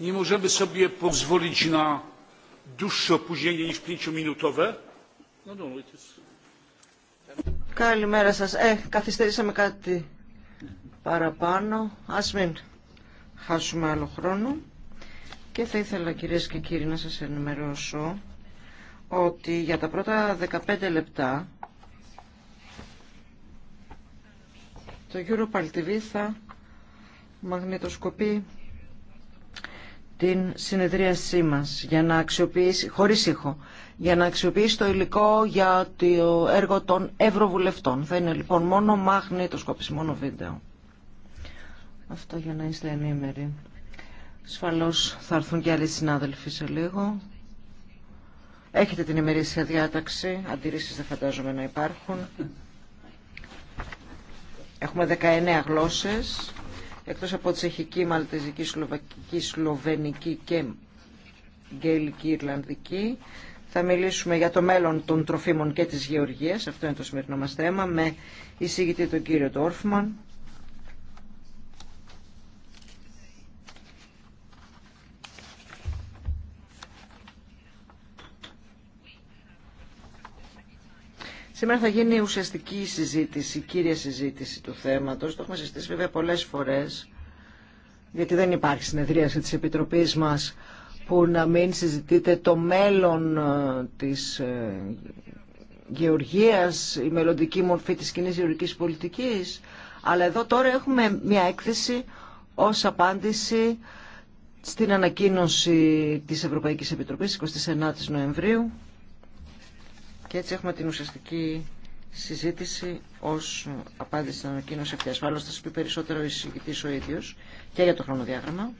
nie możemy sobie pozwolić na dłuższe opóźnienie niż pięciominutowe. Καλημέρα σας. Ε, καθυστερήσαμε κάτι παραπάνω. Ας μην χάσουμε άλλο χρόνο. Και θα ήθελα κυρίες και κύριοι να σας ενημερώσω ότι για τα πρώτα 15 λεπτά το Europal TV θα μαγνητοσκοπεί την συνεδρίασή μας για να αξιοποιήσει, χωρίς ήχο, για να αξιοποιήσει το υλικό για το έργο των Ευρωβουλευτών. Θα είναι λοιπόν μόνο μαγνητοσκόπηση, μόνο βίντεο. Αυτό για να είστε ενήμεροι. Σφαλώς θα έρθουν και άλλοι συνάδελφοι σε λίγο. Έχετε την ημερήσια διάταξη. Αντιρρήσεις δεν φαντάζομαι να υπάρχουν. Έχουμε 19 γλώσσες εκτός από τσεχική, μαλτεζική, σλοβακική, σλοβενική και γκέλικη, ιρλανδική. Θα μιλήσουμε για το μέλλον των τροφίμων και της γεωργίας, αυτό είναι το σημερινό μας θέμα, με εισηγητή τον κύριο Ντόρφμαν. Σήμερα θα γίνει ουσιαστική συζήτηση, κύρια συζήτηση του θέματος. Το έχουμε συζητήσει βέβαια πολλές φορές, γιατί δεν υπάρχει συνεδρίαση της Επιτροπής μας που να μην συζητείται το μέλλον ε, της ε, γεωργίας, η μελλοντική μορφή της κοινή γεωργικής πολιτικής. Αλλά εδώ τώρα έχουμε μια έκθεση ως απάντηση στην ανακοίνωση της Ευρωπαϊκής Επιτροπής 29 Νοεμβρίου και έτσι έχουμε την ουσιαστική συζήτηση ω απάντηση στην ανακοίνωση αυτή. Ασφαλώ θα σα πει περισσότερο η συζητητή ο ίδιο και για το χρονοδιάγραμμα.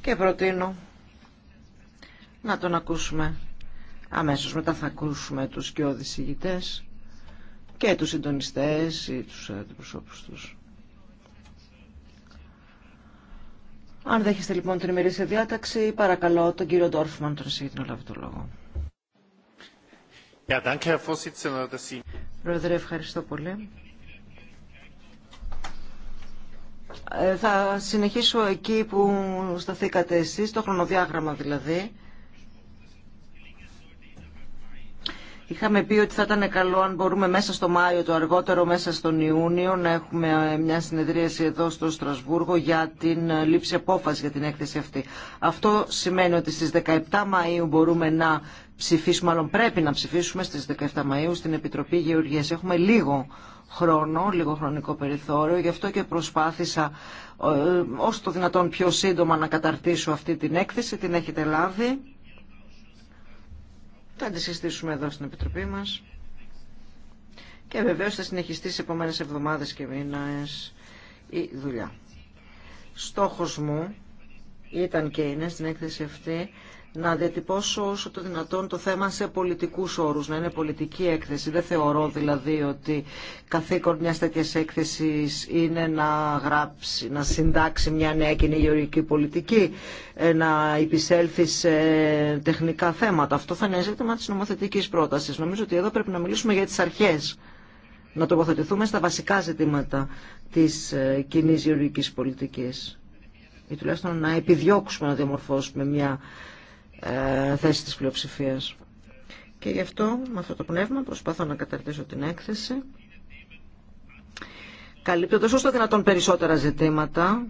Και προτείνω να τον ακούσουμε αμέσως μετά θα ακούσουμε τους και οδησηγητές και τους συντονιστές ή τους αντιπροσώπους τους. Αν δέχεστε λοιπόν την ημερήσια διάταξη, παρακαλώ τον κύριο Ντόρφμαν τον να λάβει το λόγο. Πρόεδρε, ευχαριστώ πολύ. Ε, θα συνεχίσω εκεί που σταθήκατε εσείς, το χρονοδιάγραμμα δηλαδή. Είχαμε πει ότι θα ήταν καλό αν μπορούμε μέσα στο Μάιο, το αργότερο μέσα στον Ιούνιο, να έχουμε ε, μια συνεδρίαση εδώ στο Στρασβούργο για την ε, λήψη απόφαση για την έκθεση αυτή. Αυτό σημαίνει ότι στις 17 Μαΐου μπορούμε να ψηφίσουμε, μάλλον πρέπει να ψηφίσουμε στις 17 Μαΐου στην Επιτροπή Γεωργίας. Έχουμε λίγο χρόνο, λίγο χρονικό περιθώριο, γι' αυτό και προσπάθησα ε, όσο το δυνατόν πιο σύντομα να καταρτήσω αυτή την έκθεση, την έχετε λάβει. Θα τη εδώ στην Επιτροπή μας. Και βεβαίως θα συνεχιστεί σε επόμενες εβδομάδες και μήνες η δουλειά. Στόχος μου ήταν και είναι στην έκθεση αυτή να διατυπώσω όσο το δυνατόν το θέμα σε πολιτικού όρου, να είναι πολιτική έκθεση. Δεν θεωρώ δηλαδή ότι καθήκον μια τέτοια έκθεση είναι να γράψει, να συντάξει μια νέα κοινή γεωργική πολιτική, ε, να υπησέλθει σε τεχνικά θέματα. Αυτό θα είναι ζήτημα τη νομοθετική πρόταση. Νομίζω ότι εδώ πρέπει να μιλήσουμε για τι αρχέ. Να τοποθετηθούμε στα βασικά ζητήματα της ε, κοινή γεωργικής πολιτικής ή τουλάχιστον να επιδιώξουμε να διαμορφώσουμε μια ε, θέση της πλειοψηφία. Και γι' αυτό με αυτό το πνεύμα προσπαθώ να καταρτήσω την έκθεση καλύπτοντας όσο το δυνατόν περισσότερα ζητήματα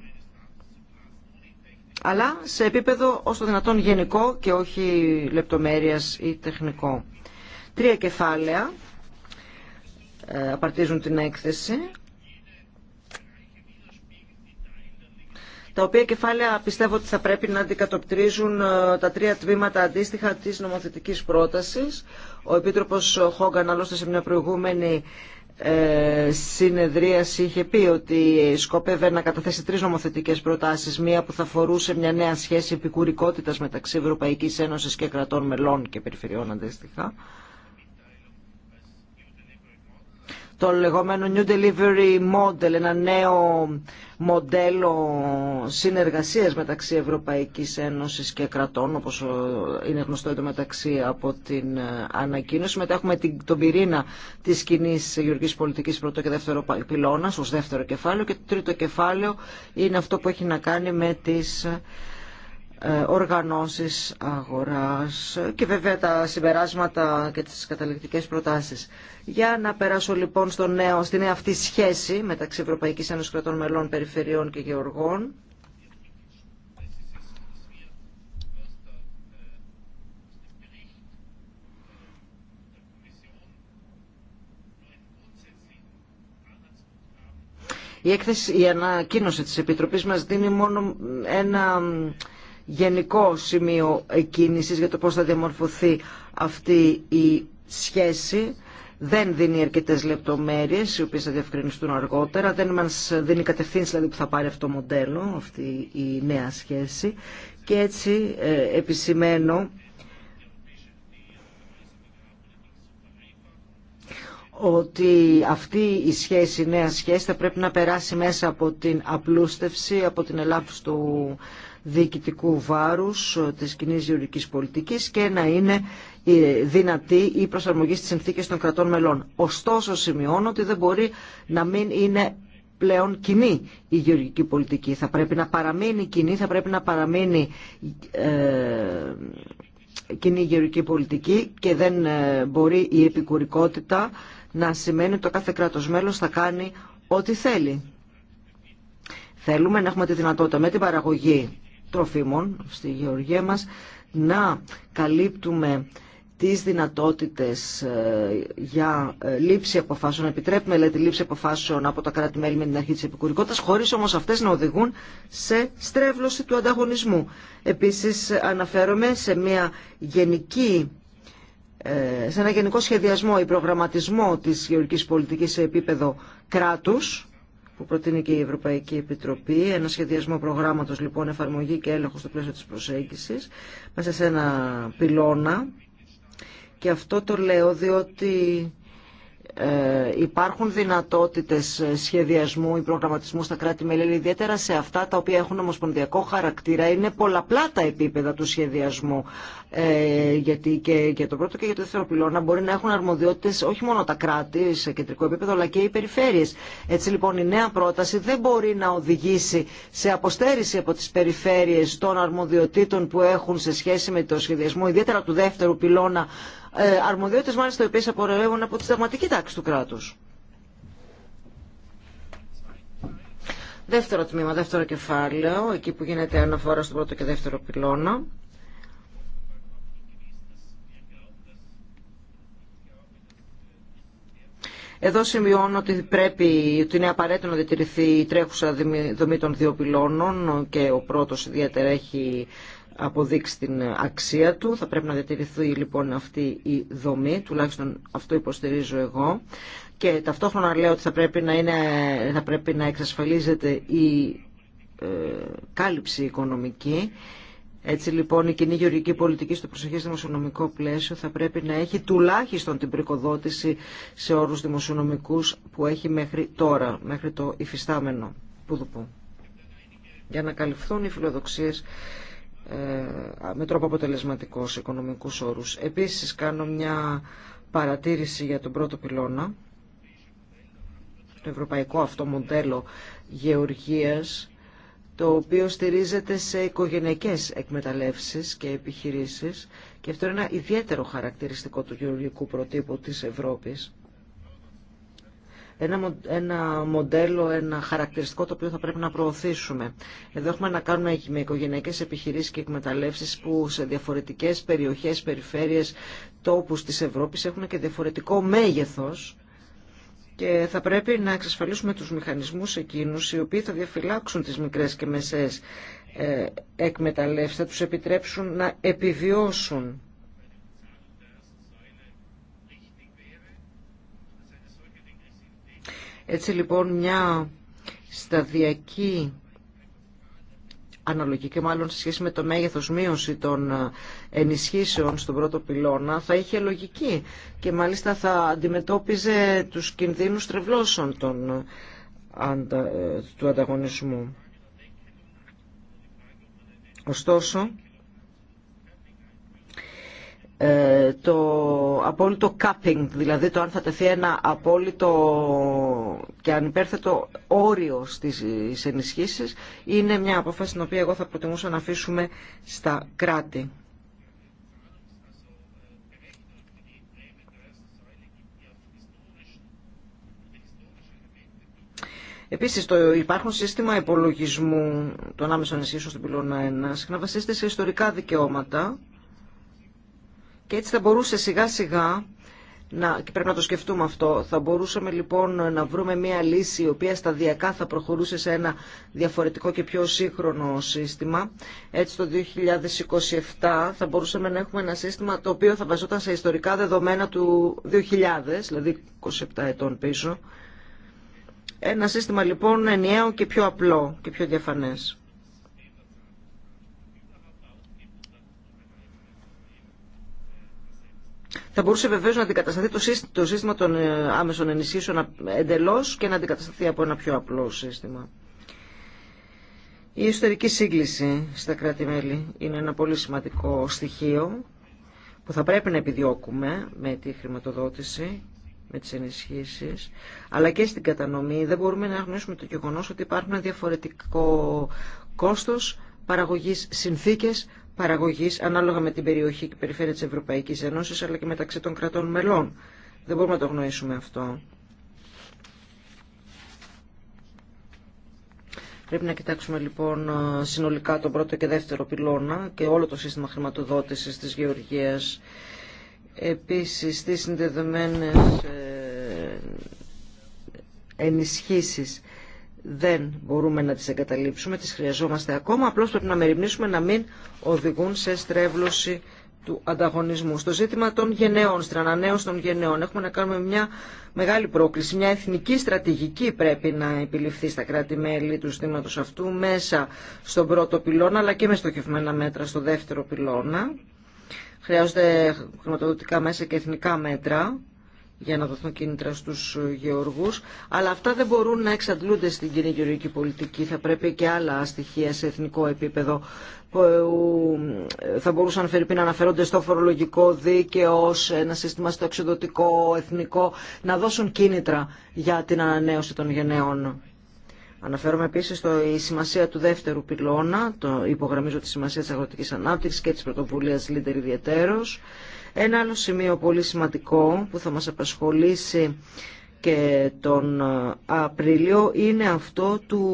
αλλά σε επίπεδο όσο δυνατόν γενικό και όχι λεπτομέρειας ή τεχνικό. Τρία κεφάλαια ε, απαρτίζουν την έκθεση. τα οποία κεφάλαια πιστεύω ότι θα πρέπει να αντικατοπτρίζουν ε, τα τρία τμήματα αντίστοιχα της νομοθετικής πρότασης. Ο Επίτροπος Χόγκαν άλλωστε σε μια προηγούμενη ε, συνεδρίαση είχε πει ότι σκόπευε να καταθέσει τρεις νομοθετικές προτάσεις, μία που θα φορούσε μια νέα σχέση επικουρικότητας μεταξύ Ευρωπαϊκής Ένωσης και κρατών μελών και περιφερειών αντίστοιχα. Το λεγόμενο New Delivery Model, ένα νέο μοντέλο συνεργασίας μεταξύ Ευρωπαϊκής Ένωσης και κρατών, όπως είναι γνωστό εδώ μεταξύ από την ε, ανακοίνωση. Μετά έχουμε την, τον πυρήνα της κοινή γεωργικής πολιτικής πρώτο και δεύτερο πυλώνας ως δεύτερο κεφάλαιο και το τρίτο κεφάλαιο είναι αυτό που έχει να κάνει με τις ε, ε, οργανώσεις αγοράς και βέβαια τα συμπεράσματα και τις καταληκτικές προτάσεις. Για να περάσω λοιπόν στο νέο, στη νέα αυτή σχέση μεταξύ Ευρωπαϊκής Ένωσης Κρατών Μελών, Περιφερειών και Γεωργών. Η, έκθεση, η ανακοίνωση της Επιτροπής μας δίνει μόνο ένα γενικό σημείο κίνησης για το πώς θα διαμορφωθεί αυτή η σχέση. Δεν δίνει αρκετές λεπτομέρειες, οι οποίες θα διευκρινιστούν αργότερα. Δεν μας δίνει κατευθύνση δηλαδή, που θα πάρει αυτό το μοντέλο, αυτή η νέα σχέση. Και έτσι ε, επισημαίνω ότι αυτή η σχέση, η νέα σχέση θα πρέπει να περάσει μέσα από την απλούστευση, από την ελάφρυνση του διοικητικού βάρους ε, της κοινή γεωργικής πολιτικής και να είναι ε, δυνατή η προσαρμογή στις συνθήκες των κρατών μελών. Ωστόσο σημειώνω ότι δεν μπορεί να μην είναι πλέον κοινή η γεωργική πολιτική. Θα πρέπει να παραμείνει κοινή, θα πρέπει να παραμείνει ε, κοινή γεωργική πολιτική και δεν μπορεί η επικουρικότητα να σημαίνει ότι το κάθε κράτος μέλος θα κάνει ό,τι θέλει. Θέλουμε να έχουμε τη δυνατότητα με την παραγωγή τροφίμων στη γεωργία μας, να καλύπτουμε τις δυνατότητες ε, για ε, λήψη αποφάσεων, επιτρέπουμε λέει, τη λήψη αποφάσεων από τα κράτη-μέλη με την αρχή της επικουρικότητας, χωρίς όμως αυτές να οδηγούν σε στρέβλωση του ανταγωνισμού. Επίσης αναφέρομαι σε μια γενική ε, σε ένα γενικό σχεδιασμό ή προγραμματισμό της γεωργικής πολιτικής σε επίπεδο κράτους, που προτείνει και η Ευρωπαϊκή Επιτροπή, ένα σχεδιασμό προγράμματος λοιπόν εφαρμογή και έλεγχο στο πλαίσιο της προσέγγισης, μέσα σε ένα πυλώνα. Και αυτό το λέω διότι ε, υπάρχουν δυνατότητες σχεδιασμού ή προγραμματισμού στα κράτη-μέλη, ιδιαίτερα σε αυτά τα οποία έχουν ομοσπονδιακό χαρακτήρα. Είναι πολλαπλά τα επίπεδα του σχεδιασμού, ε, γιατί και για το πρώτο και για το δεύτερο πυλώνα μπορεί να έχουν αρμοδιότητες όχι μόνο τα κράτη σε κεντρικό επίπεδο, αλλά και οι περιφέρειες. Έτσι λοιπόν η νέα πρόταση δεν μπορεί να οδηγήσει σε αποστέρηση από τις περιφέρειες των αρμοδιοτήτων που έχουν σε σχέση με το σχεδιασμό, ιδιαίτερα του δεύτερου πυλώνα, ε, αρμοδιότητες μάλιστα οι οποίες απορρεύουν από τη σταγματική τάξη του κράτους. Δεύτερο τμήμα, δεύτερο κεφάλαιο, εκεί που γίνεται αναφορά στον πρώτο και δεύτερο πυλώνα. Εδώ σημειώνω ότι πρέπει, ότι είναι απαραίτητο να διατηρηθεί η τρέχουσα δομή των δύο πυλώνων και ο πρώτος ιδιαίτερα έχει αποδείξει την αξία του. Θα πρέπει να διατηρηθεί λοιπόν αυτή η δομή, τουλάχιστον αυτό υποστηρίζω εγώ. Και ταυτόχρονα λέω ότι θα πρέπει να, είναι, θα πρέπει να εξασφαλίζεται η ε, κάλυψη οικονομική. Έτσι λοιπόν η κοινή γεωργική πολιτική στο προσεχές δημοσιονομικό πλαίσιο θα πρέπει να έχει τουλάχιστον την πρικοδότηση σε όρους δημοσιονομικούς που έχει μέχρι τώρα, μέχρι το υφιστάμενο. Πού για να καλυφθούν οι φιλοδοξίες ε, με τρόπο αποτελεσματικό σε οικονομικούς όρους. Επίσης κάνω μια παρατήρηση για τον πρώτο πυλώνα, το ευρωπαϊκό αυτό μοντέλο γεωργίας, το οποίο στηρίζεται σε οικογενειακές εκμεταλλεύσεις και επιχειρήσεις και αυτό είναι ένα ιδιαίτερο χαρακτηριστικό του γεωργικού προτύπου της Ευρώπης ένα, ένα μοντέλο, ένα χαρακτηριστικό το οποίο θα πρέπει να προωθήσουμε. Εδώ έχουμε να κάνουμε με οικογενειακές επιχειρήσεις και εκμεταλλεύσεις που σε διαφορετικές περιοχές, περιφέρειες, τόπους της Ευρώπης έχουν και διαφορετικό μέγεθος και θα πρέπει να εξασφαλίσουμε τους μηχανισμούς εκείνους οι οποίοι θα διαφυλάξουν τις μικρές και μεσέ ε, εκμεταλλεύσεις, θα τους επιτρέψουν να επιβιώσουν Έτσι λοιπόν μια σταδιακή αναλογική μάλλον σε σχέση με το μέγεθος μείωση των ε, ενισχύσεων στον πρώτο πυλώνα θα είχε λογική και μάλιστα θα αντιμετώπιζε τους κινδύνους τρευλώσεων των, ε, ε, του ανταγωνισμού. Ωστόσο, ε, το απόλυτο capping, δηλαδή το αν θα τεθεί ένα απόλυτο και ανυπέρθετο όριο στις ενισχύσεις, είναι μια απόφαση την οποία εγώ θα προτιμούσα να αφήσουμε στα κράτη. Επίση, το υπάρχον σύστημα υπολογισμού των άμεσων ενισχύσεων στην πυλώνα 1 συχνά βασίζεται σε ιστορικά δικαιώματα και έτσι θα μπορούσε σιγά σιγά, να, και πρέπει να το σκεφτούμε αυτό, θα μπορούσαμε λοιπόν να βρούμε μια λύση η οποία σταδιακά θα προχωρούσε σε ένα διαφορετικό και πιο σύγχρονο σύστημα. Έτσι το 2027 θα μπορούσαμε να έχουμε ένα σύστημα το οποίο θα βαζόταν σε ιστορικά δεδομένα του 2000, δηλαδή 27 ετών πίσω. Ένα σύστημα λοιπόν ενιαίο και πιο απλό και πιο διαφανές. Θα μπορούσε βεβαίω να αντικατασταθεί το σύστημα, των ε, άμεσων ενισχύσεων εντελώ και να αντικατασταθεί από ένα πιο απλό σύστημα. Η εσωτερική σύγκληση στα κράτη-μέλη είναι ένα πολύ σημαντικό στοιχείο που θα πρέπει να επιδιώκουμε με τη χρηματοδότηση, με τις ενισχύσεις, αλλά και στην κατανομή δεν μπορούμε να αγνοήσουμε το γεγονός ότι υπάρχουν διαφορετικό κόστος, παραγωγής συνθήκες παραγωγής ανάλογα με την περιοχή και περιφέρεια τη ευρωπαϊκή Ένωση αλλά και μεταξύ των κρατών μελών. Δεν μπορούμε να το γνωρίσουμε αυτό. Πρέπει να κοιτάξουμε λοιπόν συνολικά τον πρώτο και δεύτερο πυλώνα και όλο το σύστημα χρηματοδότησης της γεωργίας. Επίσης, τι συνδεδεμένες ε, ενισχύσεις δεν μπορούμε να τις εγκαταλείψουμε, τις χρειαζόμαστε ακόμα, απλώς πρέπει να μεριμνήσουμε να μην οδηγούν σε στρέβλωση του ανταγωνισμού. Στο ζήτημα των γενναιών, στην ανανέωση των γενναιών, έχουμε να κάνουμε μια μεγάλη πρόκληση. Μια εθνική στρατηγική πρέπει να επιληφθεί στα κράτη-μέλη του ζητήματο αυτού μέσα στον πρώτο πυλώνα, αλλά και με στοχευμένα μέτρα στο δεύτερο πυλώνα. Χρειάζονται χρηματοδοτικά μέσα και εθνικά μέτρα για να δοθούν κίνητρα στους γεωργούς, αλλά αυτά δεν μπορούν να εξαντλούνται στην κοινή γεωργική πολιτική. Θα πρέπει και άλλα στοιχεία σε εθνικό επίπεδο που ε, θα μπορούσαν να αναφέρονται στο φορολογικό δίκαιο, σε ένα σύστημα στο εξοδοτικό, εθνικό, να δώσουν κίνητρα για την ανανέωση των γενναίων. Αναφέρομαι επίση στο, η σημασία του δεύτερου πυλώνα, το υπογραμμίζω τη σημασία τη αγροτική Ανάπτυξη και τη Πρωτοβουλία Λίντερ Ιδιαιτέρω. Ένα άλλο σημείο πολύ σημαντικό που θα μας απασχολήσει και τον ε, Απρίλιο είναι αυτό του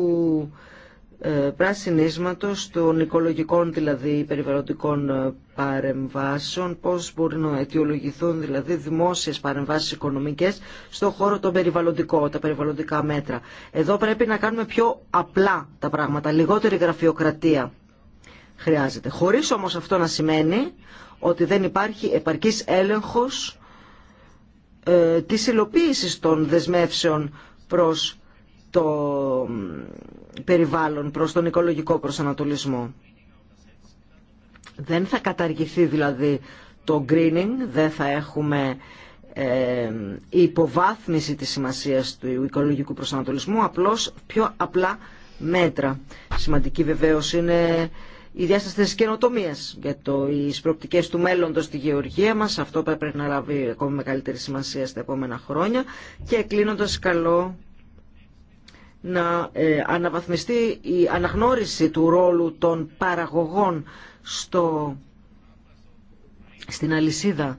ε, πράσινίσματος των οικολογικών δηλαδή περιβαλλοντικών ε, παρεμβάσεων, πώς μπορεί να αιτιολογηθούν δηλαδή δημόσιες παρεμβάσεις οικονομικές στο χώρο των περιβαλλοντικών, τα περιβαλλοντικά μέτρα. Εδώ πρέπει να κάνουμε πιο απλά τα πράγματα, λιγότερη γραφειοκρατία χρειάζεται. Χωρίς όμως αυτό να σημαίνει ότι δεν υπάρχει επαρκής έλεγχος ε, της υλοποίησης των δεσμεύσεων προς το περιβάλλον, προς τον οικολογικό προσανατολισμό. Δεν θα καταργηθεί δηλαδή το greening, δεν θα έχουμε ε, υποβάθμιση της σημασίας του οικολογικού προσανατολισμού, απλώς πιο απλά μέτρα. Σημαντική βεβαίως είναι οι διάσταση καινοτομίε για το, οι του μέλλοντος στη γεωργία μας. Αυτό πρέπει να λάβει ακόμη μεγαλύτερη σημασία στα επόμενα χρόνια. Και κλείνοντα καλό να ε, αναβαθμιστεί η αναγνώριση του ρόλου των παραγωγών στο, στην αλυσίδα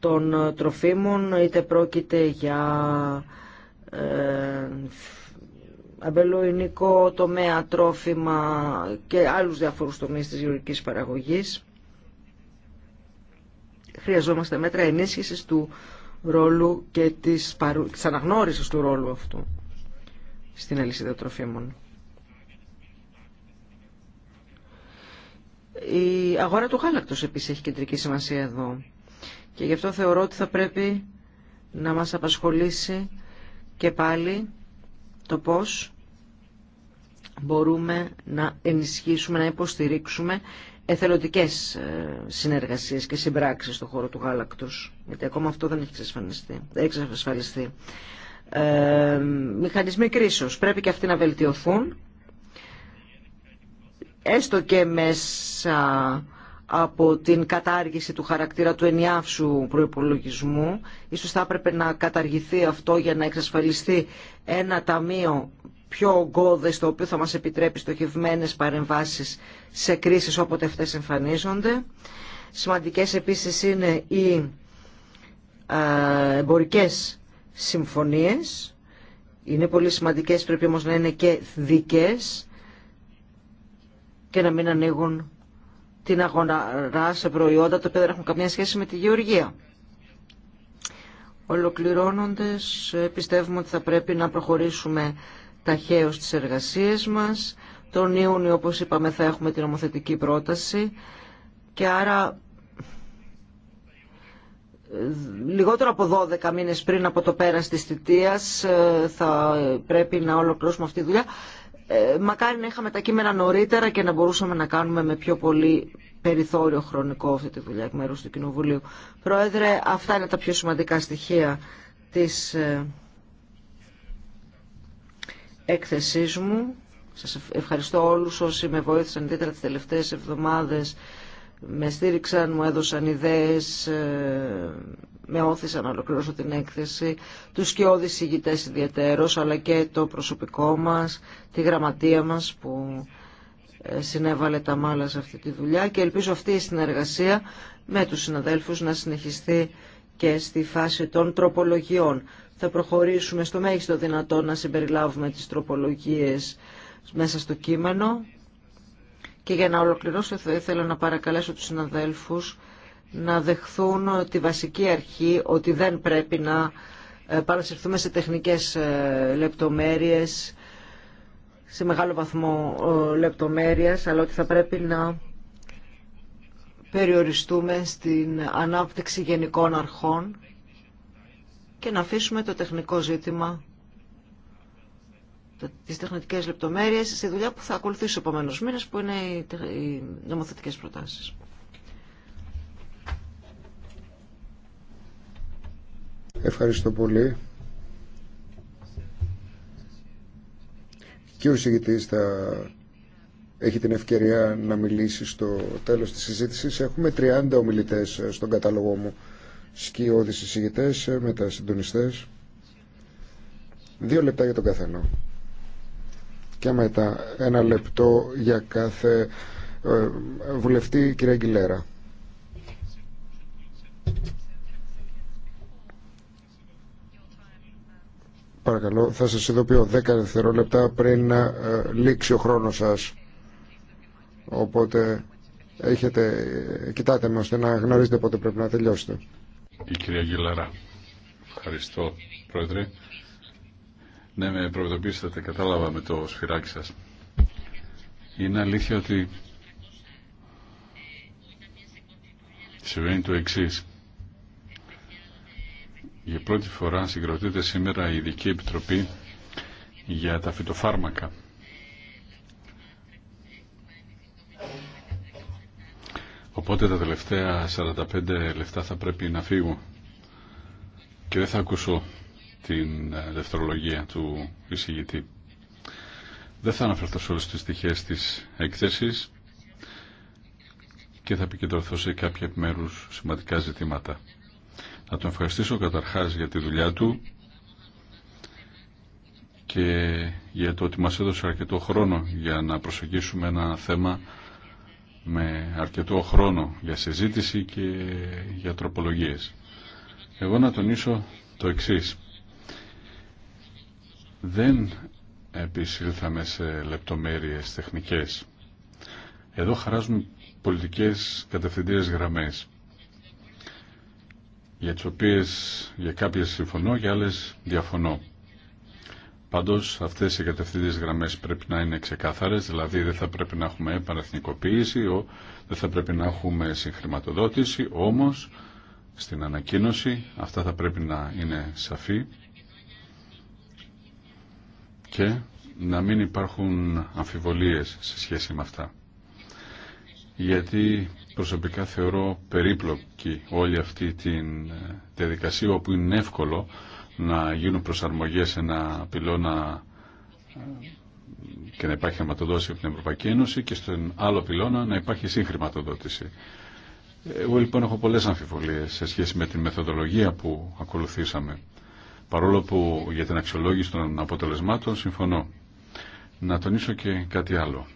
των τροφίμων, είτε πρόκειται για ε, το τομέα, τρόφιμα και άλλους διάφορους τομείς της γεωργικής παραγωγής. Χρειαζόμαστε μέτρα ενίσχυσης του ρόλου και της, παρου... αναγνώρισης του ρόλου αυτού στην αλυσίδα τροφίμων. Η αγορά του γάλακτος επίσης έχει κεντρική σημασία εδώ και γι' αυτό θεωρώ ότι θα πρέπει να μας απασχολήσει και πάλι το πώς μπορούμε να ενισχύσουμε, να υποστηρίξουμε εθελοντικές ε, συνεργασίες και συμπράξεις στον χώρο του γάλακτος. Γιατί ακόμα αυτό δεν έχει εξασφαλιστεί. Δεν έχει ε, μηχανισμοί κρίσεως. Πρέπει και αυτοί να βελτιωθούν. Έστω και μέσα από την κατάργηση του χαρακτήρα του ενιάυσου προϋπολογισμού. Ίσως θα έπρεπε να καταργηθεί αυτό για να εξασφαλιστεί ένα ταμείο πιο ογκώδες το οποίο θα μας επιτρέπει στοχευμένες παρεμβάσεις σε κρίσεις όποτε αυτές εμφανίζονται. Σημαντικές επίσης είναι οι ε, εμπορικές συμφωνίες. Είναι πολύ σημαντικές, πρέπει όμως να είναι και δικές και να μην ανοίγουν την αγορά σε προϊόντα τα οποία δεν έχουν καμία σχέση με τη γεωργία. Ολοκληρώνοντας, ε, πιστεύουμε ότι θα πρέπει να προχωρήσουμε ταχαίως τις εργασίες μας. Τον Ιούνιο, όπως είπαμε, θα έχουμε την νομοθετική πρόταση και άρα ε, λιγότερο από 12 μήνες πριν από το πέρας της θητείας ε, θα πρέπει να ολοκληρώσουμε αυτή τη δουλειά. Ε, μακάρι να είχαμε τα κείμενα νωρίτερα και να μπορούσαμε να κάνουμε με πιο πολύ περιθώριο χρονικό αυτή τη δουλειά εκ μέρου του Κοινοβουλίου. Πρόεδρε, αυτά είναι τα πιο σημαντικά στοιχεία της ε, έκθεσής μου. Σας ευχαριστώ όλους όσοι με βοήθησαν ιδιαίτερα τις τελευταίες εβδομάδες, με στήριξαν, μου έδωσαν ιδέες, ε, με όθησαν να ολοκληρώσω την έκθεση, τους σκιώδεις ηγητές ιδιαίτερως, αλλά και το προσωπικό μας, τη γραμματεία μας που ε, συνέβαλε τα μάλα σε αυτή τη δουλειά και ελπίζω αυτή η συνεργασία με τους συναδέλφους να συνεχιστεί και στη φάση των τροπολογιών. Θα προχωρήσουμε στο μέγιστο δυνατό να συμπεριλάβουμε τις τροπολογίες μέσα στο κείμενο και για να ολοκληρώσω θα ήθελα να παρακαλέσω τους συναδέλφους να δεχθούν τη βασική αρχή ότι δεν πρέπει να ε, παρασυρθούμε σε τεχνικές ε, λεπτομέρειες, σε μεγάλο βαθμό ε, λεπτομέρειας, αλλά ότι θα πρέπει να περιοριστούμε στην ανάπτυξη γενικών αρχών και να αφήσουμε το τεχνικό ζήτημα, τις τεχνικές λεπτομέρειες, στη δουλειά που θα ακολουθήσει ο επόμενος μήνες, που είναι οι νομοθετικές προτάσεις. Ευχαριστώ πολύ. Κύριο ο συγητής θα έχει την ευκαιρία να μιλήσει στο τέλος της συζήτησης. Έχουμε 30 ομιλητές στον κατάλογό μου. Σκιώδης συζητητές με τα συντονιστές. Δύο λεπτά για τον καθένα. Και μετά ένα λεπτό για κάθε ε, βουλευτή κυρία Αγγιλέρα. Παρακαλώ, θα σας ειδοποιώ 10 δευτερόλεπτα πριν να ε, λήξει ο χρόνος σας. Οπότε έχετε, ε, κοιτάτε με ώστε να γνωρίζετε πότε πρέπει να τελειώσετε. Η κυρία Γιλαρά. Ευχαριστώ, Πρόεδρε. Ναι, με προειδοποιήσατε, κατάλαβα με το σφυράκι σας. Είναι αλήθεια ότι συμβαίνει το εξής. Για πρώτη φορά συγκροτείται σήμερα η Ειδική Επιτροπή για τα φυτοφάρμακα. Οπότε τα τελευταία 45 λεπτά θα πρέπει να φύγω και δεν θα ακούσω την ε, δευτερολογία του εισηγητή. Δεν θα αναφερθώ σε όλες τις στοιχείες της έκθεσης και θα επικεντρωθώ σε κάποια επιμέρους σημαντικά ζητήματα. Να τον ευχαριστήσω καταρχάς για τη δουλειά του και για το ότι μας έδωσε αρκετό χρόνο για να προσεγγίσουμε ένα θέμα με αρκετό χρόνο για συζήτηση και για τροπολογίες. Εγώ να τονίσω το εξής. Δεν επισήλθαμε σε λεπτομέρειες τεχνικές. Εδώ χαράζουμε πολιτικές κατευθυντήρες γραμμές για τις οποίες για κάποιες συμφωνώ, για άλλες διαφωνώ. Πάντως αυτές οι κατευθυντές γραμμές πρέπει να είναι ξεκάθαρες, δηλαδή δεν θα πρέπει να έχουμε επαναθνικοποίηση, δεν θα πρέπει να έχουμε συγχρηματοδότηση, όμως στην ανακοίνωση αυτά θα πρέπει να είναι σαφή και να μην υπάρχουν αμφιβολίες σε σχέση με αυτά. Γιατί προσωπικά θεωρώ περίπλοκη όλη αυτή τη ε, διαδικασία όπου είναι εύκολο να γίνουν προσαρμογές σε ένα πυλώνα ε, και να υπάρχει χρηματοδότηση από την Ευρωπαϊκή Ένωση και στον άλλο πυλώνα να υπάρχει συγχρηματοδότηση. Εγώ λοιπόν έχω πολλές αμφιβολίες σε σχέση με τη μεθοδολογία που ακολουθήσαμε. Παρόλο που για την αξιολόγηση των αποτελεσμάτων συμφωνώ. Να τονίσω και κάτι άλλο.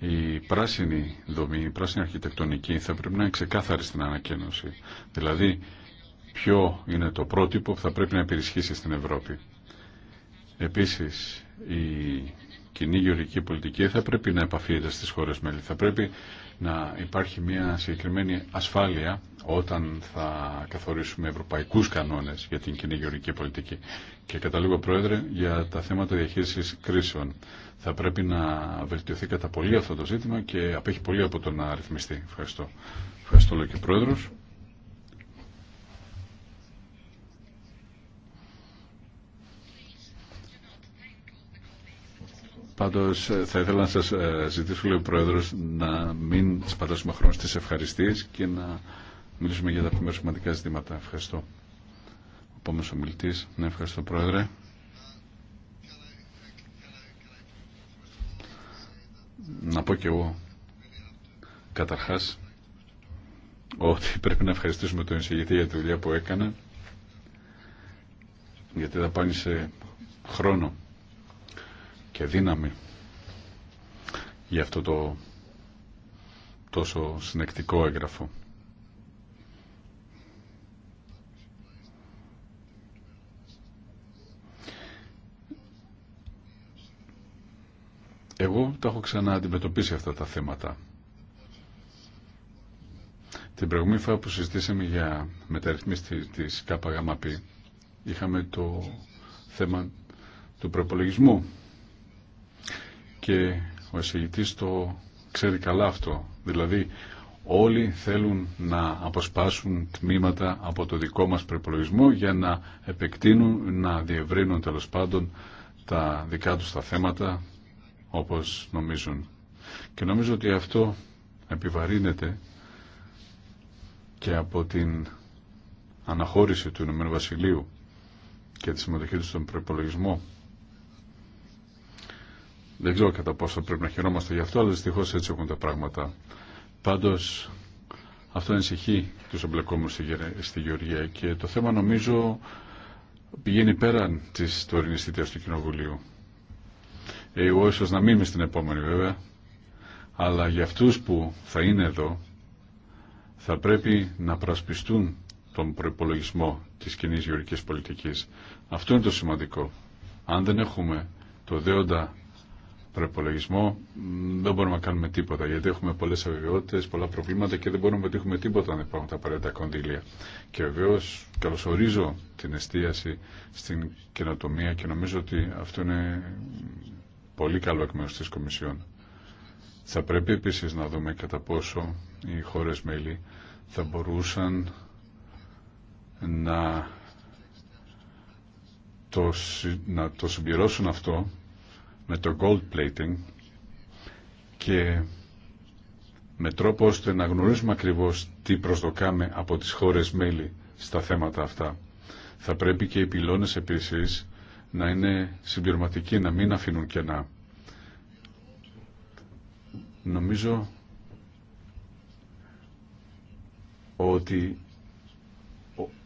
Η πράσινη δομή, η πράσινη αρχιτεκτονική θα πρέπει να είναι ξεκάθαρη στην ανακαίνωση. Δηλαδή, ποιο είναι το πρότυπο που θα πρέπει να υπερισχύσει στην Ευρώπη. Επίσης, η κοινή γεωργική πολιτική θα πρέπει να επαφείται στις χώρες μέλη. Θα πρέπει να υπάρχει μια συγκεκριμένη ασφάλεια όταν θα καθορίσουμε ευρωπαϊκούς κανόνες για την κοινή γεωργική πολιτική. Και κατά λίγο, Πρόεδρε, για τα θέματα διαχείρισης κρίσεων. Θα πρέπει να βελτιωθεί κατά πολύ αυτό το ζήτημα και απέχει πολύ από το να αριθμιστεί. Ευχαριστώ. Ευχαριστώ, και Πρόεδρος. Πάντω ε, θα ήθελα να σα ε, ζητήσω, λέει ο Πρόεδρο, να μην σπατάσουμε χρόνο στι ευχαριστίε και να μιλήσουμε για τα πιο σημαντικά ζητήματα. Ευχαριστώ. Ο Ναι, ευχαριστώ Πρόεδρε. Να πω και εγώ καταρχά ότι πρέπει να ευχαριστήσουμε τον εισηγητή για τη δουλειά που έκανε γιατί δαπάνησε χρόνο και δύναμη για αυτό το τόσο συνεκτικό έγγραφο. Εγώ τα έχω ξανά αντιμετωπίσει αυτά τα θέματα. Την προηγούμενη φορά που συζητήσαμε για μεταρρυθμίσει της ΚΑΠΑΓΑΜΑΠ είχαμε το θέμα του προπολογισμού και ο εισηγητή το ξέρει καλά αυτό. Δηλαδή όλοι θέλουν να αποσπάσουν τμήματα από το δικό μας προπολογισμό για να επεκτείνουν, να διευρύνουν τέλο πάντων τα δικά τους τα θέματα, όπως νομίζουν. Και νομίζω ότι αυτό επιβαρύνεται και από την αναχώρηση του Ηνωμένου Βασιλείου και τη συμμετοχή του στον προπολογισμό. Δεν ξέρω κατά πόσο πρέπει να χαιρόμαστε γι' αυτό, αλλά δυστυχώ έτσι έχουν τα πράγματα. Πάντω, αυτό ενσυχεί του εμπλεκόμενου στη Γεωργία και το θέμα νομίζω πηγαίνει πέραν τη τωρινή θητεία του Κοινοβουλίου. Εγώ ίσω να μην είμαι στην επόμενη βέβαια, αλλά για αυτού που θα είναι εδώ θα πρέπει να πρασπιστούν τον προπολογισμό τη κοινή γεωρικής πολιτική. Αυτό είναι το σημαντικό. Αν δεν έχουμε το δέοντα προπολογισμό δεν μπορούμε να κάνουμε τίποτα γιατί έχουμε πολλέ αβεβαιότητε, πολλά προβλήματα και δεν μπορούμε να πετύχουμε τίποτα αν υπάρχουν τα απαραίτητα κονδύλια. Και βεβαίω καλωσορίζω την εστίαση στην καινοτομία και νομίζω ότι αυτό είναι πολύ καλό εκ της Κομισιόν. Θα πρέπει επίσης να δούμε κατά πόσο οι χώρες μέλη θα μπορούσαν να το, να το συμπληρώσουν αυτό με το gold plating και με τρόπο ώστε να γνωρίζουμε ακριβώς τι προσδοκάμε από τις χώρες μέλη στα θέματα αυτά. Θα πρέπει και οι πυλώνες επίσης να είναι συμπληρωματικοί, να μην αφήνουν να Νομίζω ότι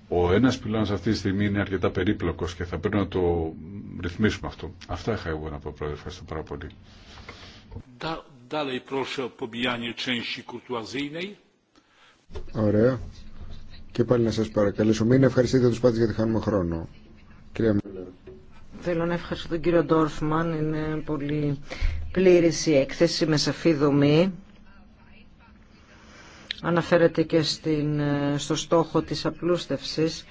ο ένας πυλώνας αυτή τη στιγμή είναι αρκετά περίπλοκος και θα πρέπει να το ρυθμίσουμε αυτό. Αυτά είχα εγώ να πω πρόεδρε. Ευχαριστώ πάρα πολύ. Ωραία. Και πάλι να σας παρακαλέσω. Μην ευχαριστείτε τους πάντες γιατί χάνουμε χρόνο. Κυρία Θέλω να ευχαριστώ τον κύριο Ντόρφμαν. Είναι πολύ πλήρης η έκθεση με σαφή δομή. Αναφέρεται και στην, ε, στο στόχο της απλούστευσης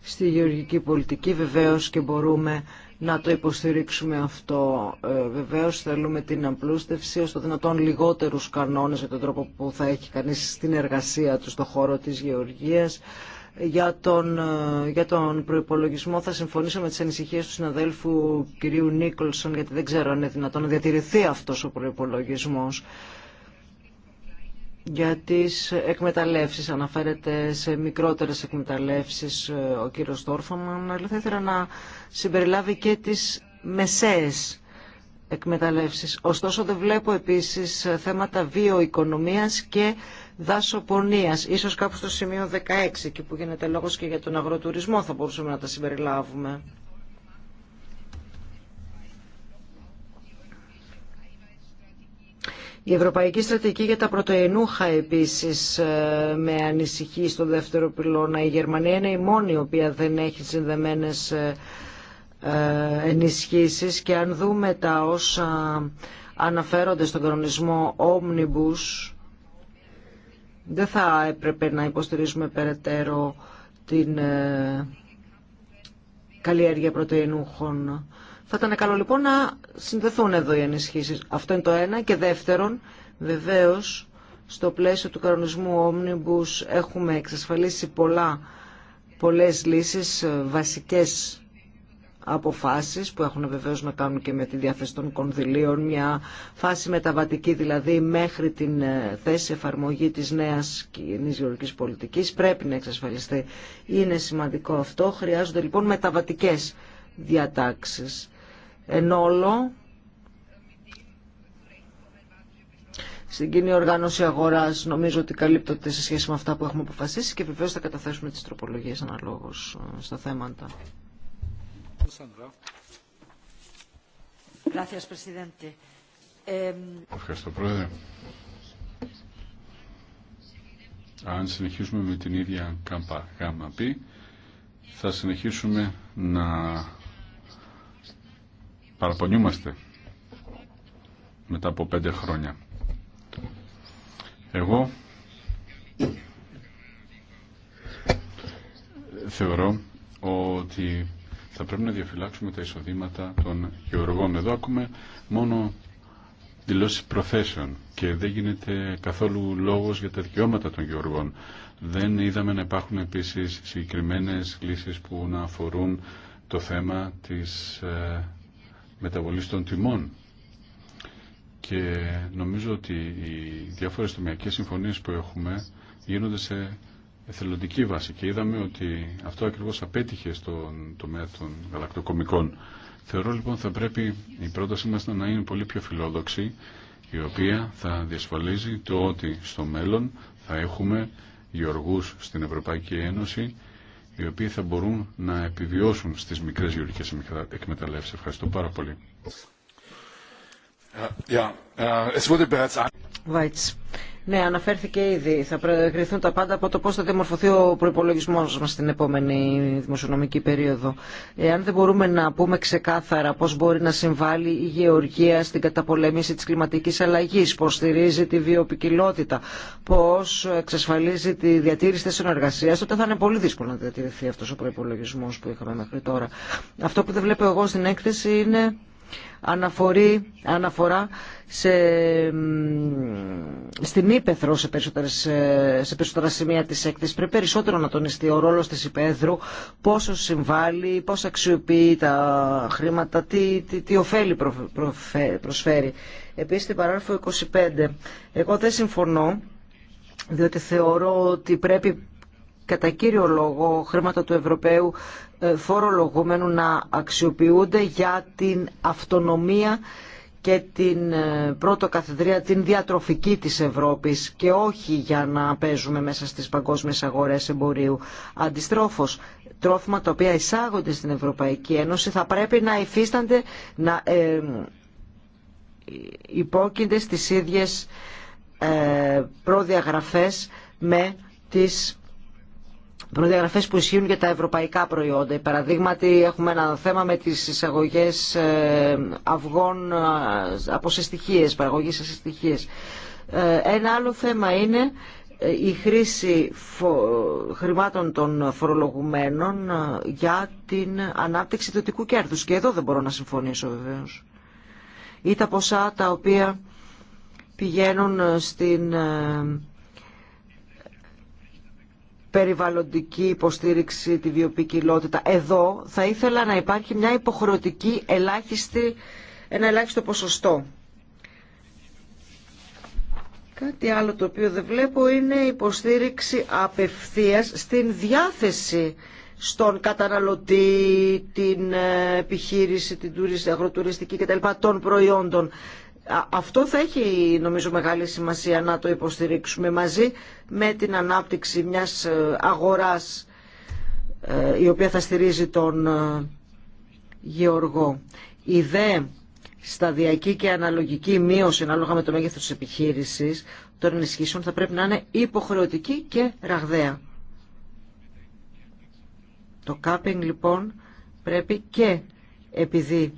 στη γεωργική πολιτική. Βεβαίως και μπορούμε να το υποστηρίξουμε αυτό. Ε, βεβαίως θέλουμε την απλούστευση ως το δυνατόν λιγότερους κανόνες για τον τρόπο που θα έχει κανείς στην εργασία του στον χώρο της γεωργίας για τον, ε, για τον προϋπολογισμό θα συμφωνήσω με τις ανησυχίες του συναδέλφου κυρίου Νίκολσον γιατί δεν ξέρω αν είναι δυνατόν να διατηρηθεί αυτός ο προϋπολογισμός για τις εκμεταλλεύσεις. Αναφέρεται σε μικρότερες εκμεταλλεύσεις ε, ο κύριος Τόρφαμαν, αλλά θα ήθελα να συμπεριλάβει και τις μεσαίες εκμεταλλεύσεις. Ωστόσο δεν βλέπω επίσης θέματα βιοοικονομίας και δασοπονίας, ίσως κάπου στο σημείο 16, εκεί που γίνεται λόγος και για τον αγροτουρισμό θα μπορούσαμε να τα συμπεριλάβουμε. Η Ευρωπαϊκή Στρατηγική για τα Πρωτοενούχα επίσης ε, με ανησυχεί στο δεύτερο πυλώνα. Η Γερμανία είναι η μόνη η οποία δεν έχει συνδεμένες ε, ε, ενισχύσει και αν δούμε τα όσα αναφέρονται στον κανονισμό Omnibus δεν θα έπρεπε να υποστηρίζουμε περαιτέρω την ε, καλλιέργεια πρωτεϊνούχων. Θα ήταν καλό λοιπόν να συνδεθούν εδώ οι ενισχύσεις. Αυτό είναι το ένα. Και δεύτερον, βεβαίως, στο πλαίσιο του κανονισμού Omnibus έχουμε εξασφαλίσει πολλά, πολλές λύσεις ε, βασικές αποφάσεις που έχουν βεβαίως να κάνουν και με τη διάθεση των κονδυλίων, μια φάση μεταβατική δηλαδή μέχρι την ε, θέση εφαρμογή της νέας κοινή γεωργικής πολιτικής πρέπει να εξασφαλιστεί. Είναι σημαντικό αυτό, χρειάζονται λοιπόν μεταβατικές διατάξεις. Εν όλο, στην κοινή οργάνωση αγοράς νομίζω ότι καλύπτονται σε σχέση με αυτά που έχουμε αποφασίσει και βεβαίως θα καταθέσουμε τις τροπολογίες αναλόγως ε, στα θέματα. Ευχαριστώ, Πρόεδρε. Αν συνεχίσουμε με την ίδια κάμπα γάμα πι, θα συνεχίσουμε να παραπονιούμαστε μετά από πέντε χρόνια. Εγώ θεωρώ ότι θα πρέπει να διαφυλάξουμε τα εισοδήματα των γεωργών. Εδώ ακούμε μόνο δηλώσει προθέσεων και δεν γίνεται καθόλου λόγος για τα δικαιώματα των γεωργών. Δεν είδαμε να υπάρχουν επίσης συγκεκριμένες λύσει που να αφορούν το θέμα της ε, μεταβολής των τιμών. Και νομίζω ότι οι διάφορες τομιακέ συμφωνίε που έχουμε γίνονται σε εθελοντική βάση και είδαμε ότι αυτό ακριβώς απέτυχε στον τομέα των γαλακτοκομικών. Θεωρώ λοιπόν θα πρέπει η πρότασή μας να είναι πολύ πιο φιλόδοξη η οποία θα διασφαλίζει το ότι στο μέλλον θα έχουμε γεωργούς στην Ευρωπαϊκή Ένωση οι οποίοι θα μπορούν να επιβιώσουν στις μικρές γεωργικές εκμεταλλεύσεις. Ευχαριστώ πάρα πολύ. Ναι, αναφέρθηκε ήδη. Θα προεκριθούν τα πάντα από το πώ θα διαμορφωθεί ο προπολογισμό μα στην επόμενη δημοσιονομική περίοδο. Εάν δεν μπορούμε να πούμε ξεκάθαρα πώ μπορεί να συμβάλλει η γεωργία στην καταπολέμηση τη κλιματική αλλαγή, πώ στηρίζει τη βιοπικιλότητα, πώ εξασφαλίζει τη διατήρηση τη συνεργασία, τότε θα είναι πολύ δύσκολο να διατηρηθεί αυτό ο προπολογισμό που είχαμε μέχρι τώρα. Αυτό που δεν βλέπω εγώ στην έκθεση είναι αναφορά σε, στην Ήπεθρο σε, σε περισσότερα σημεία της έκθεσης. Πρέπει περισσότερο να τονιστεί ο ρόλος της Ήπεθρου, πόσο συμβάλλει, πώς αξιοποιεί τα χρήματα, τι, τι, τι ωφέλη προσφέρει. Επίσης, την παράγραφο 25, εγώ δεν συμφωνώ, διότι θεωρώ ότι πρέπει κατά κύριο λόγο χρήματα του Ευρωπαίου ε, φορολογούμενου να αξιοποιούνται για την αυτονομία και την ε, πρώτο καθεδρία, την διατροφική της Ευρώπης και όχι για να παίζουμε μέσα στις παγκόσμιες αγορές εμπορίου. Αντιστρόφως, τρόφιμα τα οποία εισάγονται στην Ευρωπαϊκή Ένωση θα πρέπει να υφίστανται, να ε, υπόκεινται στις ίδιες ε, προδιαγραφές με τις προδιαγραφέ που ισχύουν για τα ευρωπαϊκά προϊόντα. Παραδείγματι, έχουμε ένα θέμα με τι εισαγωγέ ε, αυγών ε, από συστοιχίε, παραγωγή σε συστοιχίε. Ε, ένα άλλο θέμα είναι η χρήση χρημάτων των φορολογουμένων για την ανάπτυξη δυτικού κέρδους. Και εδώ δεν μπορώ να συμφωνήσω βεβαίως. Ή τα ποσά τα οποία πηγαίνουν στην περιβαλλοντική υποστήριξη, τη βιοποικιλότητα. Εδώ θα ήθελα να υπάρχει μια υποχρεωτική ελάχιστη, ένα ελάχιστο ποσοστό. Κάτι άλλο το οποίο δεν βλέπω είναι η υποστήριξη απευθείας στην διάθεση στον καταναλωτή, την ε, επιχείρηση, την αγροτουριστική κτλ. των προϊόντων. Αυτό θα έχει νομίζω μεγάλη σημασία να το υποστηρίξουμε μαζί με την ανάπτυξη μιας ε, αγοράς ε, η οποία θα στηρίζει τον ε, γεωργό. Η δε σταδιακή και αναλογική μείωση ανάλογα με το μέγεθος της επιχείρησης των ενισχύσεων θα πρέπει να είναι υποχρεωτική και ραγδαία. Το κάπινγκ λοιπόν πρέπει και επειδή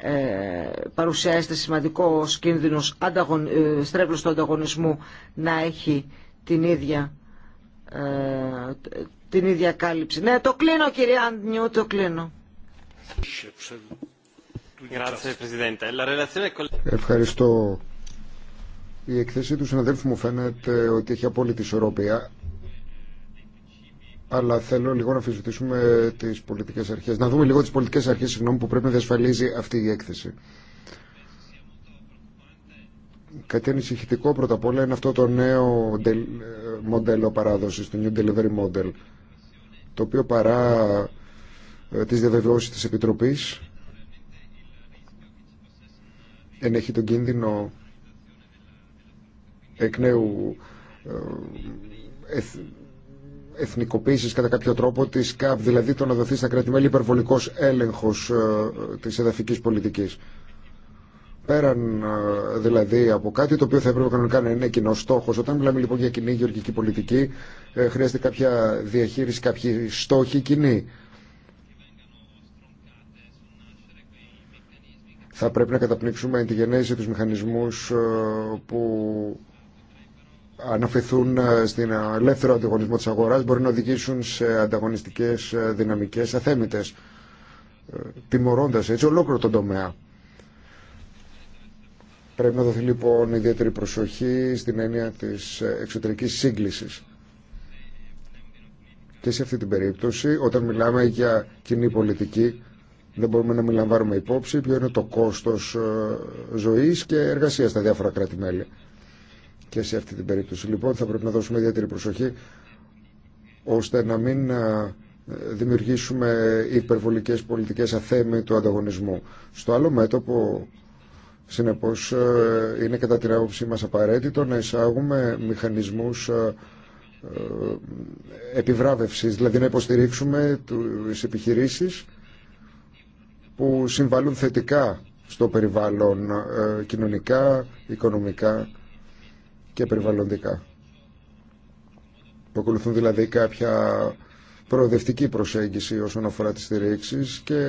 ε, παρουσιάζεται σημαντικό κίνδυνος ανταγων, ε, στρέβλος του ανταγωνισμού να έχει την ίδια, ε, την ίδια κάλυψη. Ναι, το κλείνω κύριε Άντνιου, το κλείνω. Ευχαριστώ. Η εκθέση του συναδέλφου μου φαίνεται ότι έχει απόλυτη ισορροπία αλλά θέλω λίγο να αφισβητήσουμε τι πολιτικέ αρχέ, Να δούμε λίγο τι πολιτικέ αρχέ συγγνώμη, που πρέπει να διασφαλίζει αυτή η έκθεση. Κάτι ανησυχητικό πρώτα απ' όλα είναι αυτό το νέο μοντέλο παράδοση, το New Delivery Model, το οποίο παρά ε, τις διαβεβαιώσεις της Επιτροπής ενέχει τον κίνδυνο εκ νέου ε, ε, εθνικοποίησης κατά κάποιο τρόπο της ΚΑΠ, δηλαδή το να δοθεί στα κράτη-μέλη υπερβολικός έλεγχος ε, της εδαφικής πολιτικής. Πέραν ε, δηλαδή από κάτι το οποίο θα έπρεπε κανονικά να είναι κοινό στόχο. Όταν μιλάμε λοιπόν για κοινή γεωργική πολιτική, ε, χρειάζεται κάποια διαχείριση, κάποιοι στόχοι κοινοί. Θα πρέπει να καταπνίξουμε τη γενέση τους μηχανισμούς που αναφεθούν ε, στην ε, ελεύθερο ανταγωνισμό της αγοράς μπορεί να οδηγήσουν σε ανταγωνιστικές ε, δυναμικές αθέμητες τιμωρώντας έτσι ολόκληρο τον τομέα. Πρέπει να δοθεί λοιπόν ιδιαίτερη προσοχή στην έννοια της εξωτερικής σύγκλησης. Και σε αυτή την περίπτωση, όταν μιλάμε για κοινή πολιτική, δεν μπορούμε να μην λαμβάνουμε υπόψη ποιο είναι το κόστος ζωής και εργασίας στα διάφορα κράτη-μέλη και σε αυτή την περίπτωση. Λοιπόν, θα πρέπει να δώσουμε ιδιαίτερη προσοχή ώστε να μην ε, δημιουργήσουμε υπερβολικές πολιτικές αθέμη του ανταγωνισμού. Στο άλλο μέτωπο, συνεπώς, ε, είναι κατά την άποψή μα απαραίτητο να εισάγουμε μηχανισμούς ε, επιβράβευσης, δηλαδή να υποστηρίξουμε τις επιχειρήσεις που συμβάλλουν θετικά στο περιβάλλον κοινωνικά, οικονομικά και περιβαλλοντικά. Που ακολουθούν δηλαδή κάποια προοδευτική προσέγγιση όσον αφορά τις στηρίξεις και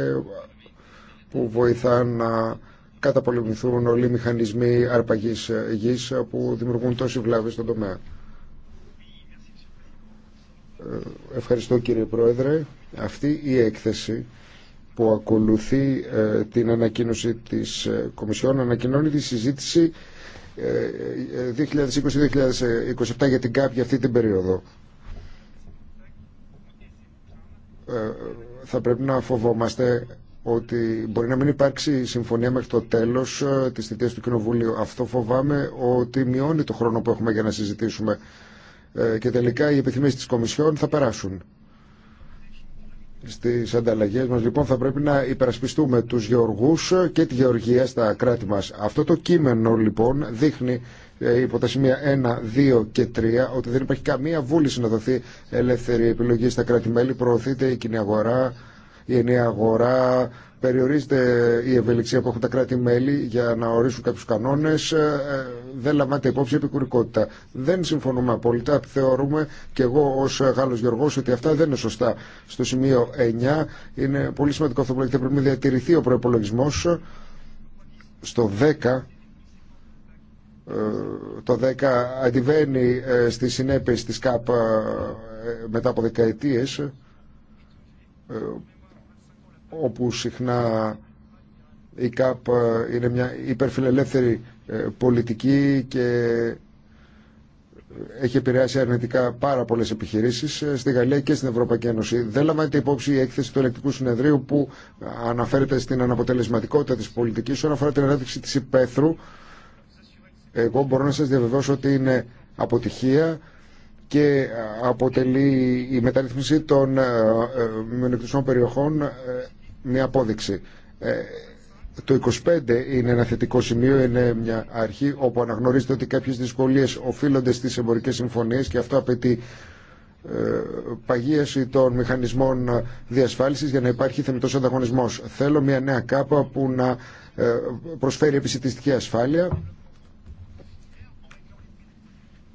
που βοηθάν να καταπολεμηθούν όλοι οι μηχανισμοί αρπαγής γης που δημιουργούν τόση βλάβη στον τομέα. Ε, ευχαριστώ κύριε Πρόεδρε. Αυτή η έκθεση που ακολουθεί ε, την ανακοίνωση της ε, Κομισιόν ανακοινώνει τη συζήτηση 2020-2027 ε, ε, ε, για την ΚΑΠ για αυτή την περίοδο. Θα πρέπει να φοβόμαστε ότι μπορεί να μην υπάρξει συμφωνία μέχρι το τέλος της θητείας του Κοινοβουλίου. Αυτό φοβάμαι ότι μειώνει το χρόνο που έχουμε για να συζητήσουμε και τελικά οι επιθυμίες της Κομισιόν θα περάσουν στις ανταλλαγές μας λοιπόν θα πρέπει να υπερασπιστούμε τους γεωργούς και τη γεωργία στα κράτη μας. Αυτό το κείμενο λοιπόν δείχνει ε, υπό τα σημεία 1, 2 και 3 ότι δεν υπάρχει καμία βούληση να δοθεί ελεύθερη επιλογή στα κράτη-μέλη, προωθείται η κοινή αγορά, η ενιαία αγορά, περιορίζεται η ευελιξία που έχουν τα κράτη-μέλη για να ορίσουν κάποιου κανόνε, ε, δεν λαμβάνεται υπόψη η επικουρικότητα. Δεν συμφωνούμε απόλυτα. Θεωρούμε και εγώ ω Γάλλο Γεωργό ότι αυτά δεν είναι σωστά. Στο σημείο 9 είναι πολύ σημαντικό αυτό που λέγεται. Πρέπει να διατηρηθεί ο προπολογισμό. Στο 10 ε, το 10 αντιβαίνει ε, στις συνέπειες της ΚΑΠ μετά από δεκαετίες όπου συχνά η ΚΑΠ ε, είναι μια υπερφιλελεύθερη ε, πολιτική και ε, έχει επηρεάσει αρνητικά πάρα πολλέ επιχειρήσει στη Γαλλία και στην Ευρωπαϊκή Ένωση. Δεν λαμβάνεται υπόψη η έκθεση του ελεκτικού συνεδρίου που αναφέρεται στην αναποτελεσματικότητα τη πολιτική όσον αφορά την ανάπτυξη τη υπαίθρου. Εγώ μπορώ να σα διαβεβαιώσω ότι είναι αποτυχία και αποτελεί η μεταρρύθμιση των ε, ε, μειονεκτησών περιοχών ε, μια απόδειξη. Το 25 είναι ένα θετικό σημείο, είναι μια αρχή όπου αναγνωρίζεται ότι κάποιες δυσκολίες οφείλονται στις εμπορικές συμφωνίες και αυτό απαιτεί παγίαση των μηχανισμών διασφάλισης για να υπάρχει θεμητός ανταγωνισμός. Θέλω μια νέα κάπα που να προσφέρει επισητιστική ασφάλεια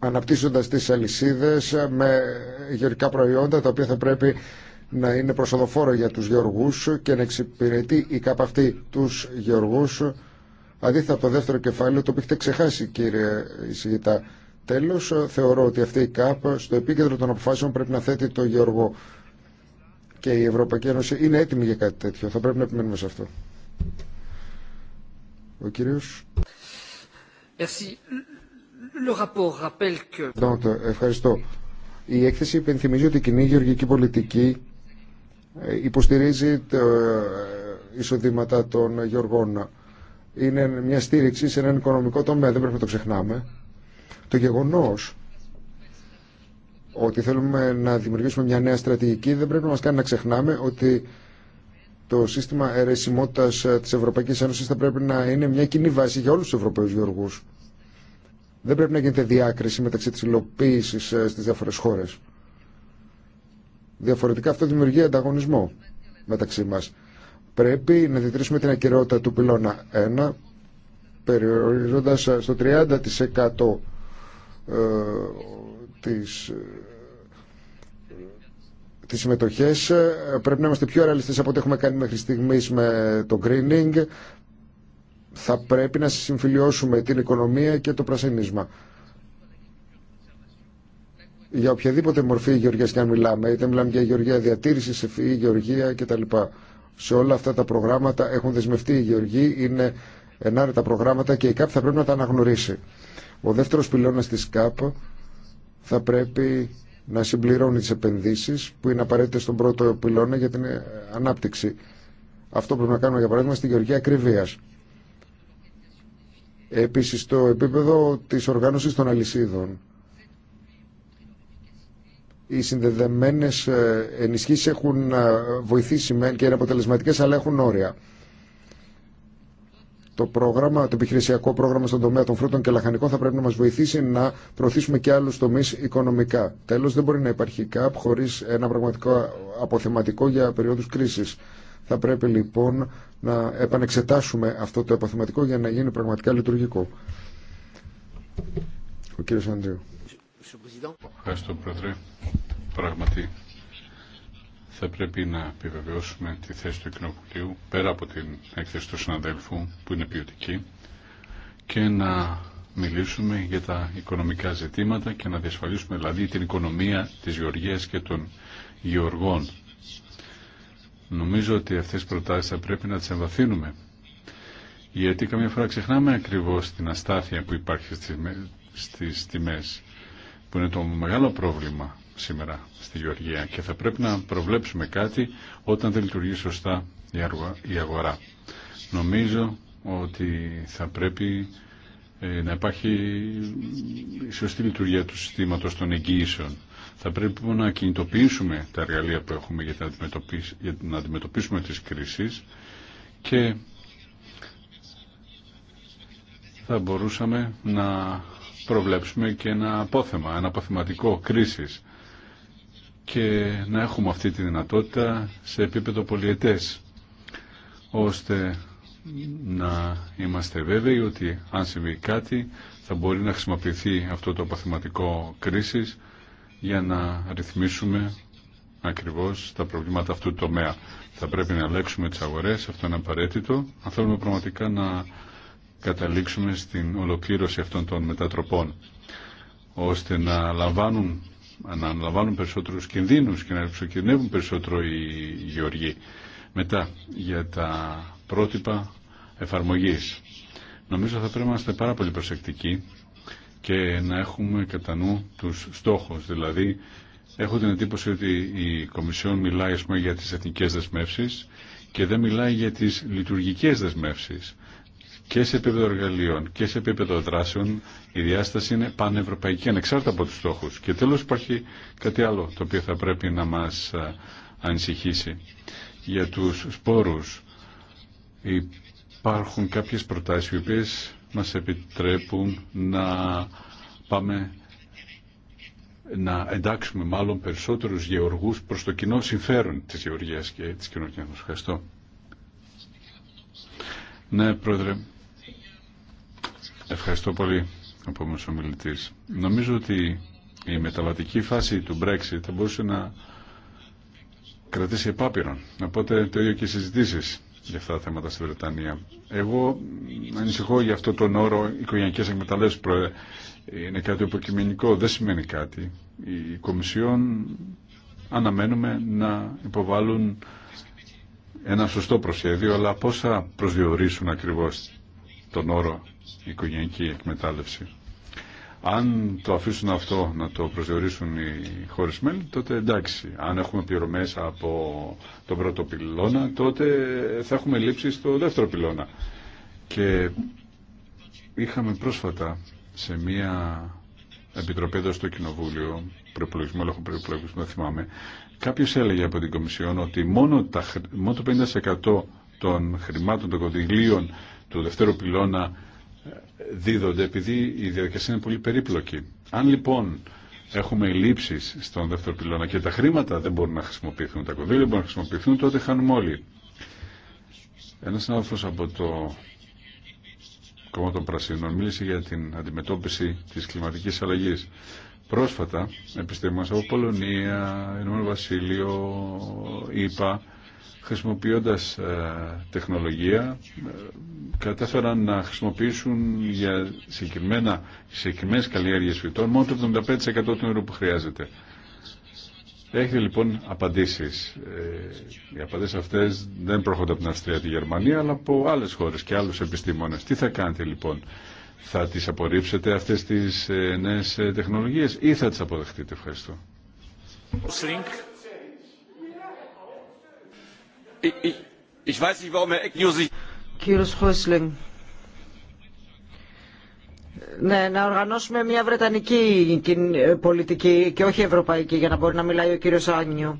αναπτύσσοντας τις αλυσίδες με γεωργικά προϊόντα τα οποία θα πρέπει να είναι προσοδοφόρο για τους γεωργούς και να εξυπηρετεί η ΚΑΠ αυτή τους γεωργούς αντίθετα από το δεύτερο κεφάλαιο το οποίο έχετε ξεχάσει κύριε Ισηγητά. Τέλος, θεωρώ ότι αυτή η ΚΑΠ στο επίκεντρο των αποφάσεων πρέπει να θέτει το γεωργό και η Ευρωπαϊκή Ένωση είναι έτοιμη για κάτι τέτοιο. Θα πρέπει να επιμένουμε σε αυτό. Ο Ευχαριστώ. Η έκθεση υπενθυμίζει ότι η κοινή γεωργική πολιτική ε, υποστηρίζει τα ε, εισοδήματα των γεωργών. Είναι μια στήριξη σε έναν οικονομικό τομέα, δεν πρέπει να το ξεχνάμε. Το γεγονός ότι θέλουμε να δημιουργήσουμε μια νέα στρατηγική δεν πρέπει να μας κάνει να ξεχνάμε ότι το σύστημα αιρεσιμότητας ε, της Ευρωπαϊκής Ένωσης θα πρέπει να είναι μια κοινή βάση για όλους τους Ευρωπαίους γεωργούς. Δεν πρέπει να γίνεται διάκριση μεταξύ της υλοποίησης ε, στις διάφορε χώρε. Διαφορετικά αυτό δημιουργεί ανταγωνισμό μεταξύ μας. Πρέπει να διατηρήσουμε την ακυρεότητα του πυλώνα 1, περιορίζοντας ε, στο 30% ε, τις, τις συμμετοχές. Πρέπει να είμαστε πιο ρεαλιστές από ό,τι έχουμε κάνει μέχρι στιγμή με το greening θα πρέπει να συμφιλιώσουμε την οικονομία και το πρασίνισμα. Για οποιαδήποτε μορφή γεωργία και αν μιλάμε, είτε μιλάμε για γεωργία διατήρηση, ευφυή, γεωργία κτλ. Σε όλα αυτά τα προγράμματα έχουν δεσμευτεί οι γεωργοί, είναι ενάρετα προγράμματα και η ΚΑΠ θα πρέπει να τα αναγνωρίσει. Ο δεύτερο πυλώνα τη ΚΑΠ θα πρέπει να συμπληρώνει τι επενδύσει που είναι απαραίτητε στον πρώτο πυλώνα για την ανάπτυξη. Αυτό πρέπει να κάνουμε για παράδειγμα στη γεωργία ακριβία. Επίσης, στο επίπεδο της οργάνωσης των αλυσίδων, οι συνδεδεμένες ε, ενισχύσεις έχουν ε, βοηθήσει και είναι αποτελεσματικές, αλλά έχουν όρια. Το, πρόγραμμα, το επιχειρησιακό πρόγραμμα στον τομέα των φρούτων και λαχανικών θα πρέπει να μας βοηθήσει να προωθήσουμε και άλλους τομείς οικονομικά. Τέλος, δεν μπορεί να υπάρχει ΚΑΠ χωρίς ένα πραγματικό αποθεματικό για περίοδους κρίσης. Θα πρέπει λοιπόν να επανεξετάσουμε αυτό το επαθηματικό για να γίνει πραγματικά λειτουργικό. Ο κύριος Αντρίου. Ευχαριστώ Πρόεδρε. Πραγματι θα πρέπει να επιβεβαιώσουμε τη θέση του Κοινοβουλίου πέρα από την έκθεση του συναδέλφου που είναι ποιοτική και να μιλήσουμε για τα οικονομικά ζητήματα και να διασφαλίσουμε δηλαδή την οικονομία της γεωργίας και των γεωργών Νομίζω ότι αυτές οι προτάσεις θα πρέπει να τις εμβαθύνουμε. Γιατί καμιά φορά ξεχνάμε ακριβώς την αστάθεια που υπάρχει στις τιμές, που είναι το μεγάλο πρόβλημα σήμερα στη Γεωργία και θα πρέπει να προβλέψουμε κάτι όταν δεν λειτουργεί σωστά η αγορά. Νομίζω ότι θα πρέπει ε, να υπάρχει η σωστή λειτουργία του συστήματος των εγγύησεων. Θα πρέπει λοιπόν να κινητοποιήσουμε τα εργαλεία που έχουμε για να αντιμετωπίσουμε τις κρίσεις και θα μπορούσαμε να προβλέψουμε και ένα απόθεμα, ένα αποθεματικό κρίσης και να έχουμε αυτή τη δυνατότητα σε επίπεδο πολιετές ώστε να είμαστε βέβαιοι ότι αν συμβεί κάτι θα μπορεί να χρησιμοποιηθεί αυτό το αποθεματικό κρίσης για να ρυθμίσουμε ακριβώς τα προβλήματα αυτού του τομέα. Θα πρέπει να αλλάξουμε τις αγορές, αυτό είναι απαραίτητο, αν θέλουμε πραγματικά να καταλήξουμε στην ολοκλήρωση αυτών των μετατροπών, ώστε να λαμβάνουν να αναλαμβάνουν περισσότερους κινδύνους και να εξοκινεύουν περισσότερο οι γεωργοί. Μετά, για τα πρότυπα εφαρμογής. Νομίζω θα πρέπει να είμαστε πάρα πολύ προσεκτικοί και να έχουμε κατά νου τους στόχους. Δηλαδή, έχω την εντύπωση ότι η Κομισιόν μιλάει πούμε, για τις εθνικές δεσμεύσεις και δεν μιλάει για τις λειτουργικές δεσμεύσεις. Και σε επίπεδο εργαλείων και σε επίπεδο δράσεων η διάσταση είναι πανευρωπαϊκή, ανεξάρτητα από τους στόχους. Και τέλος υπάρχει κάτι άλλο το οποίο θα πρέπει να μας ανησυχήσει. Για τους σπόρους υπάρχουν κάποιες προτάσεις οι οποίες μας επιτρέπουν να πάμε να εντάξουμε μάλλον περισσότερους γεωργούς προς το κοινό συμφέρον της γεωργίας και της κοινωνίας. Ευχαριστώ. Ναι, Πρόεδρε. Ευχαριστώ πολύ, ο ομιλητής. Νομίζω ότι η μεταβατική φάση του Brexit θα μπορούσε να κρατήσει επάπειρον. Οπότε το ίδιο και οι συζητήσεις για αυτά τα θέματα στη Βρετανία. Εγώ ανησυχώ για αυτό τον όρο οικογενειακές εκμεταλλεύσεις Είναι κάτι υποκειμενικό, δεν σημαίνει κάτι. Οι Κομισιόν αναμένουμε να υποβάλουν ένα σωστό προσχέδιο, αλλά πώς θα προσδιορίσουν ακριβώς τον όρο οικογενειακή εκμετάλλευση. Αν το αφήσουν αυτό να το προσδιορίσουν οι χώρες μέλη, τότε εντάξει. Αν έχουμε πληρωμές από τον πρώτο πυλώνα, τότε θα έχουμε λήψει στο δεύτερο πυλώνα. Και είχαμε πρόσφατα σε μία επιτροπή εδώ στο Κοινοβούλιο, προπολογισμό, έχω προπολογισμό, δεν θυμάμαι, κάποιο έλεγε από την Κομισιόν ότι μόνο, τα, μόνο το 50% των χρημάτων των κοντιλίων του δευτέρου πυλώνα δίδονται επειδή η διαδικασία είναι πολύ περίπλοκη. Αν λοιπόν έχουμε λήψει στον δεύτερο πυλώνα και τα χρήματα δεν μπορούν να χρησιμοποιηθούν, τα κονδύλια δεν μπορούν να χρησιμοποιηθούν, τότε χάνουμε όλοι. Ένα άνθρωπο από το Κόμμα των Πρασίνων μίλησε για την αντιμετώπιση τη κλιματική αλλαγή. Πρόσφατα, επιστήμονε από Πολωνία, Ηνωμένο Βασίλειο, ΕΙΠΑ, χρησιμοποιώντας ε, τεχνολογία ε, κατάφεραν να χρησιμοποιήσουν για συγκεκριμένα, συγκεκριμένες καλλιέργειες φυτών μόνο το 75% του νερού που χρειάζεται. Έχετε λοιπόν απαντήσεις. Ε, οι απαντήσεις αυτές δεν προχωρούν από την Αυστρία, τη Γερμανία, αλλά από άλλες χώρες και άλλους επιστήμονες. Τι θα κάνετε λοιπόν, θα τις απορρίψετε αυτές τις νέες τεχνολογίες ή θα τις αποδεχτείτε. Ευχαριστώ. Κύριος Χόισλινγκ, ναι, να οργανώσουμε μια βρετανική πολιτική και όχι ευρωπαϊκή για να μπορεί να μιλάει ο κύριος Άγνιο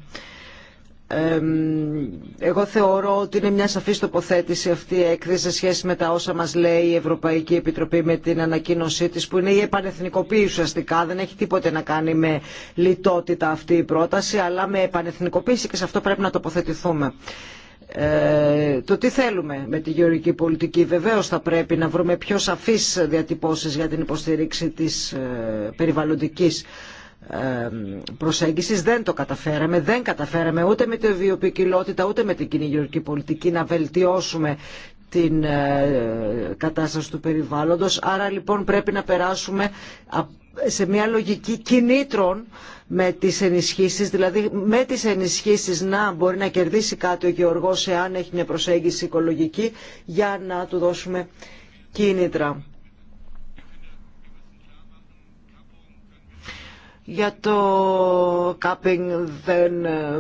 εγώ θεωρώ ότι είναι μια σαφή τοποθέτηση αυτή η έκθεση σε σχέση με τα όσα μας λέει η Ευρωπαϊκή Επιτροπή με την ανακοίνωσή της που είναι η επανεθνικοποίηση ουσιαστικά. Δεν έχει τίποτε να κάνει με λιτότητα αυτή η πρόταση αλλά με επανεθνικοποίηση και σε αυτό πρέπει να τοποθετηθούμε. Ε, το τι θέλουμε με τη γεωργική πολιτική. Βεβαίως θα πρέπει να βρούμε πιο σαφείς διατυπώσεις για την υποστήριξη της ε, περιβαλλοντικής προσέγγισης δεν το καταφέραμε, δεν καταφέραμε ούτε με τη βιοποικιλότητα ούτε με την κοινή πολιτική να βελτιώσουμε την ε, κατάσταση του περιβάλλοντος. Άρα λοιπόν πρέπει να περάσουμε σε μια λογική κινήτρων με τις ενισχύσεις, δηλαδή με τις ενισχύσεις να μπορεί να κερδίσει κάτι ο Γεωργός εάν έχει μια προσέγγιση οικολογική για να του δώσουμε κίνητρα. Για το κάπινγκ δεν ε,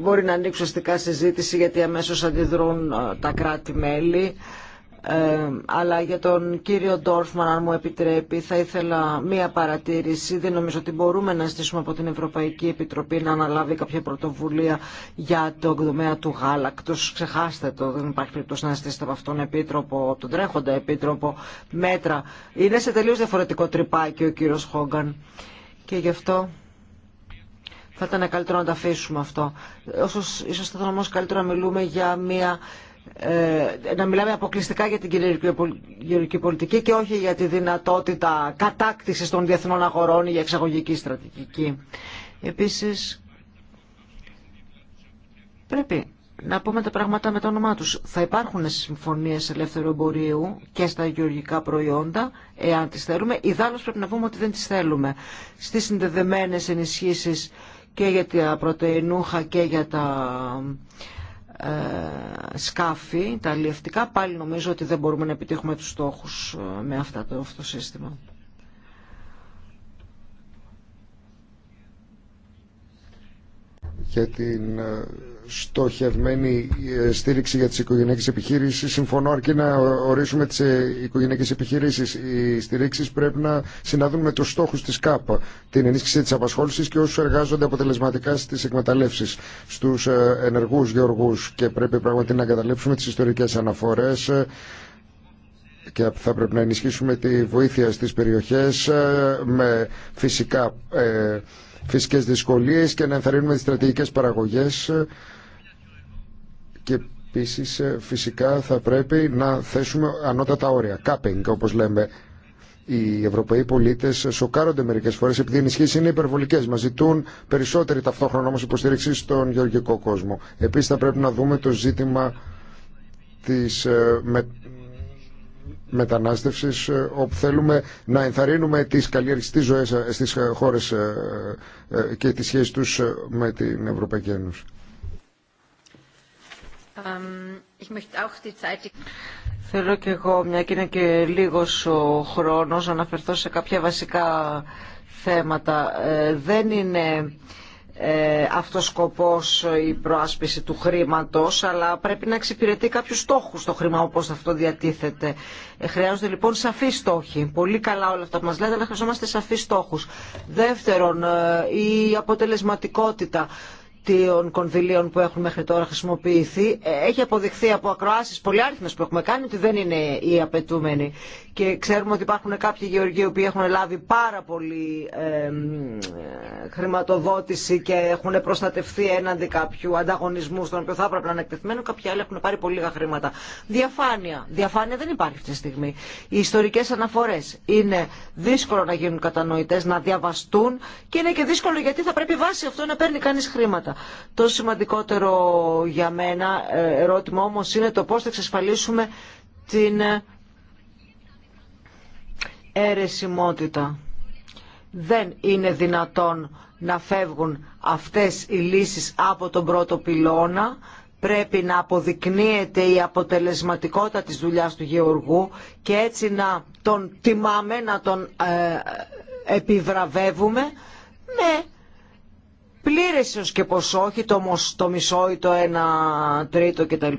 μπορεί να ανοίξει ουσιαστικά συζήτηση γιατί αμέσως αντιδρούν ε, τα κράτη-μέλη. Ε, αλλά για τον κύριο Ντόρφμαν, αν μου επιτρέπει, θα ήθελα μία παρατήρηση. Δεν νομίζω ότι μπορούμε να ζητήσουμε από την Ευρωπαϊκή Επιτροπή να αναλάβει κάποια πρωτοβουλία για το εκδομέα του γάλακτος. Ξεχάστε το, δεν υπάρχει περίπτωση να ζητήσετε από αυτόν επίτροπο, από τον τρέχοντα επίτροπο μέτρα. Είναι σε τελείως διαφορετικό τρυπάκι ο κύριος Χόγκαν και γι' αυτό θα ήταν καλύτερο να τα αφήσουμε αυτό. Όσως, ίσως θα ήταν όμως καλύτερο να μιλούμε για μια ε, να μιλάμε αποκλειστικά για την κυριαρχική πολιτική και όχι για τη δυνατότητα κατάκτησης των διεθνών αγορών ή για εξαγωγική στρατηγική. Επίσης, πρέπει να πούμε τα πράγματα με το όνομά τους. Θα υπάρχουν συμφωνίες ελεύθερου εμπορίου και στα γεωργικά προϊόντα, εάν τις θέλουμε. Ιδάλλως πρέπει να πούμε ότι δεν τις θέλουμε. Στις συνδεδεμένες ενισχύσεις και για τα πρωτεϊνούχα και για τα ε, σκάφη, τα αλλιευτικά, πάλι νομίζω ότι δεν μπορούμε να επιτύχουμε τους στόχους ε, με αυτά το, αυτό το σύστημα. Για την ε, στοχευμένη ε, στήριξη για τις οικογενειακές επιχειρήσεις. Συμφωνώ αρκεί να ορίσουμε τις ε, οικογενειακές επιχειρήσεις. Οι στηρίξεις πρέπει να συνάδουν με τους στόχους της ΚΑΠ, την ενίσχυση της απασχόλησης και όσους εργάζονται αποτελεσματικά στις εκμεταλλεύσεις, στους ε, ενεργούς γεωργούς και πρέπει πραγματικά να καταλήψουμε τις ιστορικές αναφορές και θα πρέπει να ενισχύσουμε τη βοήθεια στις περιοχές με φυσικά φυσικές δυσκολίες και να ενθαρρύνουμε τις στρατηγικές παραγωγές και επίσης ε, φυσικά θα πρέπει να θέσουμε ανώτατα όρια, κάπινγκ όπω λέμε. Οι Ευρωπαίοι πολίτε σοκάρονται μερικέ φορέ επειδή οι ενισχύσει είναι υπερβολικέ. Μα ζητούν περισσότερη ταυτόχρονα όμω υποστήριξη στον γεωργικό κόσμο. Επίση θα πρέπει να δούμε το ζήτημα τη ε, με... μετανάστευση ε, όπου θέλουμε να ενθαρρύνουμε τι καλλιεργητικέ ζωέ στι χώρε και τι σχέσει του με την Ευρωπαϊκή Ένωση. Θέλω και εγώ, μια και είναι και λίγος ο χρόνος, να αναφερθώ σε κάποια βασικά θέματα. Ε, δεν είναι ε, αυτός σκοπός η προάσπιση του χρήματος, αλλά πρέπει να εξυπηρετεί κάποιους στόχους το χρήμα όπως αυτό διατίθεται. Ε, χρειάζονται λοιπόν σαφείς στόχοι. Πολύ καλά όλα αυτά που μας λέτε, αλλά χρειαζόμαστε σαφείς στόχους. Δεύτερον, η αποτελεσματικότητα των κονδυλίων που έχουν μέχρι τώρα χρησιμοποιηθεί ε, έχει αποδειχθεί από ακροάσεις πολύ που έχουμε κάνει ότι δεν είναι οι απαιτούμενοι και ξέρουμε ότι υπάρχουν κάποιοι γεωργοί που έχουν λάβει πάρα πολύ χρηματοδότηση και έχουν προστατευτεί έναντι κάποιου ανταγωνισμού στον οποίο θα έπρεπε να είναι εκτεθειμένο, κάποιοι άλλοι έχουν πάρει πολύ λίγα χρήματα. Διαφάνεια. Διαφάνεια δεν υπάρχει αυτή τη στιγμή. Οι ιστορικέ αναφορέ είναι δύσκολο να γίνουν κατανοητέ, να διαβαστούν και είναι και δύσκολο γιατί θα πρέπει βάσει αυτό να παίρνει κανεί χρήματα. Το σημαντικότερο για μένα ε, ερώτημα όμω είναι το πώ θα εξασφαλίσουμε την αιρεσιμότητα. Δεν είναι δυνατόν να φεύγουν αυτές οι λύσεις από τον πρώτο πυλώνα. Πρέπει να αποδεικνύεται η αποτελεσματικότητα της δουλειάς του Γεωργού και έτσι να τον τιμάμε, να τον ε, επιβραβεύουμε με πλήρες ως και πως όχι, το, το μισό ή το ένα τρίτο κτλ.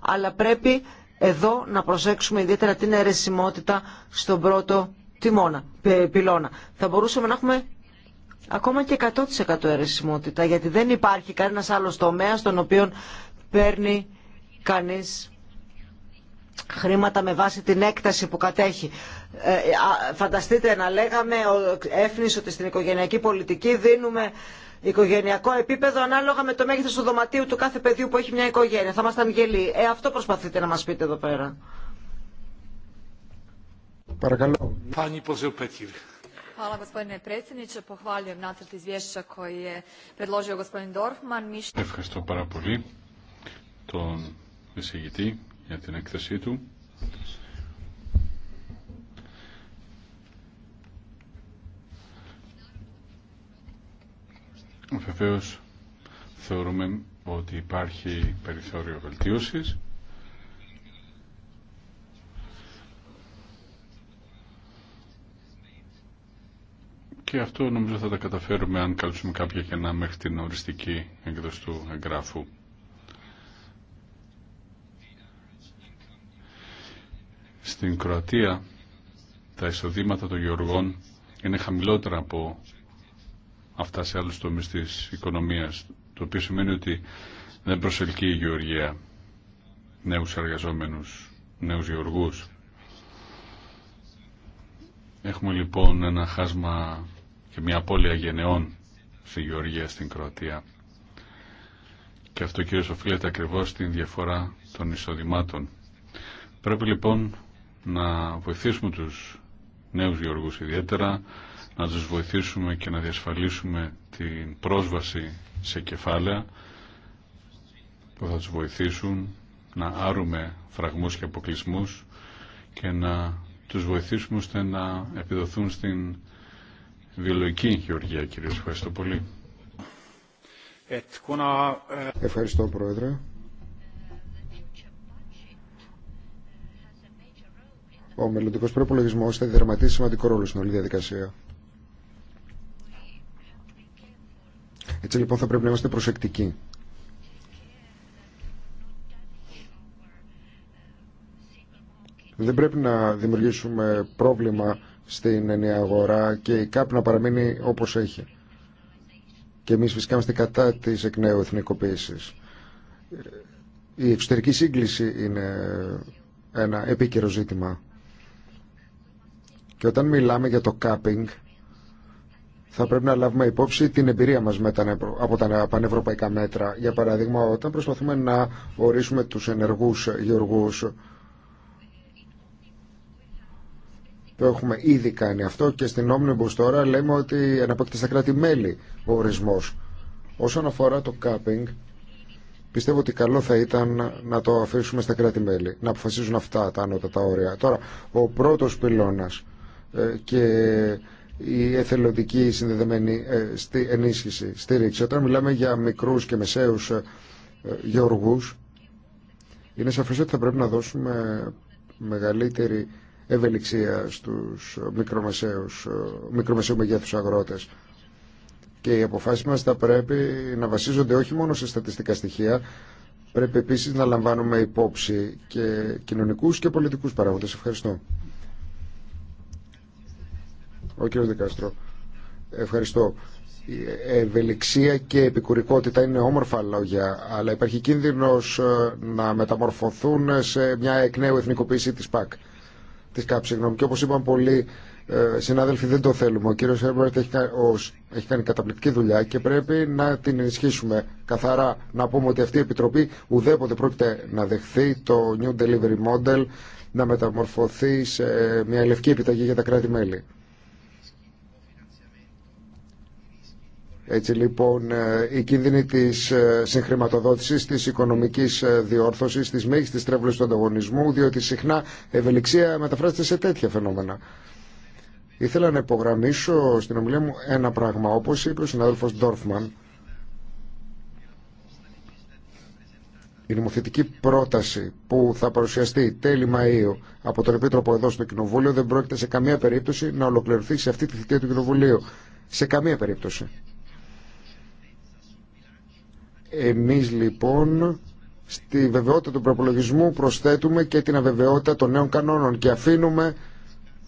Αλλά πρέπει εδώ να προσέξουμε ιδιαίτερα την αιρεσιμότητα στον πρώτο τιμώνα, πυλώνα. Θα μπορούσαμε να έχουμε ακόμα και 100% αιρεσιμότητα, γιατί δεν υπάρχει κανένας άλλος τομέας στον οποίο παίρνει κανείς χρήματα με βάση την έκταση που κατέχει. Ε, φανταστείτε να λέγαμε έφνησε ότι στην οικογενειακή πολιτική δίνουμε οικογενειακό επίπεδο ανάλογα με το μέγεθος του δωματίου του κάθε παιδιού που έχει μια οικογένεια. Θα μας ήταν Ε, αυτό προσπαθείτε να μας πείτε εδώ πέρα. Παρακαλώ. Πάνι πόσο πέτοιμη. Hvala gospodine predsjedniče, pohvaljujem nacrt izvješća koji je predložio gospodin Dorfman. Evo paraboli, to mi se gdje, ja ti nekto si Βεβαίω θεωρούμε ότι υπάρχει περιθώριο βελτίωσης. Και αυτό νομίζω θα τα καταφέρουμε αν καλύψουμε κάποια να μέχρι την οριστική έκδοση του εγγράφου. Στην Κροατία τα εισοδήματα των γεωργών είναι χαμηλότερα από αυτά σε άλλους τομείς της οικονομίας, το οποίο σημαίνει ότι δεν προσελκύει η γεωργία νέους εργαζόμενους, νέους γεωργούς. Έχουμε λοιπόν ένα χάσμα και μια απώλεια γενεών στη γεωργία στην Κροατία. Και αυτό κυρίως οφείλεται ακριβώς στην διαφορά των εισοδημάτων. Πρέπει λοιπόν να βοηθήσουμε τους νέους γεωργούς ιδιαίτερα να τους βοηθήσουμε και να διασφαλίσουμε την πρόσβαση σε κεφάλαια που θα τους βοηθήσουν να άρουμε φραγμούς και αποκλεισμούς και να τους βοηθήσουμε ώστε να επιδοθούν στην βιολογική γεωργία κυρίως. Ευχαριστώ πολύ. Ευχαριστώ Πρόεδρε. Ο μελλοντικό προπολογισμό θα διδερματίσει σημαντικό ρόλο στην όλη διαδικασία. Έτσι λοιπόν θα πρέπει να είμαστε προσεκτικοί. Δεν πρέπει να δημιουργήσουμε πρόβλημα στην ενιαία αγορά και η ΚΑΠ να παραμείνει όπως έχει. Και εμείς φυσικά είμαστε κατά της εκ νέου εθνικοποίησης. Η εξωτερική σύγκληση είναι ένα επίκαιρο ζήτημα. Και όταν μιλάμε για το κάπινγκ, θα πρέπει να λάβουμε υπόψη την εμπειρία μας με από τα πανευρωπαϊκά μέτρα. Για παράδειγμα, όταν προσπαθούμε να ορίσουμε τους ενεργούς γεωργούς, το έχουμε ήδη κάνει αυτό και στην Omnibus τώρα λέμε ότι αναπόκειται στα κράτη-μέλη ο ορισμός. Όσον αφορά το κάπινγκ, πιστεύω ότι καλό θα ήταν να το αφήσουμε στα κράτη-μέλη, να αποφασίζουν αυτά τα ανώτατα όρια. Τώρα, ο πρώτος πυλώνας ε, και η εθελοντική συνδεδεμένη ε, στη ενίσχυση, στήριξη. Όταν μιλάμε για μικρούς και μεσαίους ε, γεωργούς, είναι σαφές ότι θα πρέπει να δώσουμε μεγαλύτερη ευελιξία στους μικρομεσαίους, ε, μικρομεσαίου μεγέθους αγρότες. Και οι αποφάσεις μας θα πρέπει να βασίζονται όχι μόνο σε στατιστικά στοιχεία, πρέπει επίσης να λαμβάνουμε υπόψη και κοινωνικούς και πολιτικούς παράγοντες. Ευχαριστώ. Ο κύριος Δικαστρό. Ευχαριστώ. Η ευελιξία και επικουρικότητα είναι όμορφα λόγια, αλλά υπάρχει κίνδυνος ε, να μεταμορφωθούν σε μια εκ νέου εθνικοποίηση της ΠΑΚ. Της ΚΑΠ, συγγνώμη. Και όπως είπαν πολλοί ε, συνάδελφοι, δεν το θέλουμε. Ο κύριος Έμπερτ έχει, έχει κάνει καταπληκτική δουλειά και πρέπει να την ενισχύσουμε. Καθαρά να πούμε ότι αυτή η Επιτροπή ουδέποτε πρόκειται να δεχθεί το New Delivery Model να μεταμορφωθεί σε μια λευκή επιταγή για τα κράτη-μέλη. Έτσι λοιπόν ε, η κίνδυνη της ε, συγχρηματοδότησης, της οικονομικής ε, διόρθωσης, της μέγιστης τρέβλωσης του ανταγωνισμού, διότι συχνά ευελιξία μεταφράζεται σε τέτοια φαινόμενα. Ήθελα να υπογραμμίσω στην ομιλία μου ένα πράγμα, όπως είπε ο συνάδελφος Ντόρφμαν. Η νομοθετική πρόταση που θα παρουσιαστεί τέλη Μαΐου από τον Επίτροπο εδώ στο Κοινοβούλιο δεν πρόκειται σε καμία περίπτωση να ολοκληρωθεί σε αυτή τη θητεία του Κοινοβουλίου. Σε καμία περίπτωση. Εμείς λοιπόν στη βεβαιότητα του προπολογισμού προσθέτουμε και την αβεβαιότητα των νέων κανόνων και αφήνουμε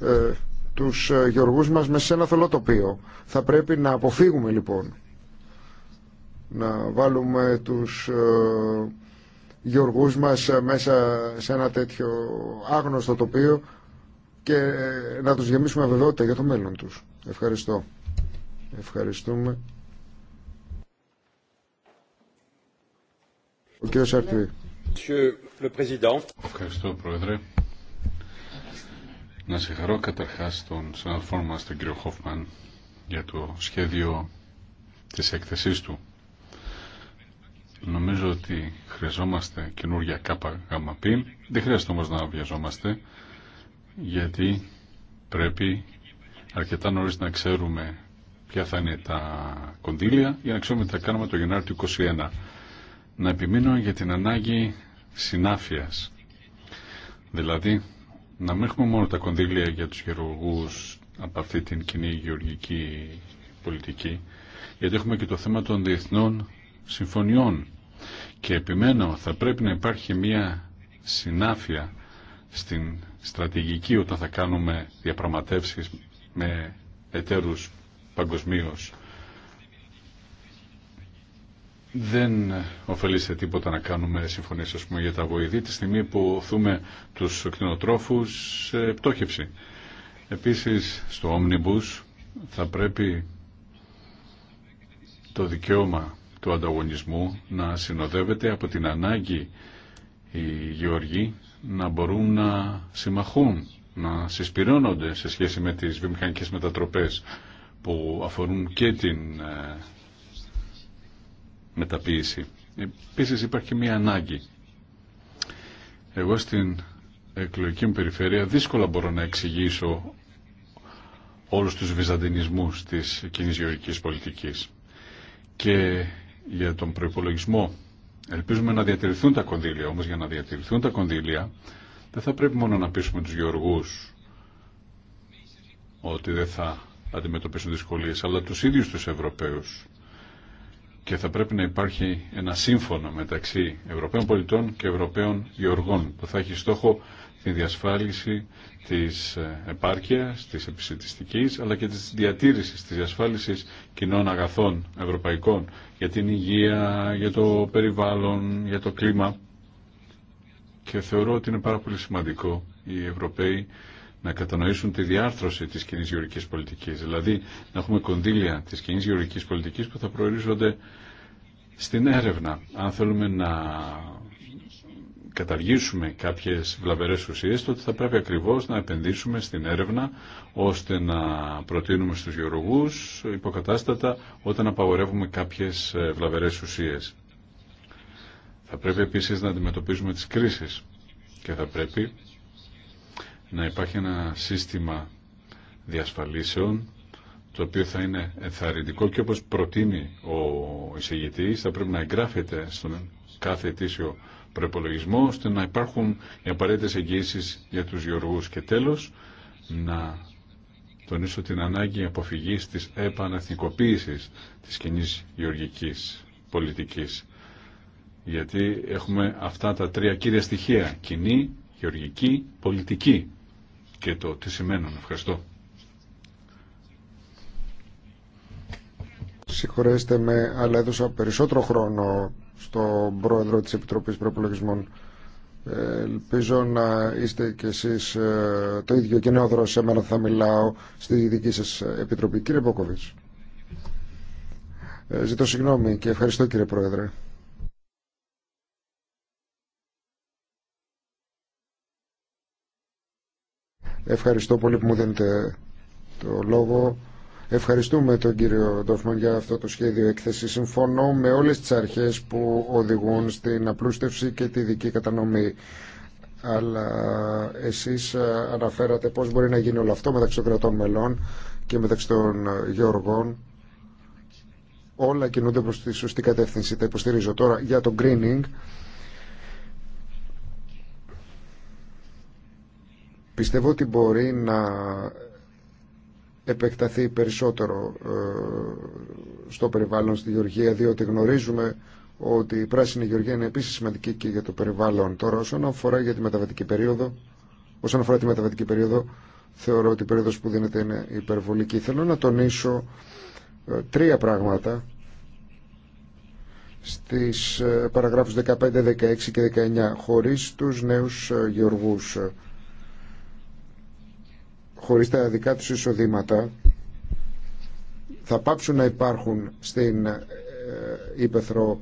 ε, τους ε, γεωργούς μας μέσα σε ένα θολό τοπίο. Θα πρέπει να αποφύγουμε λοιπόν να βάλουμε τους ε, γεωργούς μας μέσα σε ένα τέτοιο άγνωστο τοπίο και ε, να τους γεμίσουμε βεβαιότητα για το μέλλον τους. Ευχαριστώ. Ευχαριστούμε. κύριος Ευχαριστώ, Πρόεδρε. Να συγχαρώ καταρχάς τον συναδελφό μας, τον κύριο Χόφμαν, για το σχέδιο της έκθεσής του. Νομίζω ότι χρειαζόμαστε καινούργια ΚΓΠ. Δεν χρειάζεται όμως να βιαζόμαστε, γιατί πρέπει αρκετά νωρί να ξέρουμε ποια θα είναι τα κονδύλια για να ξέρουμε τι θα κάνουμε το Γενάρη του 2021 να επιμείνω για την ανάγκη συνάφειας. Δηλαδή, να μην έχουμε μόνο τα κονδύλια για τους γεωργούς από αυτή την κοινή γεωργική πολιτική, γιατί έχουμε και το θέμα των διεθνών συμφωνιών. Και επιμένω, θα πρέπει να υπάρχει μια συνάφεια στην στρατηγική όταν θα κάνουμε διαπραγματεύσεις με εταίρους παγκοσμίως δεν ωφελεί σε τίποτα να κάνουμε συμφωνίες για τα βοηθή τη στιγμή που οθούμε τους κτηνοτρόφους σε πτώχευση. Επίσης στο Omnibus θα πρέπει το δικαίωμα του ανταγωνισμού να συνοδεύεται από την ανάγκη οι γεωργοί να μπορούν να συμμαχούν, να συσπηρώνονται σε σχέση με τις βιομηχανικές μετατροπές που αφορούν και την ε, μεταποίηση. Επίσης υπάρχει μια ανάγκη. Εγώ στην εκλογική μου περιφέρεια δύσκολα μπορώ να εξηγήσω όλους τους βυζαντινισμούς της κοινή γεωργικής πολιτικής. Και για τον προϋπολογισμό ελπίζουμε να διατηρηθούν τα κονδύλια. Όμως για να διατηρηθούν τα κονδύλια δεν θα πρέπει μόνο να πείσουμε τους γεωργούς ότι δεν θα αντιμετωπίσουν δυσκολίες, αλλά τους ίδιους τους Ευρωπαίους και θα πρέπει να υπάρχει ένα σύμφωνο μεταξύ Ευρωπαίων πολιτών και Ευρωπαίων γεωργών που θα έχει στόχο τη διασφάλιση της ε, επάρκειας, της επισητιστικής αλλά και της διατήρησης, της διασφάλισης κοινών αγαθών ευρωπαϊκών για την υγεία, για το περιβάλλον, για το κλίμα και θεωρώ ότι είναι πάρα πολύ σημαντικό οι Ευρωπαίοι να κατανοήσουν τη διάρθρωση της κοινή γεωργικής πολιτικής. Δηλαδή να έχουμε κονδύλια της κοινή γεωργικής πολιτικής που θα προορίζονται στην έρευνα. Αν θέλουμε να καταργήσουμε κάποιες βλαβερές ουσίες, τότε θα πρέπει ακριβώς να επενδύσουμε στην έρευνα ώστε να προτείνουμε στους γεωργούς υποκατάστατα όταν απαγορεύουμε κάποιες ε, βλαβερές ουσίες. Θα πρέπει επίσης να αντιμετωπίζουμε τις κρίσεις και θα πρέπει να υπάρχει ένα σύστημα διασφαλίσεων το οποίο θα είναι ενθαρρυντικό και όπως προτείνει ο εισηγητής θα πρέπει να εγγράφεται στον κάθε ετήσιο προπολογισμό ώστε να υπάρχουν οι απαραίτητες για τους γεωργούς και τέλος να τονίσω την ανάγκη αποφυγής της επαναθνικοποίησης της κοινή γεωργικής πολιτικής γιατί έχουμε αυτά τα τρία κύρια στοιχεία κοινή, γεωργική, πολιτική και το τι σημαίνουν. Ευχαριστώ. Συγχωρέστε με, αλλά έδωσα περισσότερο χρόνο στον πρόεδρο της Επιτροπής Προπολογισμών. Ελπίζω να είστε κι εσείς ε, το ίδιο και νεόδρο σε θα μιλάω στη δική σας Επιτροπή. Κύριε Μπόκοβιτς, ε, ζητώ συγγνώμη και ευχαριστώ κύριε Πρόεδρε. Ευχαριστώ πολύ που μου δίνετε το λόγο. Ευχαριστούμε τον κύριο Ντόφμαν για αυτό το σχέδιο έκθεση. Συμφωνώ με όλες τις αρχές που οδηγούν στην απλούστευση και τη δική κατανομή. Αλλά εσεί αναφέρατε πώς μπορεί να γίνει όλο αυτό μεταξύ των κρατών μελών και μεταξύ των γεωργών. Όλα κινούνται προ τη σωστή κατεύθυνση. Τα υποστηρίζω τώρα για το greening. Πιστεύω ότι μπορεί να επεκταθεί περισσότερο ε, στο περιβάλλον στη Γεωργία, διότι γνωρίζουμε ότι η πράσινη γεωργία είναι επίσης σημαντική και για το περιβάλλον. Τώρα, όσον αφορά για τη μεταβατική περίοδο, όσον αφορά τη μεταβατική περίοδο, θεωρώ ότι η περίοδος που δίνεται είναι υπερβολική. Θέλω να τονίσω ε, τρία πράγματα στις ε, παραγράφους 15, 16 και 19, χωρίς τους νέους γεωργούς χωρίς τα δικά τους εισοδήματα θα πάψουν να υπάρχουν στην ε, Ήπεθρο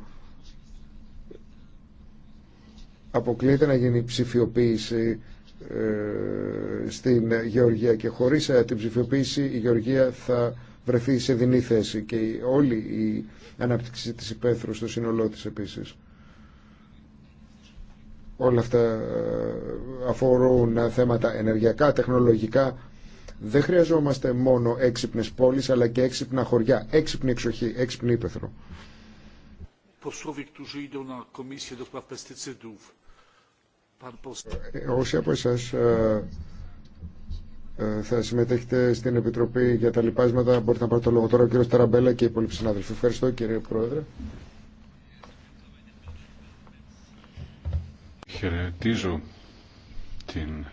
αποκλείεται να γίνει ψηφιοποίηση ε, στην Γεωργία και χωρίς ε, την ψηφιοποίηση η Γεωργία θα βρεθεί σε δινή θέση και όλη η ανάπτυξη της υπαίθρου στο σύνολό της επίσης όλα αυτά ε, αφορούν ε, θέματα ενεργειακά, τεχνολογικά. Δεν χρειαζόμαστε μόνο έξυπνες πόλεις, αλλά και έξυπνα χωριά, έξυπνη εξοχή, έξυπνη ύπεθρο. Ε, όσοι από εσά θα συμμετέχετε στην Επιτροπή για τα λοιπάσματα, μπορείτε να πάρετε το λόγο τώρα ο κύριος Ταραμπέλα και οι υπόλοιποι συνάδελφοι. Ευχαριστώ κύριε Πρόεδρε. Χαιρετίζω την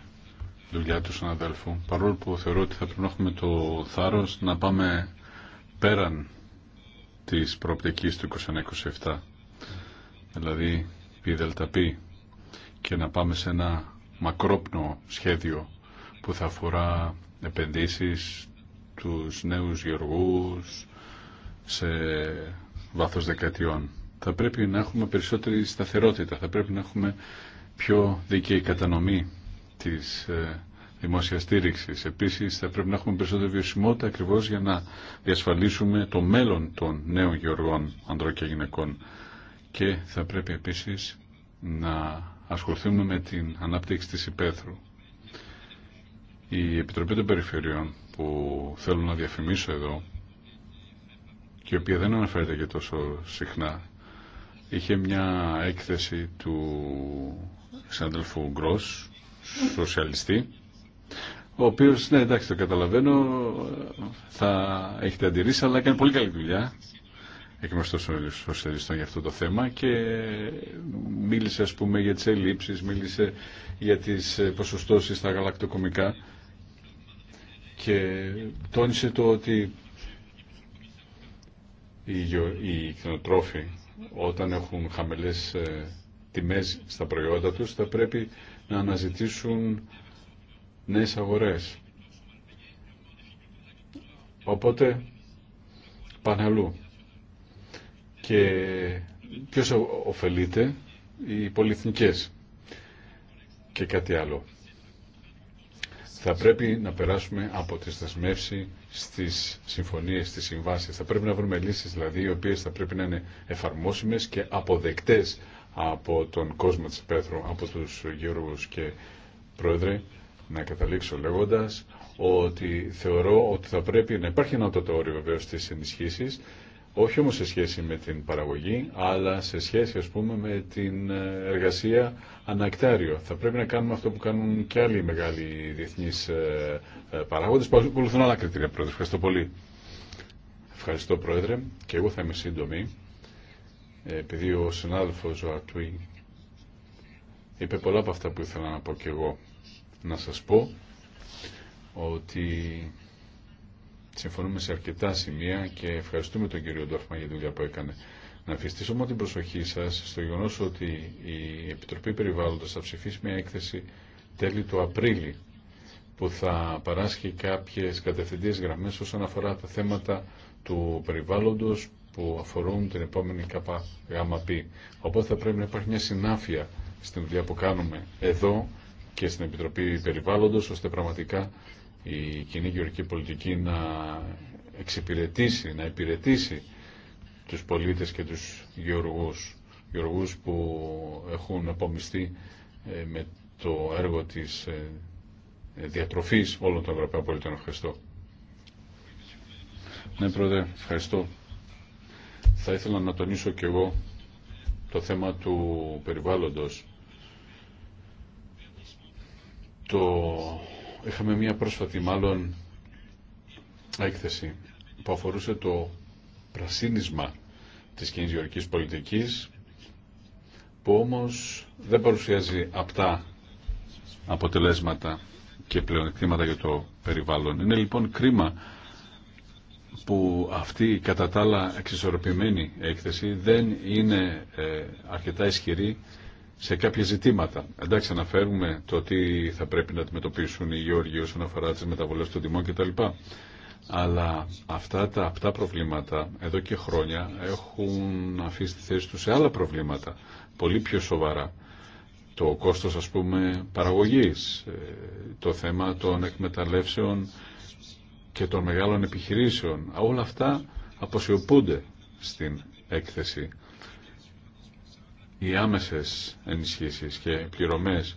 δουλειά του συναδέλφου, παρόλο που θεωρώ ότι θα πρέπει να έχουμε το θάρρος να πάμε πέραν της προοπτικής του 2027 δηλαδή πι δελτα και να πάμε σε ένα μακρόπνο σχέδιο που θα αφορά επενδύσεις τους νέους γεωργούς σε βάθος δεκαετιών. Θα πρέπει να έχουμε περισσότερη σταθερότητα, θα πρέπει να έχουμε πιο δίκαιη κατανομή της ε, δημόσια στήριξη. Επίση, θα πρέπει να έχουμε περισσότερη βιωσιμότητα ακριβώ για να διασφαλίσουμε το μέλλον των νέων γεωργών, ανδρών και γυναικών. Και θα πρέπει επίση να ασχοληθούμε με την ανάπτυξη της υπαίθρου. Η Επιτροπή των Περιφερειών που θέλω να διαφημίσω εδώ και η οποία δεν αναφέρεται και τόσο συχνά είχε μια έκθεση του συνάδελφου Γκρό, σοσιαλιστή, ο οποίο, ναι, εντάξει, το καταλαβαίνω, θα έχετε αντιρρήσει, αλλά έκανε πολύ καλή δουλειά εκ μέρου των σοσιαλιστών για αυτό το θέμα και μίλησε, α πούμε, για τι ελλείψει, μίλησε για τι ποσοστώσει στα γαλακτοκομικά και τόνισε το ότι οι, οι κτηνοτρόφοι όταν έχουν χαμελές ε, τιμές στα προϊόντα τους, θα πρέπει να αναζητήσουν νέες αγορές. Οπότε πάνε αλλού. Και ποιος ωφελείται, οι πολυεθνικές. Και κάτι άλλο. Θα πρέπει να περάσουμε από τη στασμεύση στις συμφωνίες, στις συμβάσεις. Θα πρέπει να βρούμε λύσεις δηλαδή οι οποίες θα πρέπει να είναι εφαρμόσιμες και αποδεκτές από τον κόσμο της Πέθρου, από τους γύρους και πρόεδρε, να καταλήξω λέγοντας ότι θεωρώ ότι θα πρέπει να υπάρχει ένα τότε όριο βεβαίω στις ενισχύσεις, όχι όμως σε σχέση με την παραγωγή, αλλά σε σχέση ας πούμε με την ε, εργασία ανακτάριο. Θα πρέπει να κάνουμε αυτό που κάνουν και άλλοι μεγάλοι διεθνεί ε, ε, παράγοντες που ακολουθούν άλλα κριτήρια, Πρόεδρε. Ευχαριστώ πολύ. Ευχαριστώ, Πρόεδρε. Και εγώ θα είμαι σύντομη επειδή ο συνάδελφος ο Αρτουή είπε πολλά από αυτά που ήθελα να πω και εγώ. Να σας πω ότι συμφωνούμε σε αρκετά σημεία και ευχαριστούμε τον κύριο Ντόρφμα για τη δουλειά που έκανε. Να αφιστήσω μόνο την προσοχή σας στο γεγονό ότι η Επιτροπή Περιβάλλοντος θα ψηφίσει μια έκθεση τέλη του Απρίλη που θα παράσχει κάποιες κατευθυντές γραμμές όσον αφορά τα θέματα του περιβάλλοντος που αφορούν την επόμενη ΚΓΠ. Οπότε θα πρέπει να υπάρχει μια συνάφεια στην δουλειά που κάνουμε εδώ και στην Επιτροπή Περιβάλλοντος, ώστε πραγματικά η κοινή γεωργική πολιτική να εξυπηρετήσει, να υπηρετήσει τους πολίτες και τους γεωργούς. Γεωργούς που έχουν απομιστεί ε, με το έργο της ε, διατροφής όλων των Ευρωπαίων πολιτών. Ευχαριστώ. Ναι, Πρόεδρε, ευχαριστώ θα ήθελα να τονίσω και εγώ το θέμα του περιβάλλοντος. Το... Είχαμε μία πρόσφατη μάλλον έκθεση που αφορούσε το πρασίνισμα της κοινής πολιτικής που όμως δεν παρουσιάζει απτά αποτελέσματα και πλεονεκτήματα για το περιβάλλον. Είναι λοιπόν κρίμα που αυτή η κατά τα άλλα εξισορροπημένη έκθεση δεν είναι ε, αρκετά ισχυρή σε κάποια ζητήματα. Εντάξει, αναφέρουμε το τι θα πρέπει να αντιμετωπίσουν οι Γεώργοι όσον αφορά τι μεταβολέ των τιμών κτλ. Αλλά αυτά τα απτά προβλήματα εδώ και χρόνια έχουν αφήσει τη θέση του σε άλλα προβλήματα, πολύ πιο σοβαρά. Το κόστος, ας πούμε, παραγωγής, ε, το θέμα των εκμεταλλεύσεων και των μεγάλων επιχειρήσεων. Όλα αυτά αποσιωπούνται στην έκθεση. Οι άμεσες ενισχύσεις και πληρωμές.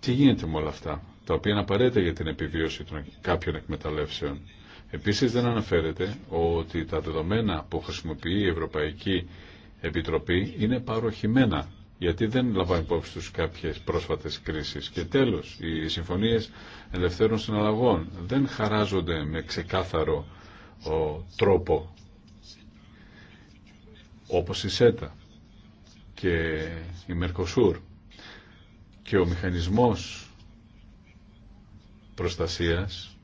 Τι γίνεται με όλα αυτά, τα οποία είναι απαραίτητα για την επιβίωση των κάποιων εκμεταλλεύσεων. Επίσης δεν αναφέρεται ότι τα δεδομένα που χρησιμοποιεί η Ευρωπαϊκή Επιτροπή είναι παροχημένα γιατί δεν λαμβάνει υπόψη τους κάποιες πρόσφατες κρίσεις. Και τέλος, οι συμφωνίες ελευθέρων συναλλαγών δεν χαράζονται με ξεκάθαρο τρόπο όπως η ΣΕΤΑ και η Μερκοσούρ και ο μηχανισμός προστασίας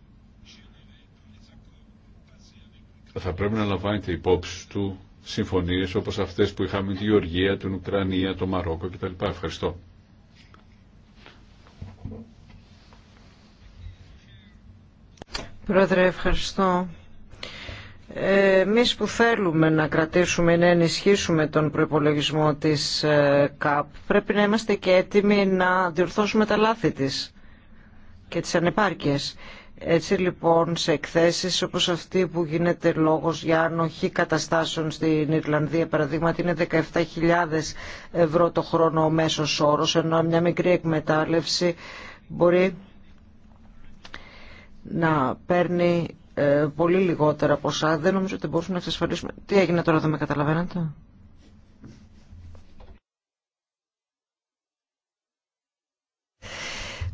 θα πρέπει να λαμβάνεται υπόψη του συμφωνίες όπως αυτές που είχαμε τη Γεωργία, την Ουκρανία, το Μαρόκο κτλ. Ευχαριστώ. Πρόεδρε, ευχαριστώ. Εμεί που θέλουμε να κρατήσουμε ή να ενισχύσουμε τον προπολογισμό της ε, ΚΑΠ πρέπει να είμαστε και έτοιμοι να διορθώσουμε τα λάθη της και τις ανεπάρκειες. Έτσι λοιπόν σε εκθέσεις όπως αυτή που γίνεται λόγος για ανοχή καταστάσεων στην Ιρλανδία παραδείγματι είναι 17.000 ευρώ το χρόνο ο μέσος όρος ενώ μια μικρή εκμετάλλευση μπορεί να παίρνει ε, πολύ λιγότερα ποσά. Δεν νομίζω ότι μπορούμε να εξασφαλίσουμε. Τι έγινε τώρα, δεν με καταλαβαίνετε.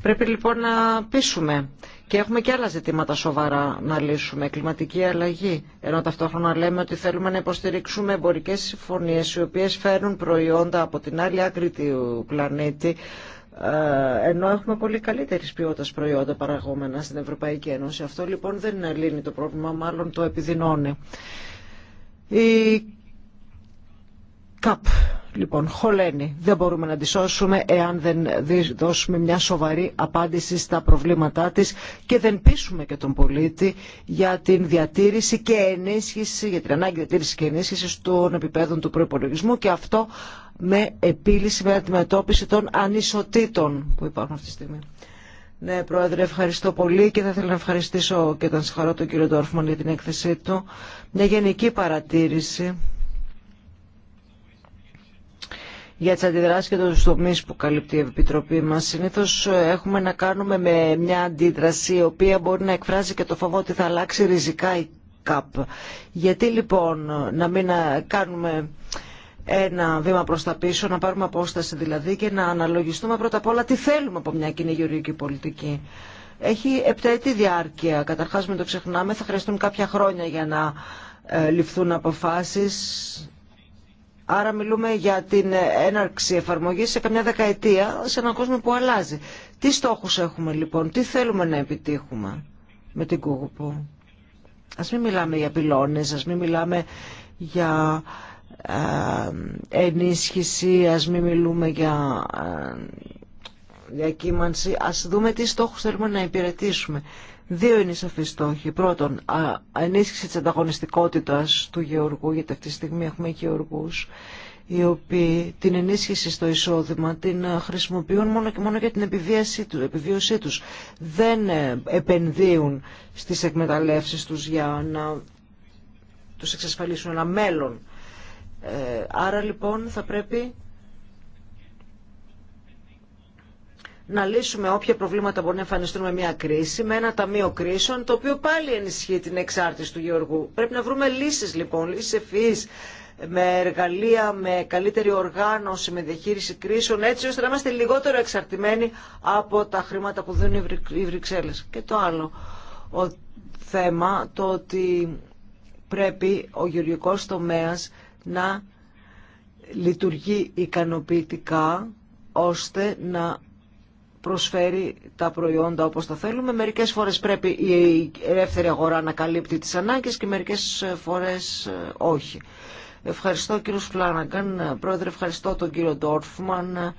Πρέπει λοιπόν να πείσουμε και έχουμε και άλλα ζητήματα σοβαρά να λύσουμε. Κλιματική αλλαγή. Ενώ ταυτόχρονα λέμε ότι θέλουμε να υποστηρίξουμε εμπορικέ συμφωνίε οι οποίε φέρνουν προϊόντα από την άλλη άκρη του πλανήτη ε, ενώ έχουμε πολύ καλύτερη ποιότητα προϊόντα παραγόμενα στην Ευρωπαϊκή Ένωση. Αυτό λοιπόν δεν λύνει το πρόβλημα, μάλλον το επιδεινώνει. Καπ, λοιπόν, χωλαίνει. Δεν μπορούμε να τη σώσουμε εάν δεν δώσουμε μια σοβαρή απάντηση στα προβλήματά της και δεν πείσουμε και τον πολίτη για την διατήρηση και ενίσχυση, για την ανάγκη διατήρηση και ενίσχυση των επιπέδων του προπολογισμού και αυτό με επίλυση, με αντιμετώπιση των ανισοτήτων που υπάρχουν αυτή τη στιγμή. Ναι, Πρόεδρε, ευχαριστώ πολύ και θα ήθελα να ευχαριστήσω και τον συγχαρώ τον κύριο Ντόρφμαν για την έκθεσή του. Μια γενική παρατήρηση για τις αντιδράσεις και τους τομείς που καλύπτει η Επιτροπή μας. Συνήθως ε, έχουμε να κάνουμε με μια αντίδραση η οποία μπορεί να εκφράζει και το φόβο ότι θα αλλάξει ριζικά η ΚΑΠ. Γιατί λοιπόν να μην ε, κάνουμε ένα βήμα προς τα πίσω, να πάρουμε απόσταση δηλαδή και να αναλογιστούμε πρώτα απ' όλα τι θέλουμε από μια κοινή γεωργική πολιτική. Έχει επταετή διάρκεια. Καταρχάς μην το ξεχνάμε, θα χρειαστούν κάποια χρόνια για να ε, ληφθούν αποφάσεις Άρα μιλούμε για την έναρξη εφαρμογής σε καμιά δεκαετία σε έναν κόσμο που αλλάζει. Τι στόχους έχουμε λοιπόν, τι θέλουμε να επιτύχουμε με την Κούγουπο. Ας μην μιλάμε για πυλώνες, ας μην μιλάμε για ε, ενίσχυση, ας μην μιλούμε για ε, διακύμανση. Ας δούμε τι στόχους θέλουμε να υπηρετήσουμε. Δύο είναι οι σαφείς στόχοι. Πρώτον, ενίσχυση της ανταγωνιστικότητας του γεωργού, γιατί αυτή τη στιγμή έχουμε γεωργούς, οι οποίοι την ενίσχυση στο εισόδημα την ε, χρησιμοποιούν μόνο και μόνο για την επιβίωσή τους. Δεν ε, επενδύουν στις εκμεταλλεύσεις τους για να τους εξασφαλίσουν ένα μέλλον. Ε, άρα λοιπόν θα πρέπει να λύσουμε όποια προβλήματα μπορεί να εμφανιστούν με μια κρίση, με ένα ταμείο κρίσεων, το οποίο πάλι ενισχύει την εξάρτηση του Γεωργού. Πρέπει να βρούμε λύσεις λοιπόν, λύσεις ευφυής, με εργαλεία, με καλύτερη οργάνωση, με διαχείριση κρίσεων, έτσι ώστε να είμαστε λιγότερο εξαρτημένοι από τα χρήματα που δίνουν οι Βρυξέλλες. Και το άλλο θέμα, το ότι πρέπει ο γεωργικός τομέας να λειτουργεί ικανοποιητικά, ώστε να προσφέρει τα προϊόντα όπως τα θέλουμε. Μερικές φορές πρέπει η ελεύθερη αγορά να καλύπτει τις ανάγκες και μερικές φορές ε, όχι. Ευχαριστώ κύριο Φλάναγκαν, πρόεδρε ευχαριστώ τον κύριο Ντόρφμαν.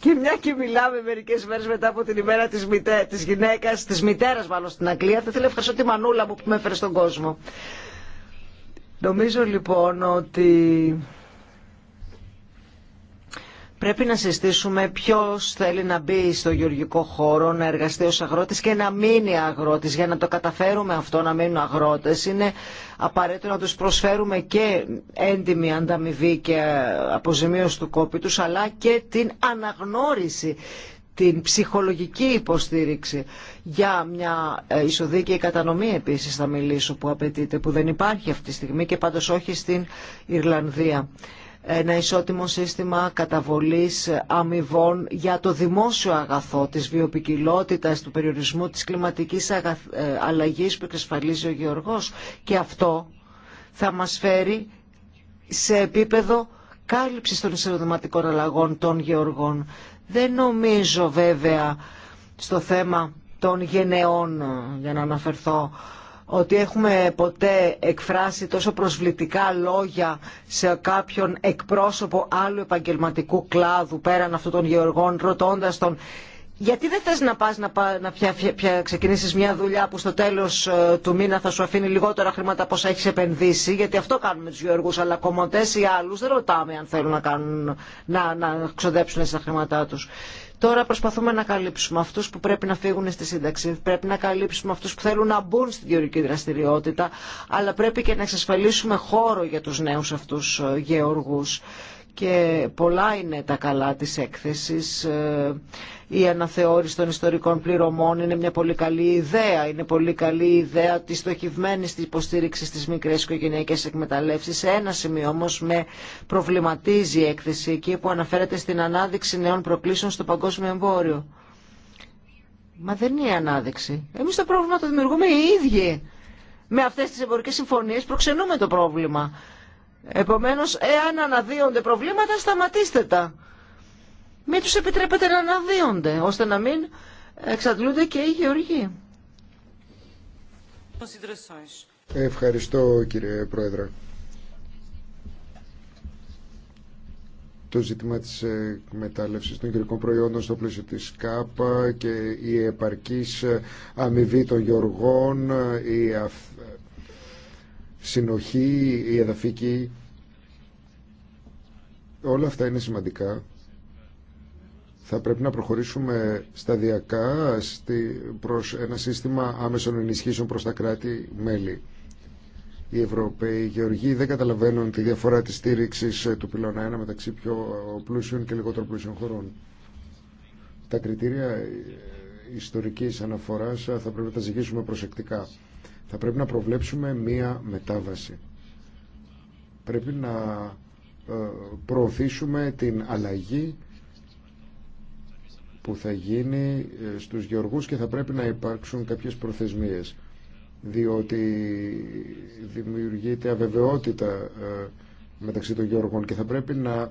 Και μια και μιλάμε μερικέ μέρε μετά από την ημέρα τη της γυναίκα, τη μητέρα μάλλον στην Αγγλία, θα ήθελα να ευχαριστώ τη μανούλα μου που με έφερε στον κόσμο. Νομίζω λοιπόν ότι Πρέπει να συστήσουμε ποιο θέλει να μπει στο γεωργικό χώρο, να εργαστεί ω αγρότη και να μείνει αγρότη. Για να το καταφέρουμε αυτό, να μείνουν αγρότε, είναι απαραίτητο να του προσφέρουμε και έντιμη ανταμοιβή και αποζημίωση του κόπη του, αλλά και την αναγνώριση την ψυχολογική υποστήριξη για μια ε, και κατανομή επίσης θα μιλήσω που απαιτείται που δεν υπάρχει αυτή τη στιγμή και πάντως όχι στην Ιρλανδία ένα ισότιμο σύστημα καταβολής αμοιβών για το δημόσιο αγαθό της βιοπικιλότητας, του περιορισμού της κλιματικής ε, αλλαγής που εξασφαλίζει ο Γεωργός. Και αυτό θα μας φέρει σε επίπεδο κάλυψης των εισοδηματικών αλλαγών των Γεωργών. Δεν νομίζω βέβαια στο θέμα των γενεών, για να αναφερθώ, ότι έχουμε ποτέ εκφράσει τόσο προσβλητικά λόγια σε κάποιον εκπρόσωπο άλλου επαγγελματικού κλάδου πέραν αυτού των γεωργών, ρωτώντας τον γιατί δεν θες να πας να, να ξεκινήσεις μια δουλειά που στο τέλος ε, του μήνα θα σου αφήνει λιγότερα χρήματα από όσα έχεις επενδύσει, γιατί αυτό κάνουμε τους γεωργούς, αλλά κομμωτές ή άλλους δεν ρωτάμε αν θέλουν να, κάνουν, να, να ξοδέψουν έτσι τα χρήματά τους. Τώρα προσπαθούμε να καλύψουμε αυτού που πρέπει να φύγουν στη σύνταξη, πρέπει να καλύψουμε αυτού που θέλουν να μπουν στην γεωργική δραστηριότητα, αλλά πρέπει και να εξασφαλίσουμε χώρο για του νέου αυτού ε, γεωργού. Και πολλά είναι τα καλά της έκθεσης. Ε, η αναθεώρηση των ιστορικών πληρωμών είναι μια πολύ καλή ιδέα. Είναι πολύ καλή ιδέα τη στοχευμένη τη υποστήριξη στι μικρέ οικογενειακέ εκμεταλλεύσει. Σε ένα σημείο όμω με προβληματίζει η έκθεση εκεί που αναφέρεται στην ανάδειξη νέων προκλήσεων στο παγκόσμιο εμπόριο. Μα δεν είναι η ανάδειξη. Εμεί το πρόβλημα το δημιουργούμε οι ίδιοι. Με αυτέ τι εμπορικέ συμφωνίε προξενούμε το πρόβλημα. Επομένω, εάν αναδύονται προβλήματα, σταματήστε τα μην τους επιτρέπεται να αναδύονται, ώστε να μην εξαντλούνται και οι γεωργοί. Ευχαριστώ κύριε Πρόεδρε. το ζήτημα της εκμετάλλευση των γεωργικών προϊόντων στο πλαίσιο της ΚΑΠΑ και η επαρκής αμοιβή των γεωργών, η συνοχή, η εδαφική. Όλα αυτά είναι σημαντικά θα πρέπει να προχωρήσουμε σταδιακά στη, προς ένα σύστημα άμεσων ενισχύσεων προς τα κράτη-μέλη. Οι Ευρωπαίοι Γεωργοί δεν καταλαβαίνουν τη διαφορά της στήριξης ε, του πυλώνα 1 μεταξύ πιο πλούσιων και λιγότερο πλούσιων χωρών. Τα κριτήρια ε, ιστορικής αναφοράς ε, θα πρέπει να τα ζητήσουμε προσεκτικά. Θα πρέπει να προβλέψουμε μία μετάβαση. Πρέπει να προωθήσουμε την αλλαγή που θα γίνει ε, στους γεωργούς και θα πρέπει να υπάρξουν κάποιες προθεσμίες διότι δημιουργείται αβεβαιότητα ε, μεταξύ των γεωργών και θα πρέπει να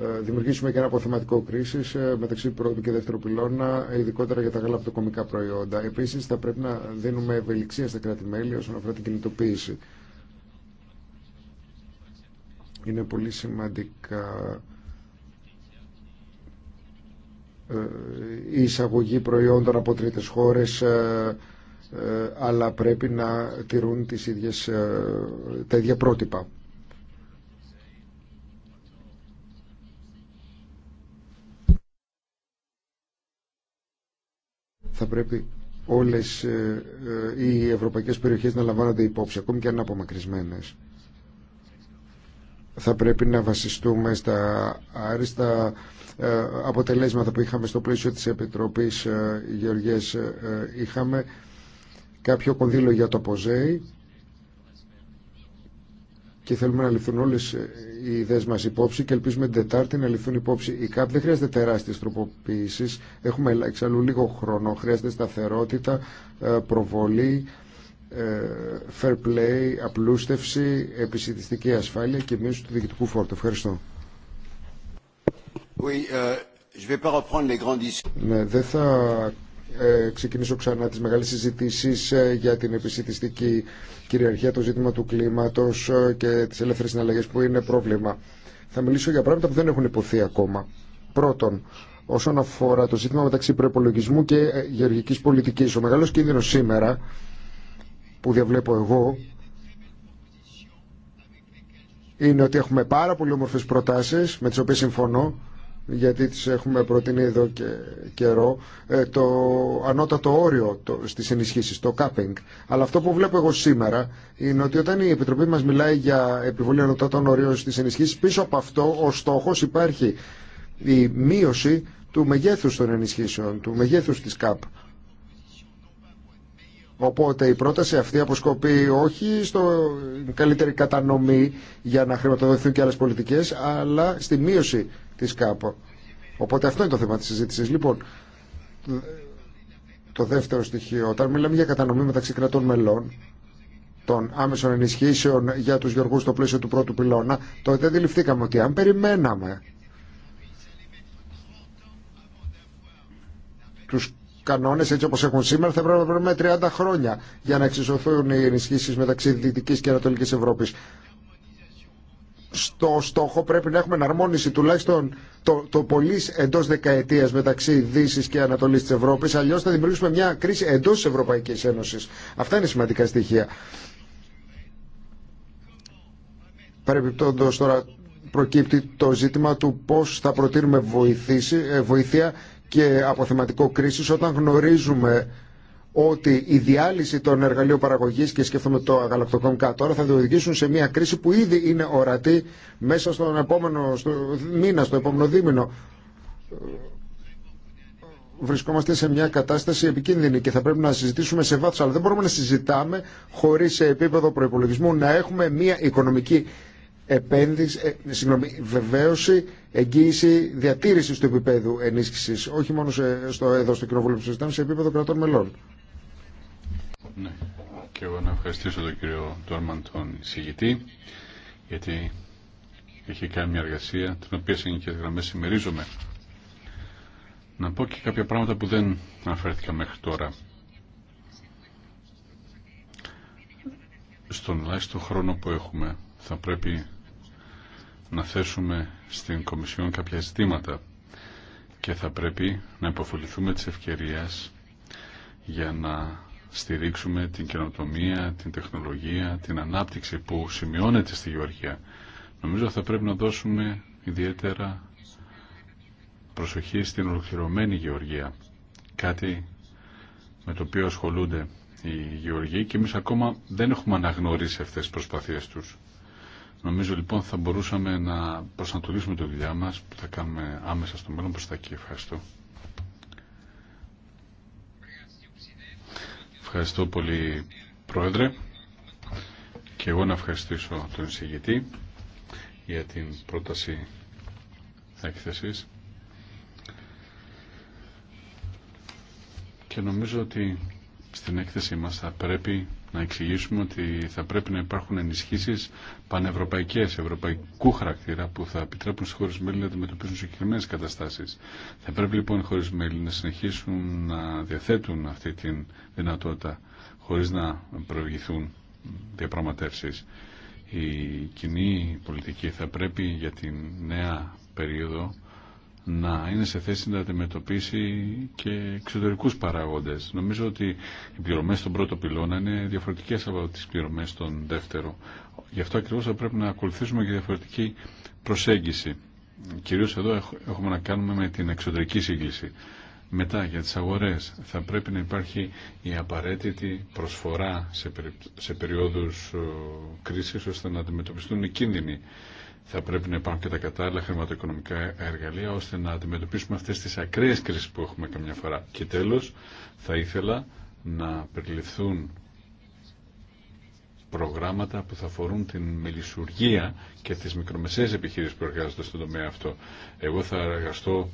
ε, δημιουργήσουμε και ένα αποθεματικό κρίση μεταξύ πρώτου και δεύτερου πυλώνα, ειδικότερα για τα γαλακτοκομικά προϊόντα. Επίσης θα πρέπει να δίνουμε ευελιξία στα κράτη-μέλη όσον αφορά την κινητοποίηση. Είναι πολύ σημαντικά ε, η εισαγωγή προϊόντων από τρίτες χώρες ε, ε, αλλά πρέπει να τηρούν τις ίδιες, τα ίδια πρότυπα. Θα πρέπει όλες οι ευρωπαϊκές περιοχές να λαμβάνονται υπόψη, ακόμη και αν απομακρυσμένες. Θα πρέπει να βασιστούμε στα άριστα ε, αποτελέσματα που είχαμε στο πλαίσιο της Επιτροπής ε, Γεωργίας ε, είχαμε κάποιο κονδύλο για το ΠΟΖΕΙ και θέλουμε να ληφθούν όλες οι ιδέες μας υπόψη και ελπίζουμε την Τετάρτη να ληφθούν υπόψη. Η ΚΑΠ δεν χρειάζεται τεράστιε τροποποίησεις Έχουμε εξαλλού λίγο χρόνο. Χρειάζεται σταθερότητα, προβολή, fair play, απλούστευση, επισητιστική ασφάλεια και μείωση του διοικητικού φόρτου. Ευχαριστώ. Euh, ναι, δεν θα ε, ξεκινήσω ξανά τις μεγάλες συζητήσεις ε, για την επιστημιστική κυριαρχία, το ζήτημα του κλίματος ε, και τις ελεύθερες συναλλαγές που είναι πρόβλημα. Θα μιλήσω για πράγματα που δεν έχουν υποθεί ακόμα. Πρώτον, όσον αφορά το ζήτημα μεταξύ προπολογισμού και γεωργικής πολιτικής, ο μεγάλος κίνδυνος σήμερα που διαβλέπω εγώ είναι ότι έχουμε πάρα πολύ όμορφες προτάσεις με τις οποίες συμφωνώ γιατί τις έχουμε προτείνει εδώ και καιρό, ε, το ανώτατο όριο το, στις ενισχύσεις, το capping. Αλλά αυτό που βλέπω εγώ σήμερα είναι ότι όταν η Επιτροπή μας μιλάει για επιβολή ανώτατων όριων στις ενισχύσεις, πίσω από αυτό ο στόχος υπάρχει η μείωση του μεγέθους των ενισχύσεων, του μεγέθους της ΚΑΠ. Οπότε η πρόταση αυτή αποσκοπεί όχι στο καλύτερη κατανομή για να χρηματοδοτηθούν και άλλες πολιτικές, αλλά στη μείωση της ΚΑΠΟ. Οπότε αυτό είναι το θέμα τη συζήτηση. Λοιπόν, το δεύτερο στοιχείο, όταν μιλάμε για κατανομή μεταξύ κρατών μελών, των άμεσων ενισχύσεων για του γεωργού στο πλαίσιο του πρώτου πυλώνα, τότε αντιληφθήκαμε ότι αν περιμέναμε του κανόνες έτσι όπως έχουν σήμερα θα έπρεπε να 30 χρόνια για να εξισωθούν οι ενισχύσεις μεταξύ Δυτικής και Ανατολικής Ευρώπης στο στόχο πρέπει να έχουμε εναρμόνιση τουλάχιστον το, το πολύ εντό δεκαετία μεταξύ Δύση και Ανατολή τη Ευρώπη. Αλλιώ θα δημιουργήσουμε μια κρίση εντό τη Ευρωπαϊκή Ένωση. Αυτά είναι σημαντικά στοιχεία. Παρεμπιπτόντω τώρα προκύπτει το ζήτημα του πώ θα προτείνουμε βοηθήσει, ε, βοήθεια και αποθεματικό κρίση όταν γνωρίζουμε ότι η διάλυση των εργαλείων παραγωγής και σκέφτομαι το αγαλακτοκομικά τώρα θα διοδηγήσουν σε μια κρίση που ήδη είναι ορατή μέσα στον επόμενο μήνα, στο επόμενο δίμηνο. Βρισκόμαστε σε μια κατάσταση επικίνδυνη και θα πρέπει να συζητήσουμε σε βάθος, αλλά δεν μπορούμε να συζητάμε χωρίς σε επίπεδο προϋπολογισμού να έχουμε μια οικονομική επένδυση, ε, συγγνώμη, βεβαίωση, εγγύηση διατήρηση του επίπεδου ενίσχυση, όχι μόνο στο, εδώ στο κοινοβούλιο που συζητάμε, σε επίπεδο κρατών μελών. Ναι. Και εγώ να ευχαριστήσω τον κύριο Ντόρμαν τον εισηγητή γιατί έχει κάνει μια εργασία την οποία σε γενικές συμμερίζομαι. Να πω και κάποια πράγματα που δεν αναφέρθηκα μέχρι τώρα. Στον ελάχιστο χρόνο που έχουμε θα πρέπει να θέσουμε στην Κομισιόν κάποια ζητήματα και θα πρέπει να υποφεληθούμε της ευκαιρίας για να στηρίξουμε την καινοτομία, την τεχνολογία, την ανάπτυξη που σημειώνεται στη Γεωργία. Νομίζω θα πρέπει να δώσουμε ιδιαίτερα προσοχή στην ολοκληρωμένη Γεωργία. Κάτι με το οποίο ασχολούνται οι Γεωργοί και εμεί ακόμα δεν έχουμε αναγνωρίσει αυτές τις προσπαθίες τους. Νομίζω λοιπόν θα μπορούσαμε να προσανατολίσουμε τη δουλειά μας που θα κάνουμε άμεσα στο μέλλον προς τα εκεί. Ευχαριστώ. Ευχαριστώ πολύ Πρόεδρε και εγώ να ευχαριστήσω τον εισηγητή για την πρόταση έκθεσης και νομίζω ότι στην έκθεση μας θα πρέπει να εξηγήσουμε ότι θα πρέπει να υπάρχουν ενισχύσει πανευρωπαϊκέ, ευρωπαϊκού χαρακτήρα που θα επιτρέπουν στι χώρε μέλη να αντιμετωπίσουν συγκεκριμένε καταστάσει. Θα πρέπει λοιπόν οι χώρε μέλη να συνεχίσουν να διαθέτουν αυτή τη δυνατότητα χωρί να προηγηθούν διαπραγματεύσει. Η κοινή πολιτική θα πρέπει για την νέα περίοδο να είναι σε θέση να αντιμετωπίσει και εξωτερικούς παράγοντες. Νομίζω ότι οι πληρωμές στον πρώτο πυλώνα είναι διαφορετικές από τις πληρωμές στον δεύτερο. Γι' αυτό ακριβώς θα πρέπει να ακολουθήσουμε και διαφορετική προσέγγιση. Κυρίως εδώ έχουμε να κάνουμε με την εξωτερική σύγκληση. Μετά για τις αγορές θα πρέπει να υπάρχει η απαραίτητη προσφορά σε, περιόδου σε περίοδους κρίσης ώστε να αντιμετωπιστούν οι κίνδυνοι θα πρέπει να υπάρχουν και τα κατάλληλα χρηματοοικονομικά εργαλεία ώστε να αντιμετωπίσουμε αυτές τις ακραίες κρίσεις που έχουμε καμιά φορά. Και τέλος, θα ήθελα να περιληφθούν προγράμματα που θα αφορούν την μελισουργία και τις μικρομεσαίες επιχείρησεις που εργάζονται στον τομέα αυτό. Εγώ θα εργαστώ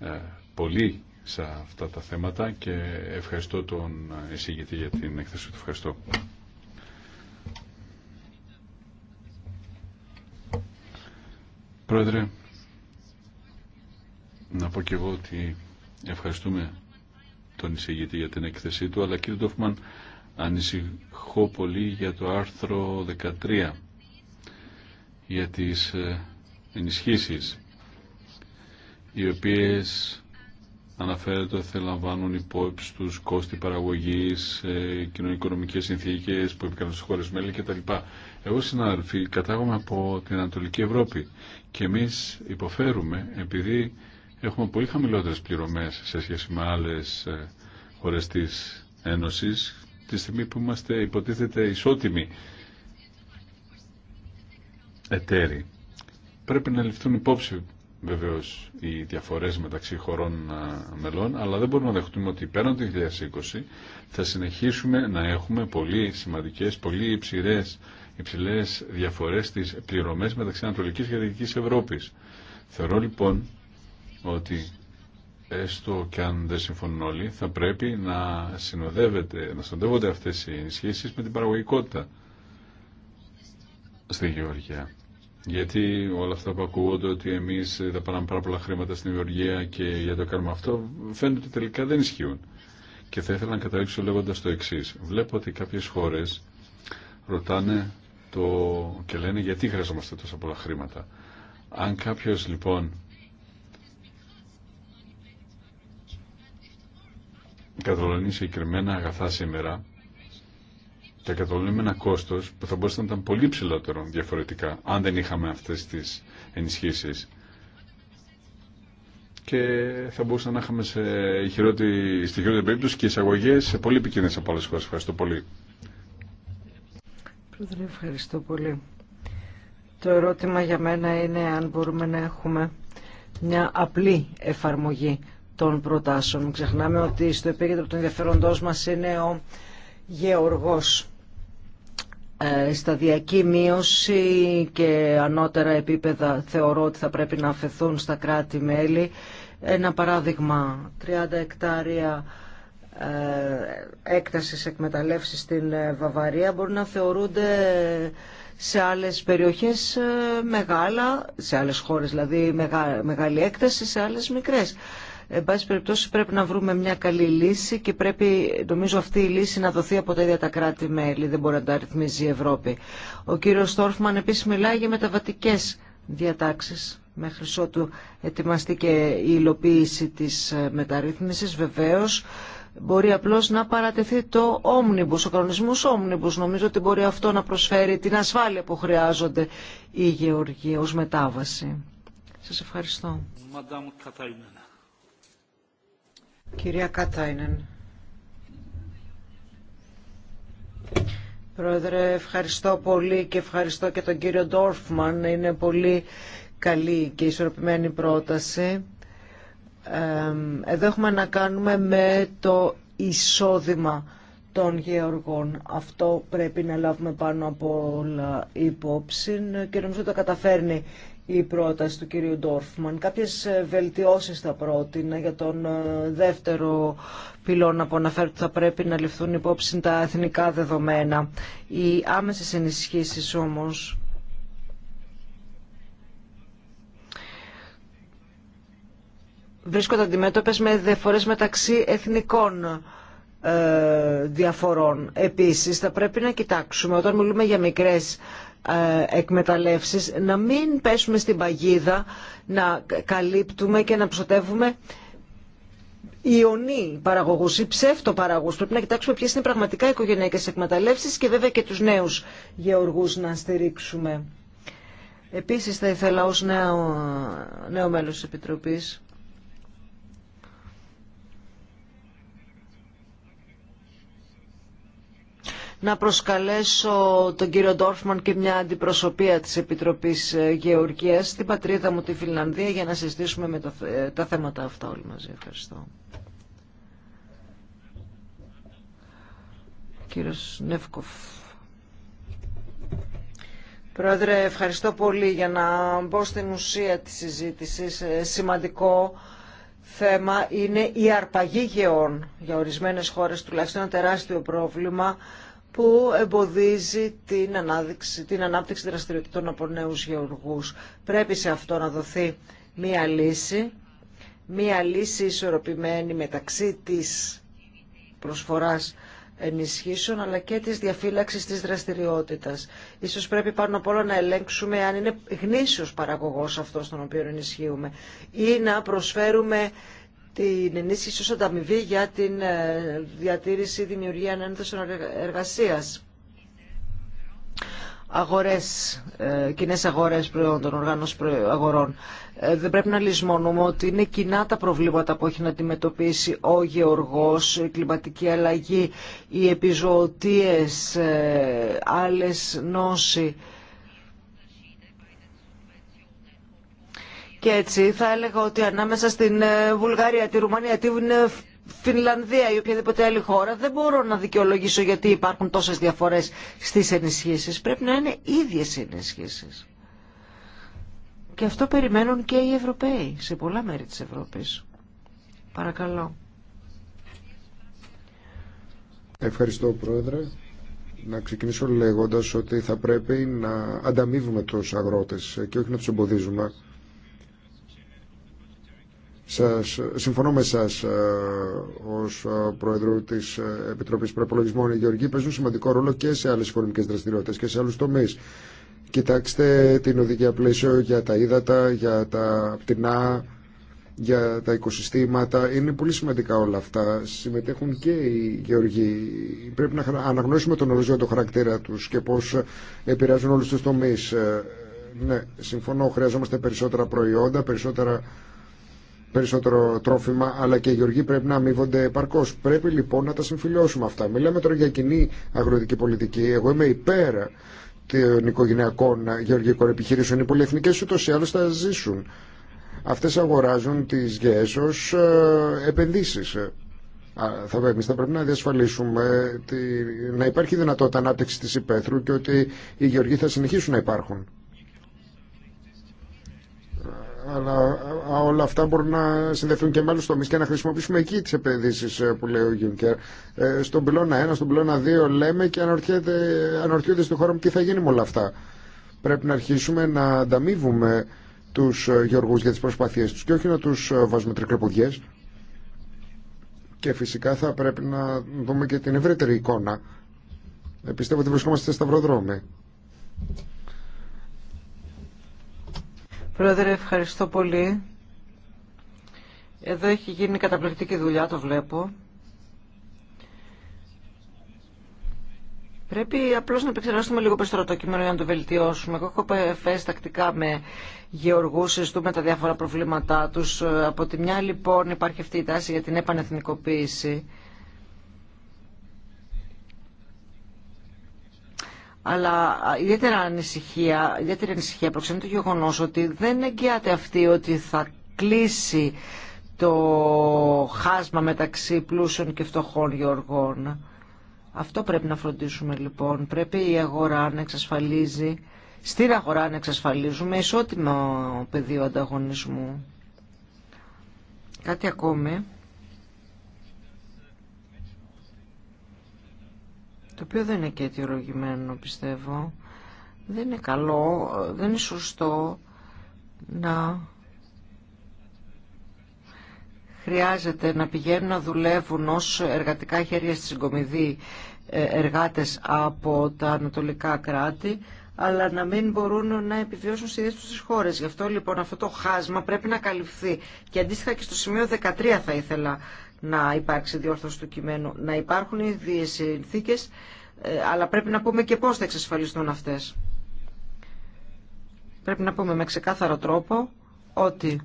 ε, πολύ σε αυτά τα θέματα και ευχαριστώ τον εισηγητή για την έκθεση του. Ευχαριστώ. Πρόεδρε, να πω και εγώ ότι ευχαριστούμε τον εισηγητή για την έκθεσή του, αλλά κύριε Ντόφμαν, ανησυχώ πολύ για το άρθρο 13 για τις ε, ενισχύσεις οι οποίες αναφέρεται ότι θα λαμβάνουν υπόψη του κόστη παραγωγής, ε, κοινωνικονομικές συνθήκες που επικρατούν στι χώρες μέλη κτλ. Εγώ συνάδελφοι κατάγομαι από την Ανατολική Ευρώπη και εμείς υποφέρουμε επειδή έχουμε πολύ χαμηλότερες πληρωμές σε σχέση με άλλες ε, χώρες της Ένωσης τη στιγμή που είμαστε υποτίθεται ισότιμοι εταίροι. Πρέπει να ληφθούν υπόψη Βεβαίω οι διαφορέ μεταξύ χωρών μελών, αλλά δεν μπορούμε να δεχτούμε ότι πέραν του 2020 θα συνεχίσουμε να έχουμε πολύ σημαντικέ, πολύ υψηλέ υψηλές διαφορές στις πληρωμές μεταξύ Ανατολική και Δυτική Ευρώπη. Θεωρώ λοιπόν ότι έστω και αν δεν συμφωνούν όλοι, θα πρέπει να, συνοδεύεται, να συνοδεύονται αυτές οι ενισχύσεις με την παραγωγικότητα στη Γεωργία. Γιατί όλα αυτά που ακούγονται ότι εμεί δαπανάμε πάρα πολλά χρήματα στην Γεωργία και για το κάνουμε αυτό, φαίνεται ότι τελικά δεν ισχύουν. Και θα ήθελα να καταλήξω λέγοντα το εξή. Βλέπω ότι κάποιε χώρε ρωτάνε το... και λένε γιατί χρειαζόμαστε τόσα πολλά χρήματα. Αν κάποιο λοιπόν καταναλώνει συγκεκριμένα αγαθά σήμερα τα ένα κόστο που θα μπορούσε να ήταν πολύ ψηλότερο διαφορετικά αν δεν είχαμε αυτέ τι ενισχύσει. και θα μπορούσαμε να είχαμε σε χειρότερη, στη χειρότερη περίπτωση και εισαγωγέ σε πολύ επικίνδυνε από άλλε χώρε. Ευχαριστώ πολύ. Πρόεδρε, ευχαριστώ πολύ. Το ερώτημα για μένα είναι αν μπορούμε να έχουμε μια απλή εφαρμογή των προτάσεων. Ξεχνάμε ότι στο επίκεντρο των ενδιαφέροντό μας είναι ο Γεωργός ε, σταδιακή μείωση και ανώτερα επίπεδα θεωρώ ότι θα πρέπει να αφαιθούν στα κράτη-μέλη. Ένα παράδειγμα, 30 εκτάρια ε, έκτασης εκμεταλλεύσης στην ε, Βαβαρία μπορεί να θεωρούνται σε άλλες περιοχές μεγάλα, σε άλλες χώρες δηλαδή μεγάλη έκταση, σε άλλες μικρές. Εν πάση περιπτώσει πρέπει να βρούμε μια καλή λύση και πρέπει νομίζω αυτή η λύση να δοθεί από τα ίδια τα κράτη-μέλη. Δεν μπορεί να τα ρυθμίζει η Ευρώπη. Ο κύριος Στόρφμαν επίσης μιλάει για μεταβατικές διατάξεις μέχρι ότου ετοιμαστεί και η υλοποίηση της ε, μεταρρύθμισης βεβαίως μπορεί απλώς να παρατεθεί το όμνιμπους, ο κανονισμός όμνιμπους. Νομίζω ότι μπορεί αυτό να προσφέρει την ασφάλεια που χρειάζονται οι γεωργοί ω μετάβαση. Σας ευχαριστώ. Κυρία Κατάινεν. Πρόεδρε, ευχαριστώ πολύ και ευχαριστώ και τον κύριο Ντόρφμαν. Είναι πολύ καλή και ισορροπημένη πρόταση. Εδώ έχουμε να κάνουμε με το εισόδημα των γεωργών. Αυτό πρέπει να λάβουμε πάνω από όλα υπόψη και νομίζω το καταφέρνει η πρόταση του κυρίου Ντόρφμαν. Κάποιες ε, βελτιώσεις θα πρότεινα για τον ε, δεύτερο πυλώνα που αναφέρει ότι θα πρέπει να ληφθούν υπόψη τα εθνικά δεδομένα. Οι άμεσες ενισχύσεις όμως βρίσκονται αντιμέτωπε με διαφορές μεταξύ εθνικών ε, διαφορών. Επίσης θα πρέπει να κοιτάξουμε όταν μιλούμε για μικρές ε, εκμεταλλεύσεις, να μην πέσουμε στην παγίδα, να καλύπτουμε και να ψωτεύουμε ιονή παραγωγούς ή παραγωγούς. Πρέπει να κοιτάξουμε ποιες είναι πραγματικά οικογενειακές εκμεταλλεύσεις και βέβαια και τους νέους γεωργούς να στηρίξουμε. Επίσης θα ήθελα ως νέο, νέο μέλος της Επιτροπής να προσκαλέσω τον κύριο Ντόρφμαν και μια αντιπροσωπεία της Επιτροπής ε, Γεωργίας στην πατρίδα μου τη Φιλανδία για να συζητήσουμε με ε, τα, θέματα αυτά όλοι μαζί. Ευχαριστώ. Κύριος Νεύκοφ. Πρόεδρε, ευχαριστώ πολύ για να μπω στην ουσία της συζήτησης. Ε, σημαντικό θέμα είναι η αρπαγή γεών. Για ορισμένες χώρες τουλάχιστον ένα τεράστιο πρόβλημα που εμποδίζει την, ανάδειξη, την ανάπτυξη δραστηριοτήτων από νέου γεωργούς. Πρέπει σε αυτό να δοθεί μία λύση, μία λύση ισορροπημένη μεταξύ της προσφοράς ενισχύσεων αλλά και της διαφύλαξης της δραστηριότητας. Ίσως πρέπει πάνω απ' όλα να ελέγξουμε αν είναι γνήσιος παραγωγός αυτός τον οποίο ενισχύουμε ή να προσφέρουμε την ενίσχυση ως ανταμοιβή για την ε, διατήρηση δημιουργία ανένθεσεων εργασίας. Αγορές, ε, κοινέ αγορές προϊόντων, οργανωσης αγορών. Ε, δεν πρέπει να λησμονούμε ότι είναι κοινά τα προβλήματα που έχει να αντιμετωπίσει ο γεωργός, η κλιματική αλλαγή, οι επιζωοτίες, άλλες νόσοι. Και έτσι θα έλεγα ότι ανάμεσα στην ε, Βουλγαρία, τη Ρουμανία, τη ε, Φινλανδία ή οποιαδήποτε άλλη χώρα δεν μπορώ να δικαιολογήσω γιατί υπάρχουν τόσες διαφορές στις ενισχύσεις. Πρέπει να είναι ίδιες οι ενισχύσεις. Και αυτό περιμένουν και οι Ευρωπαίοι σε πολλά μέρη της Ευρώπης. Παρακαλώ. Ευχαριστώ Πρόεδρε. Να ξεκινήσω λέγοντας ότι θα πρέπει να ανταμείβουμε τους αγρότες και όχι να τους εμποδίζουμε. Σας, συμφωνώ με εσά ω ε, Πρόεδρο τη ε, Επιτροπή Προπολογισμών. Οι Γεωργοί παίζουν σημαντικό ρόλο και σε άλλε οικονομικέ δραστηριότητε και σε άλλου τομεί. Κοιτάξτε την οδηγία πλαίσιο για τα ύδατα, για τα πτηνά, για τα οικοσυστήματα. Είναι πολύ σημαντικά όλα αυτά. Συμμετέχουν και οι γεωργοί. Πρέπει να αναγνώσουμε τον οριζόντιο χαρακτήρα του και πώ ε, επηρεάζουν όλου του τομεί. Ναι, συμφωνώ, χρειαζόμαστε περισσότερα προϊόντα, περισσότερα περισσότερο τρόφιμα, αλλά και οι γεωργοί πρέπει να αμείβονται επαρκώ. Πρέπει λοιπόν να τα συμφιλιώσουμε αυτά. Μιλάμε τώρα για κοινή αγροτική πολιτική. Εγώ είμαι υπέρ των οικογενειακών γεωργικών επιχειρήσεων. Οι πολυεθνικέ ούτω ή άλλω θα ζήσουν. Αυτέ αγοράζουν τι γέε ω ε, επενδύσει. Θα, εμείς θα πρέπει να διασφαλίσουμε τη, να υπάρχει δυνατότητα ανάπτυξη της υπαίθρου και ότι οι γεωργοί θα συνεχίσουν να υπάρχουν. όλα αυτά μπορούν να συνδεθούν και με άλλου τομεί και να χρησιμοποιήσουμε εκεί τι επενδύσει ε, που λέει ο Γιούνκερ. Ε, στον πυλώνα 1, στον πυλώνα 2 λέμε και αναρωτιούνται στον χώρο μου τι θα γίνει με όλα αυτά. Πρέπει να αρχίσουμε να ανταμείβουμε του ε, γεωργού για τι προσπαθίε του και όχι να του βάζουμε τρικλοποδιέ. Και φυσικά θα πρέπει να δούμε και την ευρύτερη εικόνα. Πιστεύω ότι βρισκόμαστε στα σταυροδρόμοι. Πρόεδρε, ευχαριστώ πολύ. Εδώ έχει γίνει καταπληκτική δουλειά, το βλέπω. Πρέπει απλώς να επεξεργαστούμε λίγο περισσότερο το κείμενο για να το βελτιώσουμε. Εγώ έχω φέσει τακτικά με γεωργούς, συζητούμε τα διάφορα προβλήματά τους. Από τη μια λοιπόν υπάρχει αυτή η τάση για την επανεθνικοποίηση. Αλλά ιδιαίτερη ανησυχία, ιδιαίτερη ανησυχία προξενεί το γεγονός ότι δεν εγγυάται αυτή ότι θα κλείσει το χάσμα μεταξύ πλούσιων και φτωχών γεωργών. Αυτό πρέπει να φροντίσουμε λοιπόν. Πρέπει η αγορά να εξασφαλίζει, στην αγορά να εξασφαλίζουμε ισότιμο πεδίο ανταγωνισμού. Κάτι ακόμη. Το οποίο δεν είναι και αιτιολογημένο πιστεύω. Δεν είναι καλό, δεν είναι σωστό να χρειάζεται να πηγαίνουν να δουλεύουν ως εργατικά χέρια στη συγκομιδή ε, εργάτες από τα ανατολικά κράτη αλλά να μην μπορούν να επιβιώσουν στις ίδιες τους χώρες. Γι' αυτό λοιπόν αυτό το χάσμα πρέπει να καλυφθεί. Και αντίστοιχα και στο σημείο 13 θα ήθελα να υπάρξει διόρθωση του κειμένου. Να υπάρχουν οι ίδιες συνθήκες, ε, αλλά πρέπει να πούμε και πώς θα εξασφαλιστούν αυτές. Πρέπει να πούμε με ξεκάθαρο τρόπο ότι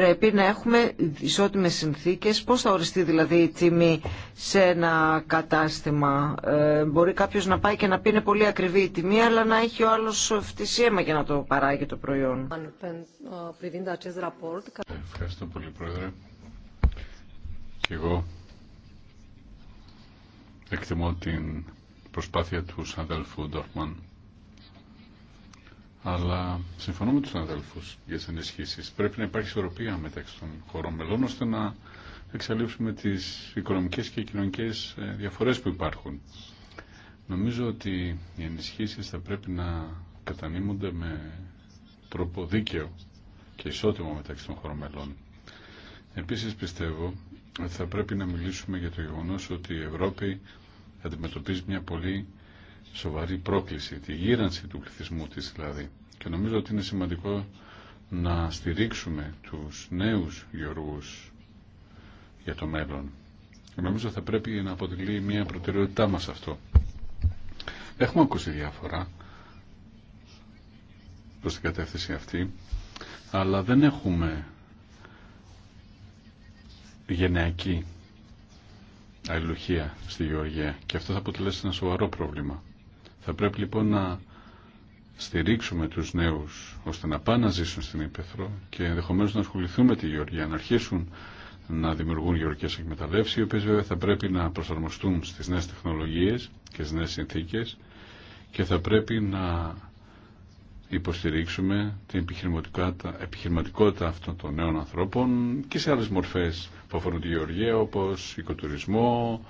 πρέπει να έχουμε ισότιμες συνθήκες. Πώς θα οριστεί δηλαδή η τιμή σε ένα κατάστημα. Ε, μπορεί κάποιος να πάει και να πει είναι πολύ ακριβή η τιμή, αλλά να έχει ο άλλος φτυσίαιμα για να το παράγει το προϊόν. Ευχαριστώ πολύ Πρόεδρε. Και εγώ εκτιμώ την προσπάθεια του αδελφού Ντόρφμαν αλλά συμφωνώ με τους αδελφούς για τι ενισχύσει. Πρέπει να υπάρχει ισορροπία μεταξύ των χωρών μελών ώστε να εξαλείψουμε τι οικονομικέ και κοινωνικέ ε, διαφορέ που υπάρχουν. Νομίζω ότι οι ενισχύσει θα πρέπει να κατανείμονται με τρόπο δίκαιο και ισότιμο μεταξύ των χωρών μελών. Επίσης πιστεύω ότι θα πρέπει να μιλήσουμε για το γεγονό ότι η Ευρώπη αντιμετωπίζει μια πολύ σοβαρή πρόκληση, τη γύρανση του πληθυσμού της δηλαδή. Και νομίζω ότι είναι σημαντικό να στηρίξουμε τους νέους γεωργούς για το μέλλον. Και Νομίζω θα πρέπει να αποτελεί μια προτεραιότητά μας αυτό. Έχουμε ακούσει διάφορα προς την κατεύθυνση αυτή, αλλά δεν έχουμε γενεακή αλληλουχία στη Γεωργία και αυτό θα αποτελέσει ένα σοβαρό πρόβλημα. Θα πρέπει λοιπόν να στηρίξουμε τους νέους ώστε να πάνε να ζήσουν στην Ήπεθρο και ενδεχομένως να ασχοληθούμε τη Γεωργία, να αρχίσουν να δημιουργούν γεωργικές εκμεταλλεύσεις, οι οποίες βέβαια θα πρέπει να προσαρμοστούν στις νέες τεχνολογίες και στις νέες συνθήκες και θα πρέπει να υποστηρίξουμε την επιχειρηματικότητα, επιχειρηματικότητα αυτών των νέων ανθρώπων και σε άλλες μορφές που αφορούν τη γεωργία όπως οικοτουρισμό,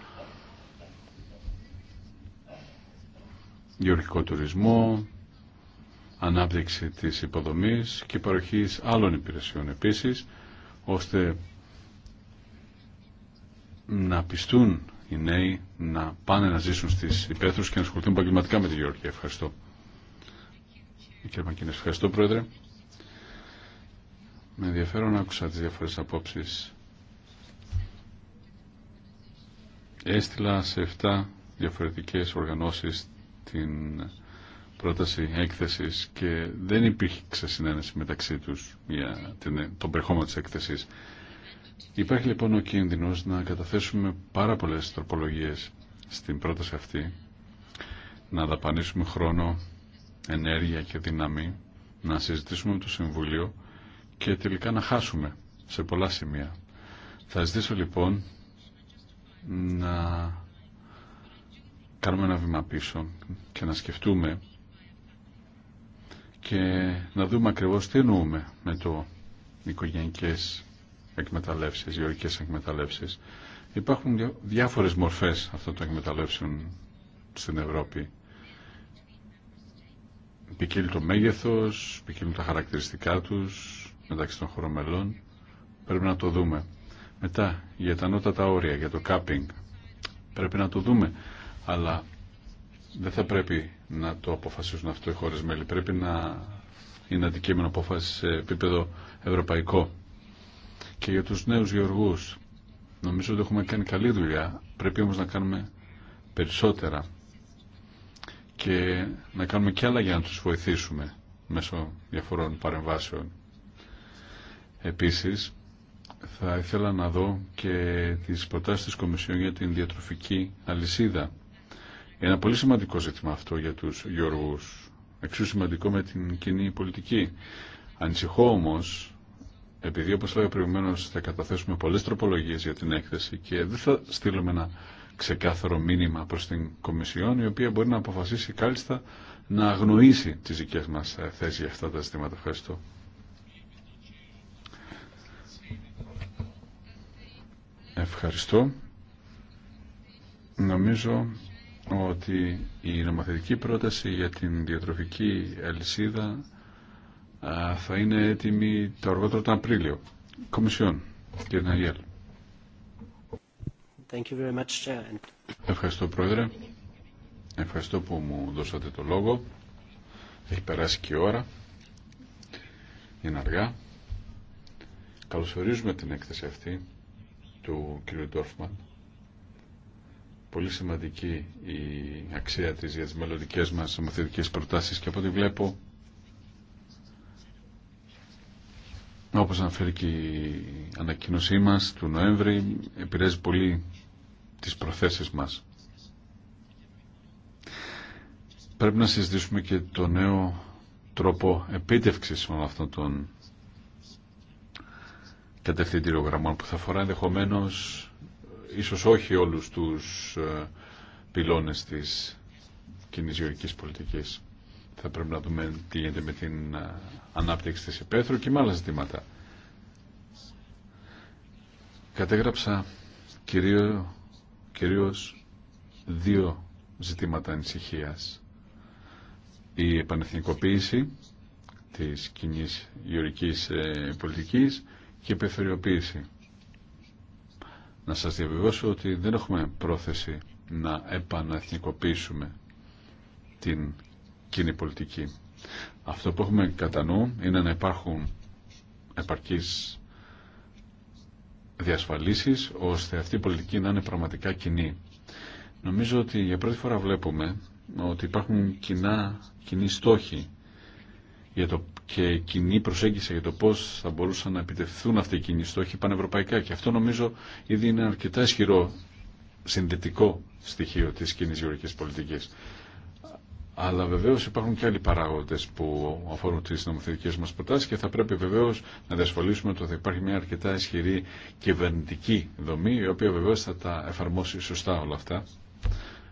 γεωργικό τουρισμό, ανάπτυξη της υποδομής και παροχή άλλων υπηρεσιών επίσης, ώστε να πιστούν οι νέοι να πάνε να ζήσουν στις υπαίθρους και να ασχοληθούν επαγγελματικά με τη γεωργία. Ευχαριστώ. Κύριε Μακίνες, ευχαριστώ Πρόεδρε. Με ενδιαφέρον άκουσα τις διάφορες απόψεις. Έστειλα σε 7 διαφορετικές οργανώσεις την πρόταση έκθεσης και δεν υπήρχε συνένεση μεταξύ τους για την, τον περιχώμα της έκθεσης. Υπάρχει λοιπόν ο κίνδυνος να καταθέσουμε πάρα πολλές τροπολογίες στην πρόταση αυτή, να δαπανίσουμε χρόνο, ενέργεια και δύναμη, να συζητήσουμε με το Συμβούλιο και τελικά να χάσουμε σε πολλά σημεία. Θα ζητήσω λοιπόν να κάνουμε ένα βήμα πίσω και να σκεφτούμε και να δούμε ακριβώς τι εννοούμε με το οικογενικές εκμεταλλεύσεις, γεωργικές εκμεταλλεύσεις. Υπάρχουν διάφορες μορφές αυτών των εκμεταλλεύσεων στην Ευρώπη. Ποικίλει το μέγεθος, ποικίλουν τα χαρακτηριστικά τους μεταξύ των χωρομελών. Πρέπει να το δούμε. Μετά, για τα ανώτατα όρια, για το κάπινγκ. Πρέπει να το δούμε αλλά δεν θα πρέπει να το αποφασίσουν αυτό οι χώρε μέλη. Πρέπει να είναι αντικείμενο απόφαση σε επίπεδο ευρωπαϊκό. Και για τους νέους γεωργού. νομίζω ότι έχουμε κάνει καλή δουλειά, πρέπει όμως να κάνουμε περισσότερα και να κάνουμε κι άλλα για να τους βοηθήσουμε μέσω διαφορών παρεμβάσεων. Επίσης, θα ήθελα να δω και τις προτάσει της Κομισιόν για την διατροφική αλυσίδα ένα πολύ σημαντικό ζήτημα αυτό για τους Γιώργου. Εξού σημαντικό με την κοινή πολιτική. Ανησυχώ όμω, επειδή όπω λέγαμε προηγουμένω, θα καταθέσουμε πολλέ τροπολογίε για την έκθεση και δεν θα στείλουμε ένα ξεκάθαρο μήνυμα προς την Κομισιόν η οποία μπορεί να αποφασίσει κάλλιστα να αγνοήσει τι δικέ μα θέσει για αυτά τα ζητήματα. Ευχαριστώ. Ευχαριστώ. Νομίζω ότι η νομοθετική πρόταση για την διατροφική αλυσίδα θα είναι έτοιμη το αργότερο τον Απρίλιο. Κομισιόν, κύριε Ναγιέλ. Ευχαριστώ, Πρόεδρε. Ευχαριστώ που μου δώσατε το λόγο. Έχει περάσει και η ώρα. Είναι αργά. Καλωσορίζουμε την έκθεση αυτή του κύριου Ντόρφμαν πολύ σημαντική η αξία της για τις μελλοντικές μας ομοθετικές προτάσεις και από ό,τι βλέπω όπως αναφέρει και η ανακοίνωσή μας του Νοέμβρη επηρεάζει πολύ τις προθέσεις μας. Πρέπει να συζητήσουμε και το νέο τρόπο επίτευξης όλων αυτών των κατευθυντήριων γραμμών που θα αφορά ενδεχομένω ίσως όχι όλους τους ε, πυλώνες της κοινή γεωργικής πολιτικής. Θα πρέπει να δούμε τι γίνεται με την ε, ανάπτυξη της υπαίθρου και με άλλα ζητήματα. Κατέγραψα κυρίω, κυρίως δύο ζητήματα ανησυχίας. Η επανεθνικοποίηση της κοινή γεωρικής ε, πολιτικής και η να σας διαβεβαιώσω ότι δεν έχουμε πρόθεση να επαναεθνικοποιήσουμε την κοινή πολιτική. Αυτό που έχουμε κατά νου είναι να υπάρχουν επαρκείς διασφαλίσεις ώστε αυτή η πολιτική να είναι πραγματικά κοινή. Νομίζω ότι για πρώτη φορά βλέπουμε ότι υπάρχουν κοινά, κοινοί στόχη για το, και κοινή προσέγγιση για το πώ θα μπορούσαν να επιτευχθούν αυτοί οι κοινοί στόχοι πανευρωπαϊκά. Και αυτό νομίζω ήδη είναι αρκετά ισχυρό συνδετικό στοιχείο τη κοινή γεωργική πολιτική, Αλλά βεβαίω υπάρχουν και άλλοι παράγοντε που αφορούν τι νομοθετικέ μα προτάσει και θα πρέπει βεβαίω να διασφαλίσουμε ότι θα υπάρχει μια αρκετά ισχυρή κυβερνητική δομή η οποία βεβαίω θα τα εφαρμόσει σωστά όλα αυτά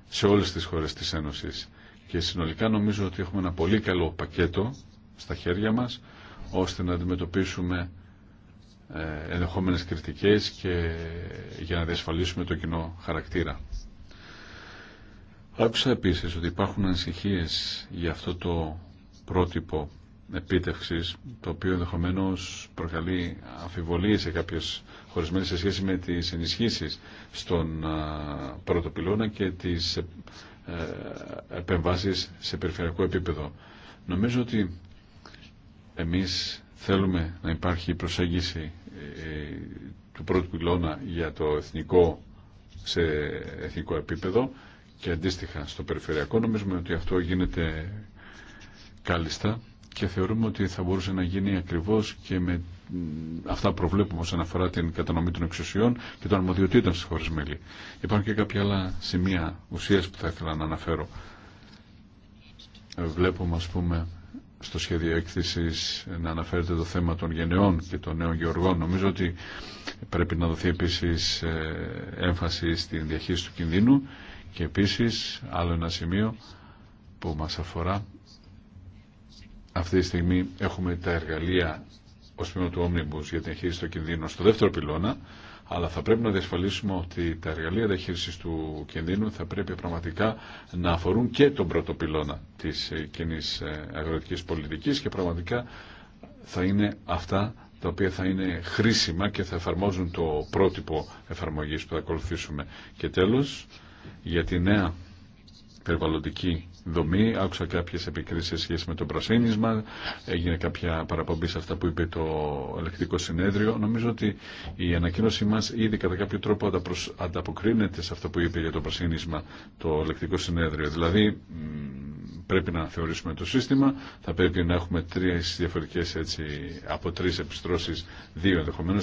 σε όλε τι χώρε τη Ένωση. Και συνολικά νομίζω ότι έχουμε ένα πολύ καλό πακέτο στα χέρια μας ώστε να αντιμετωπίσουμε ε, ενδεχόμενες κριτικές και για να διασφαλίσουμε το κοινό χαρακτήρα. Άκουσα επίσης ότι υπάρχουν ανησυχίες για αυτό το πρότυπο επίτευξης, το οποίο ενδεχομένω προκαλεί αμφιβολίες σε κάποιες χωρισμένες σε σχέση με τις ενισχύσεις στον πρώτο πυλώνα και τις ε, ε, επεμβάσεις σε περιφερειακό επίπεδο. Νομίζω ότι εμείς θέλουμε να υπάρχει προσέγγιση ε, του πρώτου πυλώνα για το εθνικό σε εθνικό επίπεδο και αντίστοιχα στο περιφερειακό. Νομίζουμε ότι αυτό γίνεται κάλλιστα και θεωρούμε ότι θα μπορούσε να γίνει ακριβώς και με αυτά προβλέπουμε όσον αφορά την κατανομή των εξουσιών και των αρμοδιοτήτων στις χώρες μέλη. Υπάρχουν και κάποια άλλα σημεία ουσίας που θα ήθελα να αναφέρω. Βλέπουμε, ας πούμε, στο σχέδιο έκθεσης να αναφέρεται το θέμα των γενεών και των νέων γεωργών. Νομίζω ότι πρέπει να δοθεί επίσης ε, έμφαση στην διαχείριση του κινδύνου και επίσης άλλο ένα σημείο που μας αφορά αυτή τη στιγμή έχουμε τα εργαλεία ως πίμα του Omnibus για την διαχείριση του κινδύνου στο δεύτερο πυλώνα αλλά θα πρέπει να διασφαλίσουμε ότι τα εργαλεία διαχείριση του κινδύνου θα πρέπει πραγματικά να αφορούν και τον πρώτο πυλώνα τη ε, κοινή ε, αγροτική πολιτική και πραγματικά θα είναι αυτά τα οποία θα είναι χρήσιμα και θα εφαρμόζουν το πρότυπο εφαρμογής που θα ακολουθήσουμε. Και τέλος, για τη νέα περιβαλλοντική δομή. Άκουσα κάποιες επικρίσεις σε σχέση με το πρασίνισμα. Έγινε κάποια παραπομπή σε αυτά που είπε το ελεκτικό συνέδριο. Νομίζω ότι η ανακοίνωσή μα ήδη κατά κάποιο τρόπο ανταποκρίνεται σε αυτό που είπε για το πρασίνισμα το ελεκτικό συνέδριο. Δηλαδή πρέπει να θεωρήσουμε το σύστημα. Θα πρέπει να έχουμε τρει διαφορετικέ έτσι, από τρει επιστρώσει, δύο ενδεχομένω,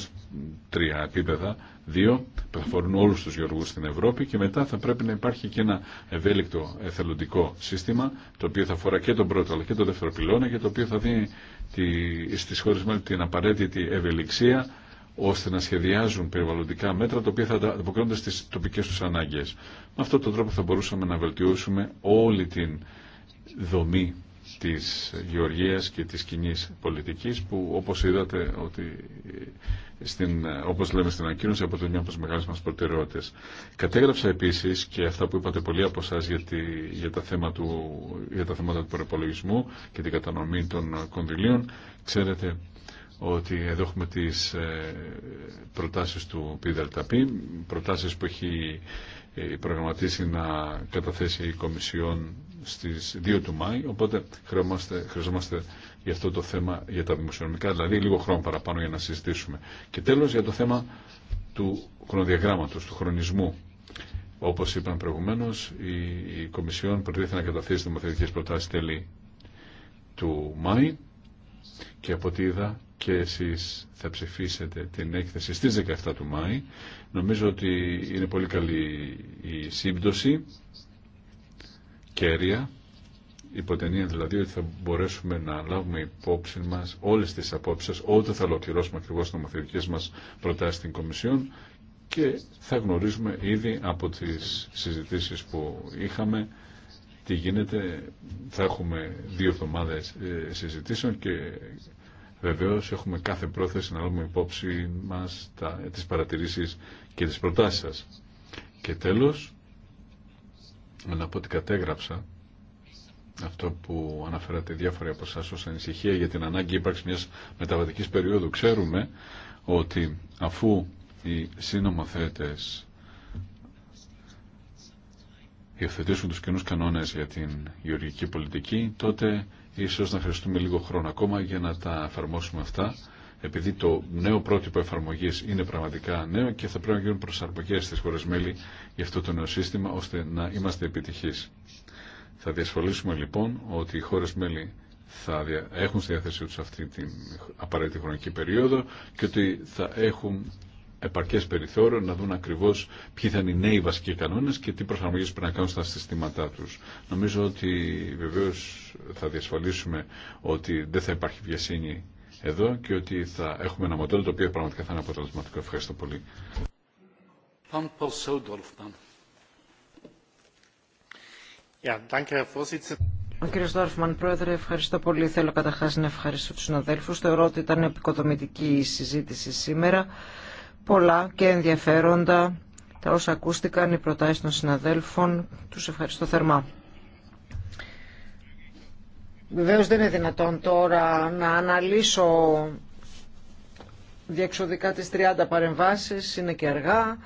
τρία επίπεδα, δύο που θα φορούν όλου του γεωργού στην Ευρώπη και μετά θα πρέπει να υπάρχει και ένα ευέλικτο εθελοντικό σύστημα σύστημα το οποίο θα αφορά και τον πρώτο αλλά και τον δεύτερο πυλώνα και το οποίο θα δίνει τη, στις χώρες την απαραίτητη ευελιξία ώστε να σχεδιάζουν περιβαλλοντικά μέτρα τα οποία θα ανταποκρίνονται στις τοπικές τους ανάγκες. Με αυτόν τον τρόπο θα μπορούσαμε να βελτιώσουμε όλη την δομή της γεωργίας και της κοινή πολιτικής που όπως είδατε ότι στην, όπως λέμε στην ανακοίνωση, το μια από τις μεγάλες μας προτεραιότητες. Κατέγραψα επίσης και αυτά που είπατε πολλοί από εσά για, για, τα θέματα του, για τα θέματα του προπολογισμού και την κατανομή των κονδυλίων. Ξέρετε ότι εδώ έχουμε τις ε, προτάσεις του ΠΙΔΑΛΤΑΠΗ, προτάσεις που έχει ε, προγραμματίσει να καταθέσει η Κομισιόν στις 2 του Μάη, οπότε χρειαζόμαστε, χρειαζόμαστε για αυτό το θέμα, για τα δημοσιονομικά, δηλαδή λίγο χρόνο παραπάνω για να συζητήσουμε. Και τέλος για το θέμα του χρονοδιαγράμματος, του χρονισμού. Όπως είπαν προηγουμένως, η, η Κομισιόν προτίθεται να καταθέσει δημοθετικές προτάσεις τέλη του Μάη και από ό,τι είδα και εσείς θα ψηφίσετε την έκθεση στις 17 του Μάη. Νομίζω ότι είναι πολύ καλή η σύμπτωση, κέρια, υποτενία δηλαδή ότι θα μπορέσουμε να λάβουμε υπόψη μας όλες τις απόψεις όταν θα ολοκληρώσουμε ακριβώ τι νομοθετικέ μας προτάσει στην Κομισιόν και θα γνωρίζουμε ήδη από τις συζητήσεις που είχαμε τι γίνεται. Θα έχουμε δύο εβδομάδε ε, συζητήσεων και βεβαίω έχουμε κάθε πρόθεση να λάβουμε υπόψη μας τα, τις παρατηρήσεις και τι προτάσει. σα. Και τέλο να πω ότι κατέγραψα αυτό που αναφέρατε διάφοροι από εσά ω ανησυχία για την ανάγκη ύπαρξη μια μεταβατική περίοδου. Ξέρουμε ότι αφού οι συνομοθέτες υιοθετήσουν τους κοινού κανόνες για την γεωργική πολιτική, τότε ίσως να χρειαστούμε λίγο χρόνο ακόμα για να τα εφαρμόσουμε αυτά, επειδή το νέο πρότυπο εφαρμογής είναι πραγματικά νέο και θα πρέπει να γίνουν προσαρμογές στι χωρε μέλη για αυτό το νέο σύστημα, ώστε να είμαστε επιτυχεί. Θα διασφαλίσουμε λοιπόν ότι οι χώρες μέλη θα έχουν στη διάθεσή τους αυτή την απαραίτητη χρονική περίοδο και ότι θα έχουν επαρκές περιθώριο να δουν ακριβώς ποιοι θα είναι οι νέοι βασικοί κανόνες και τι προσαρμογές πρέπει να κάνουν στα συστήματά τους. Νομίζω ότι βεβαίως θα διασφαλίσουμε ότι δεν θα υπάρχει βιασύνη εδώ και ότι θα έχουμε ένα μοντέλο το οποίο πραγματικά θα είναι αποτελεσματικό. Ευχαριστώ πολύ. Ο κύριο Πρόεδρε, ευχαριστώ πολύ. Θέλω καταρχά να ευχαριστώ του συναδέλφου. Θεωρώ ότι ήταν επικοδομητική η συζήτηση σήμερα. Πολλά και ενδιαφέροντα τα όσα ακούστηκαν, οι προτάσει των συναδέλφων. Του ευχαριστώ θερμά. Βεβαίω δεν είναι δυνατόν τώρα να αναλύσω διεξοδικά τις 30 παρεμβάσεις, είναι και αργά.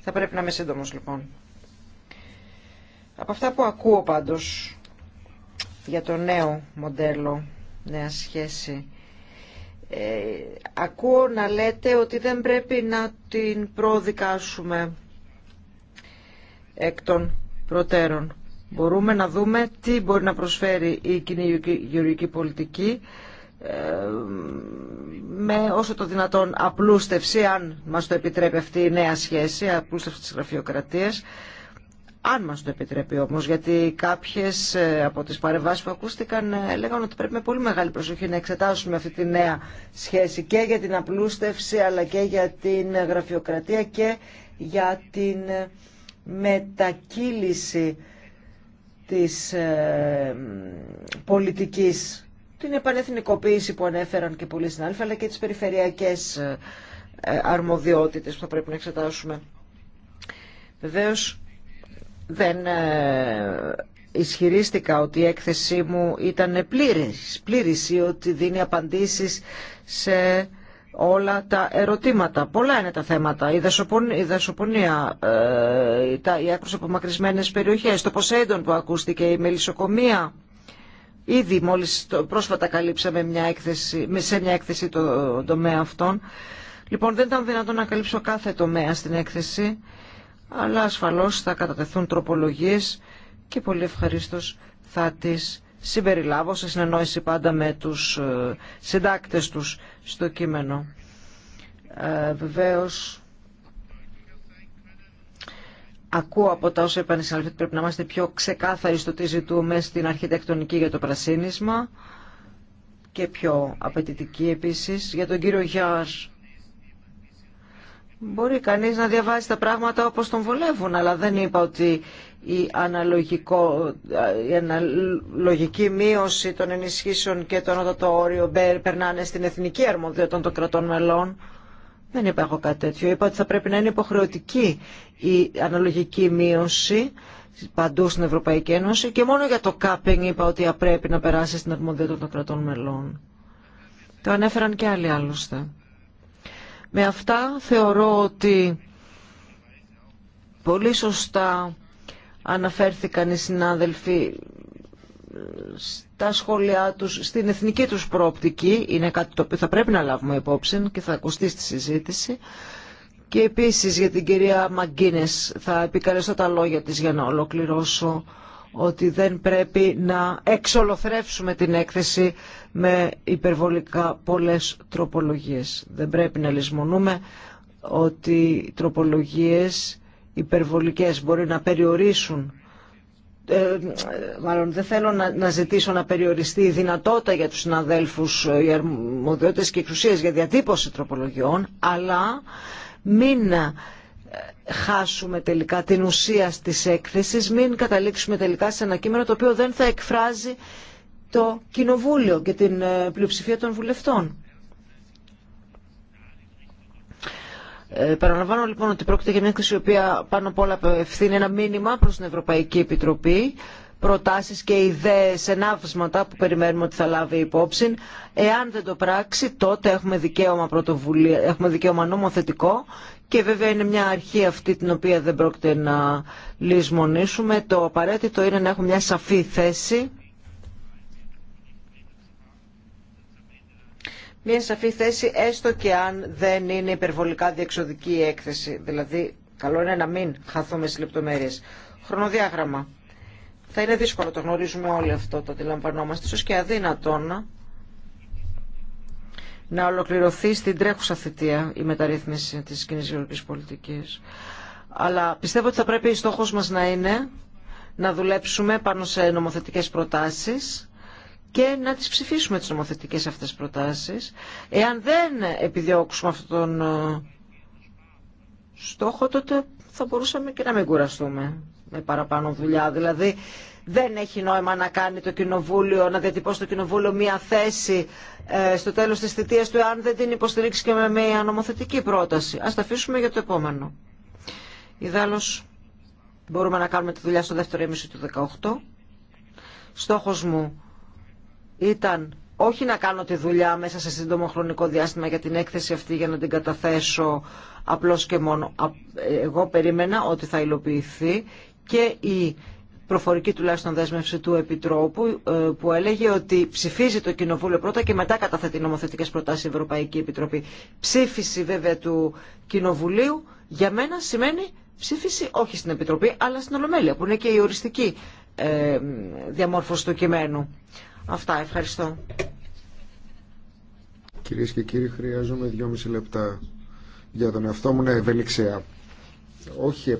Θα πρέπει να είμαι σύντομος λοιπόν. Από αυτά που ακούω πάντως για το νέο μοντέλο, νέα σχέση, ε, ακούω να λέτε ότι δεν πρέπει να την προδικάσουμε εκ των προτέρων. Μπορούμε να δούμε τι μπορεί να προσφέρει η κοινή γεωργική πολιτική ε, με όσο το δυνατόν απλούστευση, αν μας το επιτρέπει αυτή η νέα σχέση, απλούστευση της γραφειοκρατίας αν μας το επιτρέπει όμως, γιατί κάποιες ε, από τις παρεμβάσεις που ακούστηκαν ε, έλεγαν ότι πρέπει με πολύ μεγάλη προσοχή να εξετάσουμε αυτή τη νέα σχέση και για την απλούστευση αλλά και για την γραφειοκρατία και για την ε, μετακύληση της πολιτικής, την επανεθνικοποίηση που ανέφεραν και πολλοί συνάδελφοι, αλλά και τις περιφερειακές αρμοδιότητες που θα πρέπει να εξετάσουμε. Βεβαίως, δεν ε, ισχυρίστηκα ότι η έκθεσή μου ήταν πλήρης, πλήρης ή ότι δίνει απαντήσεις σε όλα τα ερωτήματα. Πολλά είναι τα θέματα. Η δασοπονία, η, δασοπονια η ε, τα, οι απομακρυσμένες περιοχές, το Ποσέιντον που ακούστηκε, η μελισσοκομεία. Ήδη μόλις πρόσφατα καλύψαμε μια έκθεση, σε μια έκθεση το τομέα αυτών. Λοιπόν, δεν ήταν δυνατόν να καλύψω κάθε τομέα στην έκθεση αλλά ασφαλώς θα κατατεθούν τροπολογίες και πολύ ευχαριστώ θα τις συμπεριλάβω σε συνεννόηση πάντα με τους ε, συντάκτες τους στο κείμενο. Ε, βεβαίως, ακούω από τα όσα είπαν οι ότι πρέπει να είμαστε πιο ξεκάθαροι στο τι ζητούμε στην αρχιτεκτονική για το πρασίνισμα και πιο απαιτητικοί επίσης. Για τον κύριο Γιάρ, Μπορεί κανείς να διαβάσει τα πράγματα όπως τον βολεύουν, αλλά δεν είπα ότι η, αναλογικό, η αναλογική μείωση των ενισχύσεων και το ανώτατο όριο περνάνε στην εθνική αρμοδιότητα των κρατών μελών. Δεν είπα εγώ κάτι τέτοιο. Είπα ότι θα πρέπει να είναι υποχρεωτική η αναλογική μείωση παντού στην Ευρωπαϊκή Ένωση και μόνο για το κάπινγκ είπα ότι πρέπει να περάσει στην αρμοδιότητα των κρατών μελών. Το ανέφεραν και άλλοι άλλωστε. Με αυτά θεωρώ ότι πολύ σωστά αναφέρθηκαν οι συνάδελφοι ε, στα σχόλιά τους, στην εθνική τους προοπτική, είναι κάτι το οποίο θα πρέπει να λάβουμε υπόψη και θα ακουστεί στη συζήτηση. Και επίσης για την κυρία Μαγκίνες θα επικαλεστώ τα λόγια της για να ολοκληρώσω ότι δεν πρέπει να εξολοθρεύσουμε την έκθεση με υπερβολικά πολλές τροπολογίες. Δεν πρέπει να λησμονούμε ότι οι τροπολογίες υπερβολικές μπορεί να περιορίσουν ε, μάλλον δεν θέλω να, ζητήσω να περιοριστεί η δυνατότητα για τους συναδέλφους ε, οι αρμοδιότητες και εξουσίες για διατύπωση τροπολογιών αλλά μην χάσουμε τελικά την ουσία της έκθεσης, μην καταλήξουμε τελικά σε ένα κείμενο το οποίο δεν θα εκφράζει το Κοινοβούλιο και την ε, πλειοψηφία των βουλευτών. Ε, παραλαμβάνω λοιπόν ότι πρόκειται για μια έκθεση η οποία πάνω απ' όλα ευθύνει ένα μήνυμα προς την Ευρωπαϊκή Επιτροπή προτάσεις και ιδέες, ενάβσματα που περιμένουμε ότι θα λάβει υπόψη. Εάν δεν το πράξει, τότε έχουμε δικαίωμα, πρωτοβουλία, έχουμε δικαίωμα νομοθετικό και βέβαια είναι μια αρχή αυτή την οποία δεν πρόκειται να λησμονήσουμε. Το απαραίτητο είναι να έχουμε μια σαφή θέση. Μια σαφή θέση έστω και αν δεν είναι υπερβολικά διεξοδική η έκθεση. Δηλαδή καλό είναι να μην χαθούμε στις λεπτομέρειες. Χρονοδιάγραμμα. Θα είναι δύσκολο, το γνωρίζουμε όλοι αυτό, το αντιλαμβανόμαστε, ίσως και αδύνατον να ολοκληρωθεί στην τρέχουσα θητεία η μεταρρύθμιση της κοινή γεωργικής πολιτικής. Αλλά πιστεύω ότι θα πρέπει ο στόχος μας να είναι να δουλέψουμε πάνω σε νομοθετικές προτάσεις και να τις ψηφίσουμε τις νομοθετικές αυτές προτάσεις. Εάν δεν επιδιώξουμε αυτόν τον ε, στόχο, τότε θα μπορούσαμε και να μην κουραστούμε με παραπάνω δουλειά. Δηλαδή, δεν έχει νόημα να κάνει το κοινοβούλιο, να διατυπώσει το κοινοβούλιο μια θέση ε, στο τέλος της θητεία του, αν δεν την υποστηρίξει και με μια νομοθετική πρόταση. Α τα αφήσουμε για το επόμενο. Ιδάλω, μπορούμε να κάνουμε τη δουλειά στο δεύτερο ήμιση του 18. Στόχος μου ήταν όχι να κάνω τη δουλειά μέσα σε σύντομο χρονικό διάστημα για την έκθεση αυτή για να την καταθέσω απλώς και μόνο. Ε, εγώ περίμενα ότι θα υλοποιηθεί και η προφορική τουλάχιστον δέσμευση του Επιτρόπου ε, που έλεγε ότι ψηφίζει το Κοινοβούλιο πρώτα και μετά καταθέτει νομοθετικές προτάσεις η Ευρωπαϊκή Επιτροπή. Ψήφιση βέβαια του Κοινοβουλίου για μένα σημαίνει ψήφιση όχι στην Επιτροπή αλλά στην Ολομέλεια που είναι και η οριστική ε, διαμόρφωση του κειμένου. Αυτά. Ευχαριστώ. Κυρίες και κύριοι, χρειάζομαι δυόμιση λεπτά για τον εαυτό μου να ευελιξία. Όχι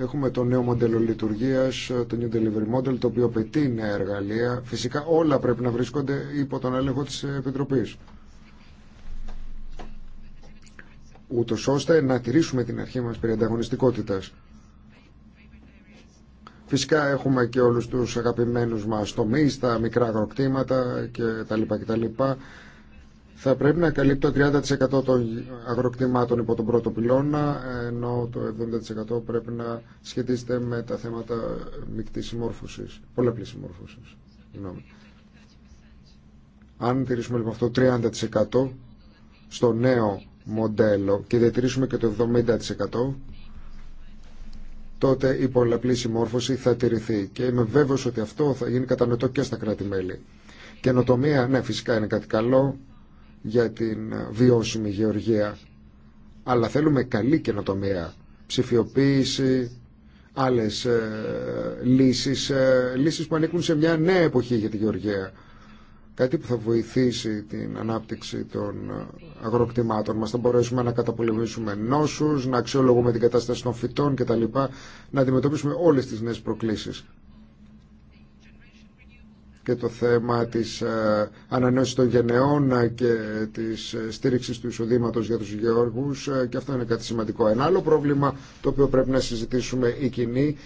Έχουμε το νέο μοντέλο λειτουργία, το New Delivery Model, το οποίο απαιτεί εργαλεία. Φυσικά όλα πρέπει να βρίσκονται υπό τον έλεγχο τη Επιτροπή. Ούτω ώστε να τηρήσουμε την αρχή μα περί ανταγωνιστικότητα. Φυσικά έχουμε και όλους τους αγαπημένους μας τομείς, τα μικρά αγροκτήματα και τα λοιπά τα λοιπά θα πρέπει να καλύπτει το 30% των αγροκτημάτων υπό τον πρώτο πυλώνα, ενώ το 70% πρέπει να σχετίζεται με τα θέματα μεικτής συμμόρφωσης, πολλαπλής συμμόρφωσης. Αν τηρήσουμε λοιπόν αυτό το 30% στο νέο μοντέλο και διατηρήσουμε και το 70%, τότε η πολλαπλή συμμόρφωση θα τηρηθεί. Και είμαι βέβαιος ότι αυτό θα γίνει κατανοητό και στα κράτη-μέλη. Καινοτομία, ναι, φυσικά είναι κάτι καλό για την ε, βιώσιμη γεωργία. Αλλά θέλουμε καλή καινοτομία, ψηφιοποίηση, άλλες ε, λύσεις, ε, λύσεις που ανήκουν σε μια νέα εποχή για τη γεωργία. Κάτι που θα βοηθήσει την ανάπτυξη των ε, αγροκτημάτων μας. Θα μπορέσουμε να καταπολεμήσουμε νόσους, να αξιολογούμε την κατάσταση των φυτών κτλ. Να αντιμετωπίσουμε όλες τις νέες προκλήσεις και το θέμα της ε, ανανέωσης των γενεών ε, και της ε, στήριξης του εισοδήματος για τους γεωργούς και αυτό είναι κάτι σημαντικό. Ένα άλλο πρόβλημα το οποίο πρέπει να συζητήσουμε η κοινή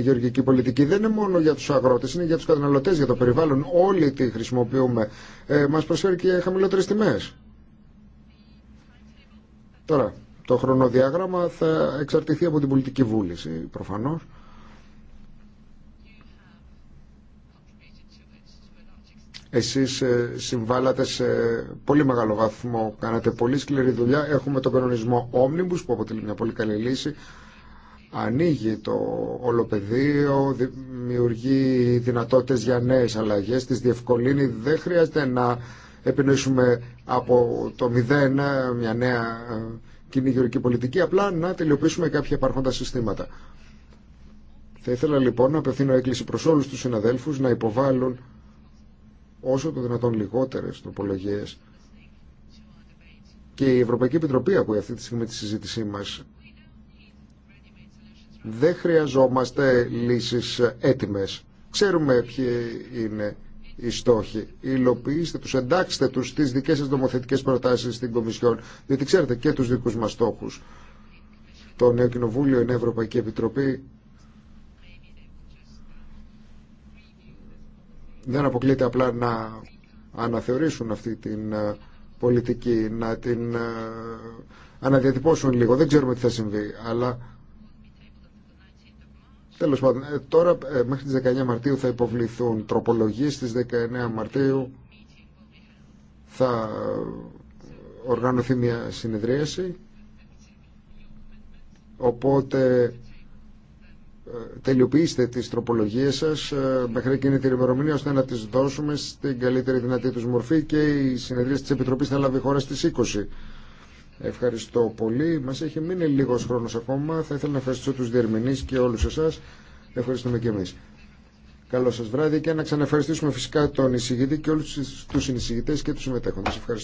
γεωργική πολιτική δεν είναι μόνο για τους αγρότες, είναι για τους καταναλωτές, για το περιβάλλον. Όλοι τη χρησιμοποιούμε. Ε, μας προσφέρει και χαμηλότερες τιμές. Τώρα, το χρονοδιάγραμμα θα εξαρτηθεί από την πολιτική βούληση, προφανώς. Εσείς ε, συμβάλλατε σε πολύ μεγάλο βαθμό, κάνατε πολύ σκληρή δουλειά. Έχουμε τον κανονισμό Omnibus που αποτελεί μια πολύ καλή λύση. Ανοίγει το ολοπεδίο, δημιουργεί δυνατότητες για νέες αλλαγές, τις διευκολύνει. Δεν χρειάζεται να επινοήσουμε από το μηδέν ε, μια νέα ε, κοινή πολιτική, απλά να τελειοποιήσουμε κάποια υπάρχοντα συστήματα. Θα ήθελα λοιπόν να απευθύνω έκκληση προς όλους τους συναδέλφους να υποβάλουν όσο το δυνατόν λιγότερες τροπολογίε. και η Ευρωπαϊκή Επιτροπή ακούει αυτή τη στιγμή τη συζήτησή μα, δεν χρειαζόμαστε λύσεις έτοιμε. ξέρουμε ποιοι είναι οι στόχοι. Υλοποιήστε του, εντάξτε του στι δικέ σα νομοθετικέ προτάσει στην Κομισιόν, διότι ξέρετε και του δικού μα στόχου. Το Νέο Κοινοβούλιο, η Ευρωπαϊκή Επιτροπή δεν αποκλείεται απλά να αναθεωρήσουν αυτή την ε, πολιτική, να την ε, αναδιατυπώσουν λίγο. Δεν ξέρουμε τι θα συμβεί, αλλά τέλος πάντων, ε, τώρα μέχρι τις 19 Μαρτίου θα υποβληθούν τροπολογίες, στις 19 Μαρτίου θα οργανωθεί μια συνεδρίαση, οπότε ε, τελειοποιήστε τις τροπολογίες σας ε, μέχρι εκείνη την ημερομηνία ώστε να τις δώσουμε στην καλύτερη δυνατή τους μορφή και η συνεδρία της Επιτροπής θα λάβει χώρα στις 20. Ευχαριστώ πολύ. Μας έχει μείνει λίγος χρόνος ακόμα. Θα ήθελα να ευχαριστήσω τους διερμηνείς και όλους εσάς. Ευχαριστούμε και εμείς. Καλό σας βράδυ και να ξαναευχαριστήσουμε φυσικά τον εισηγητή και όλους τους συνεισηγητές και τους συμμετέχοντες. Ευχαριστώ.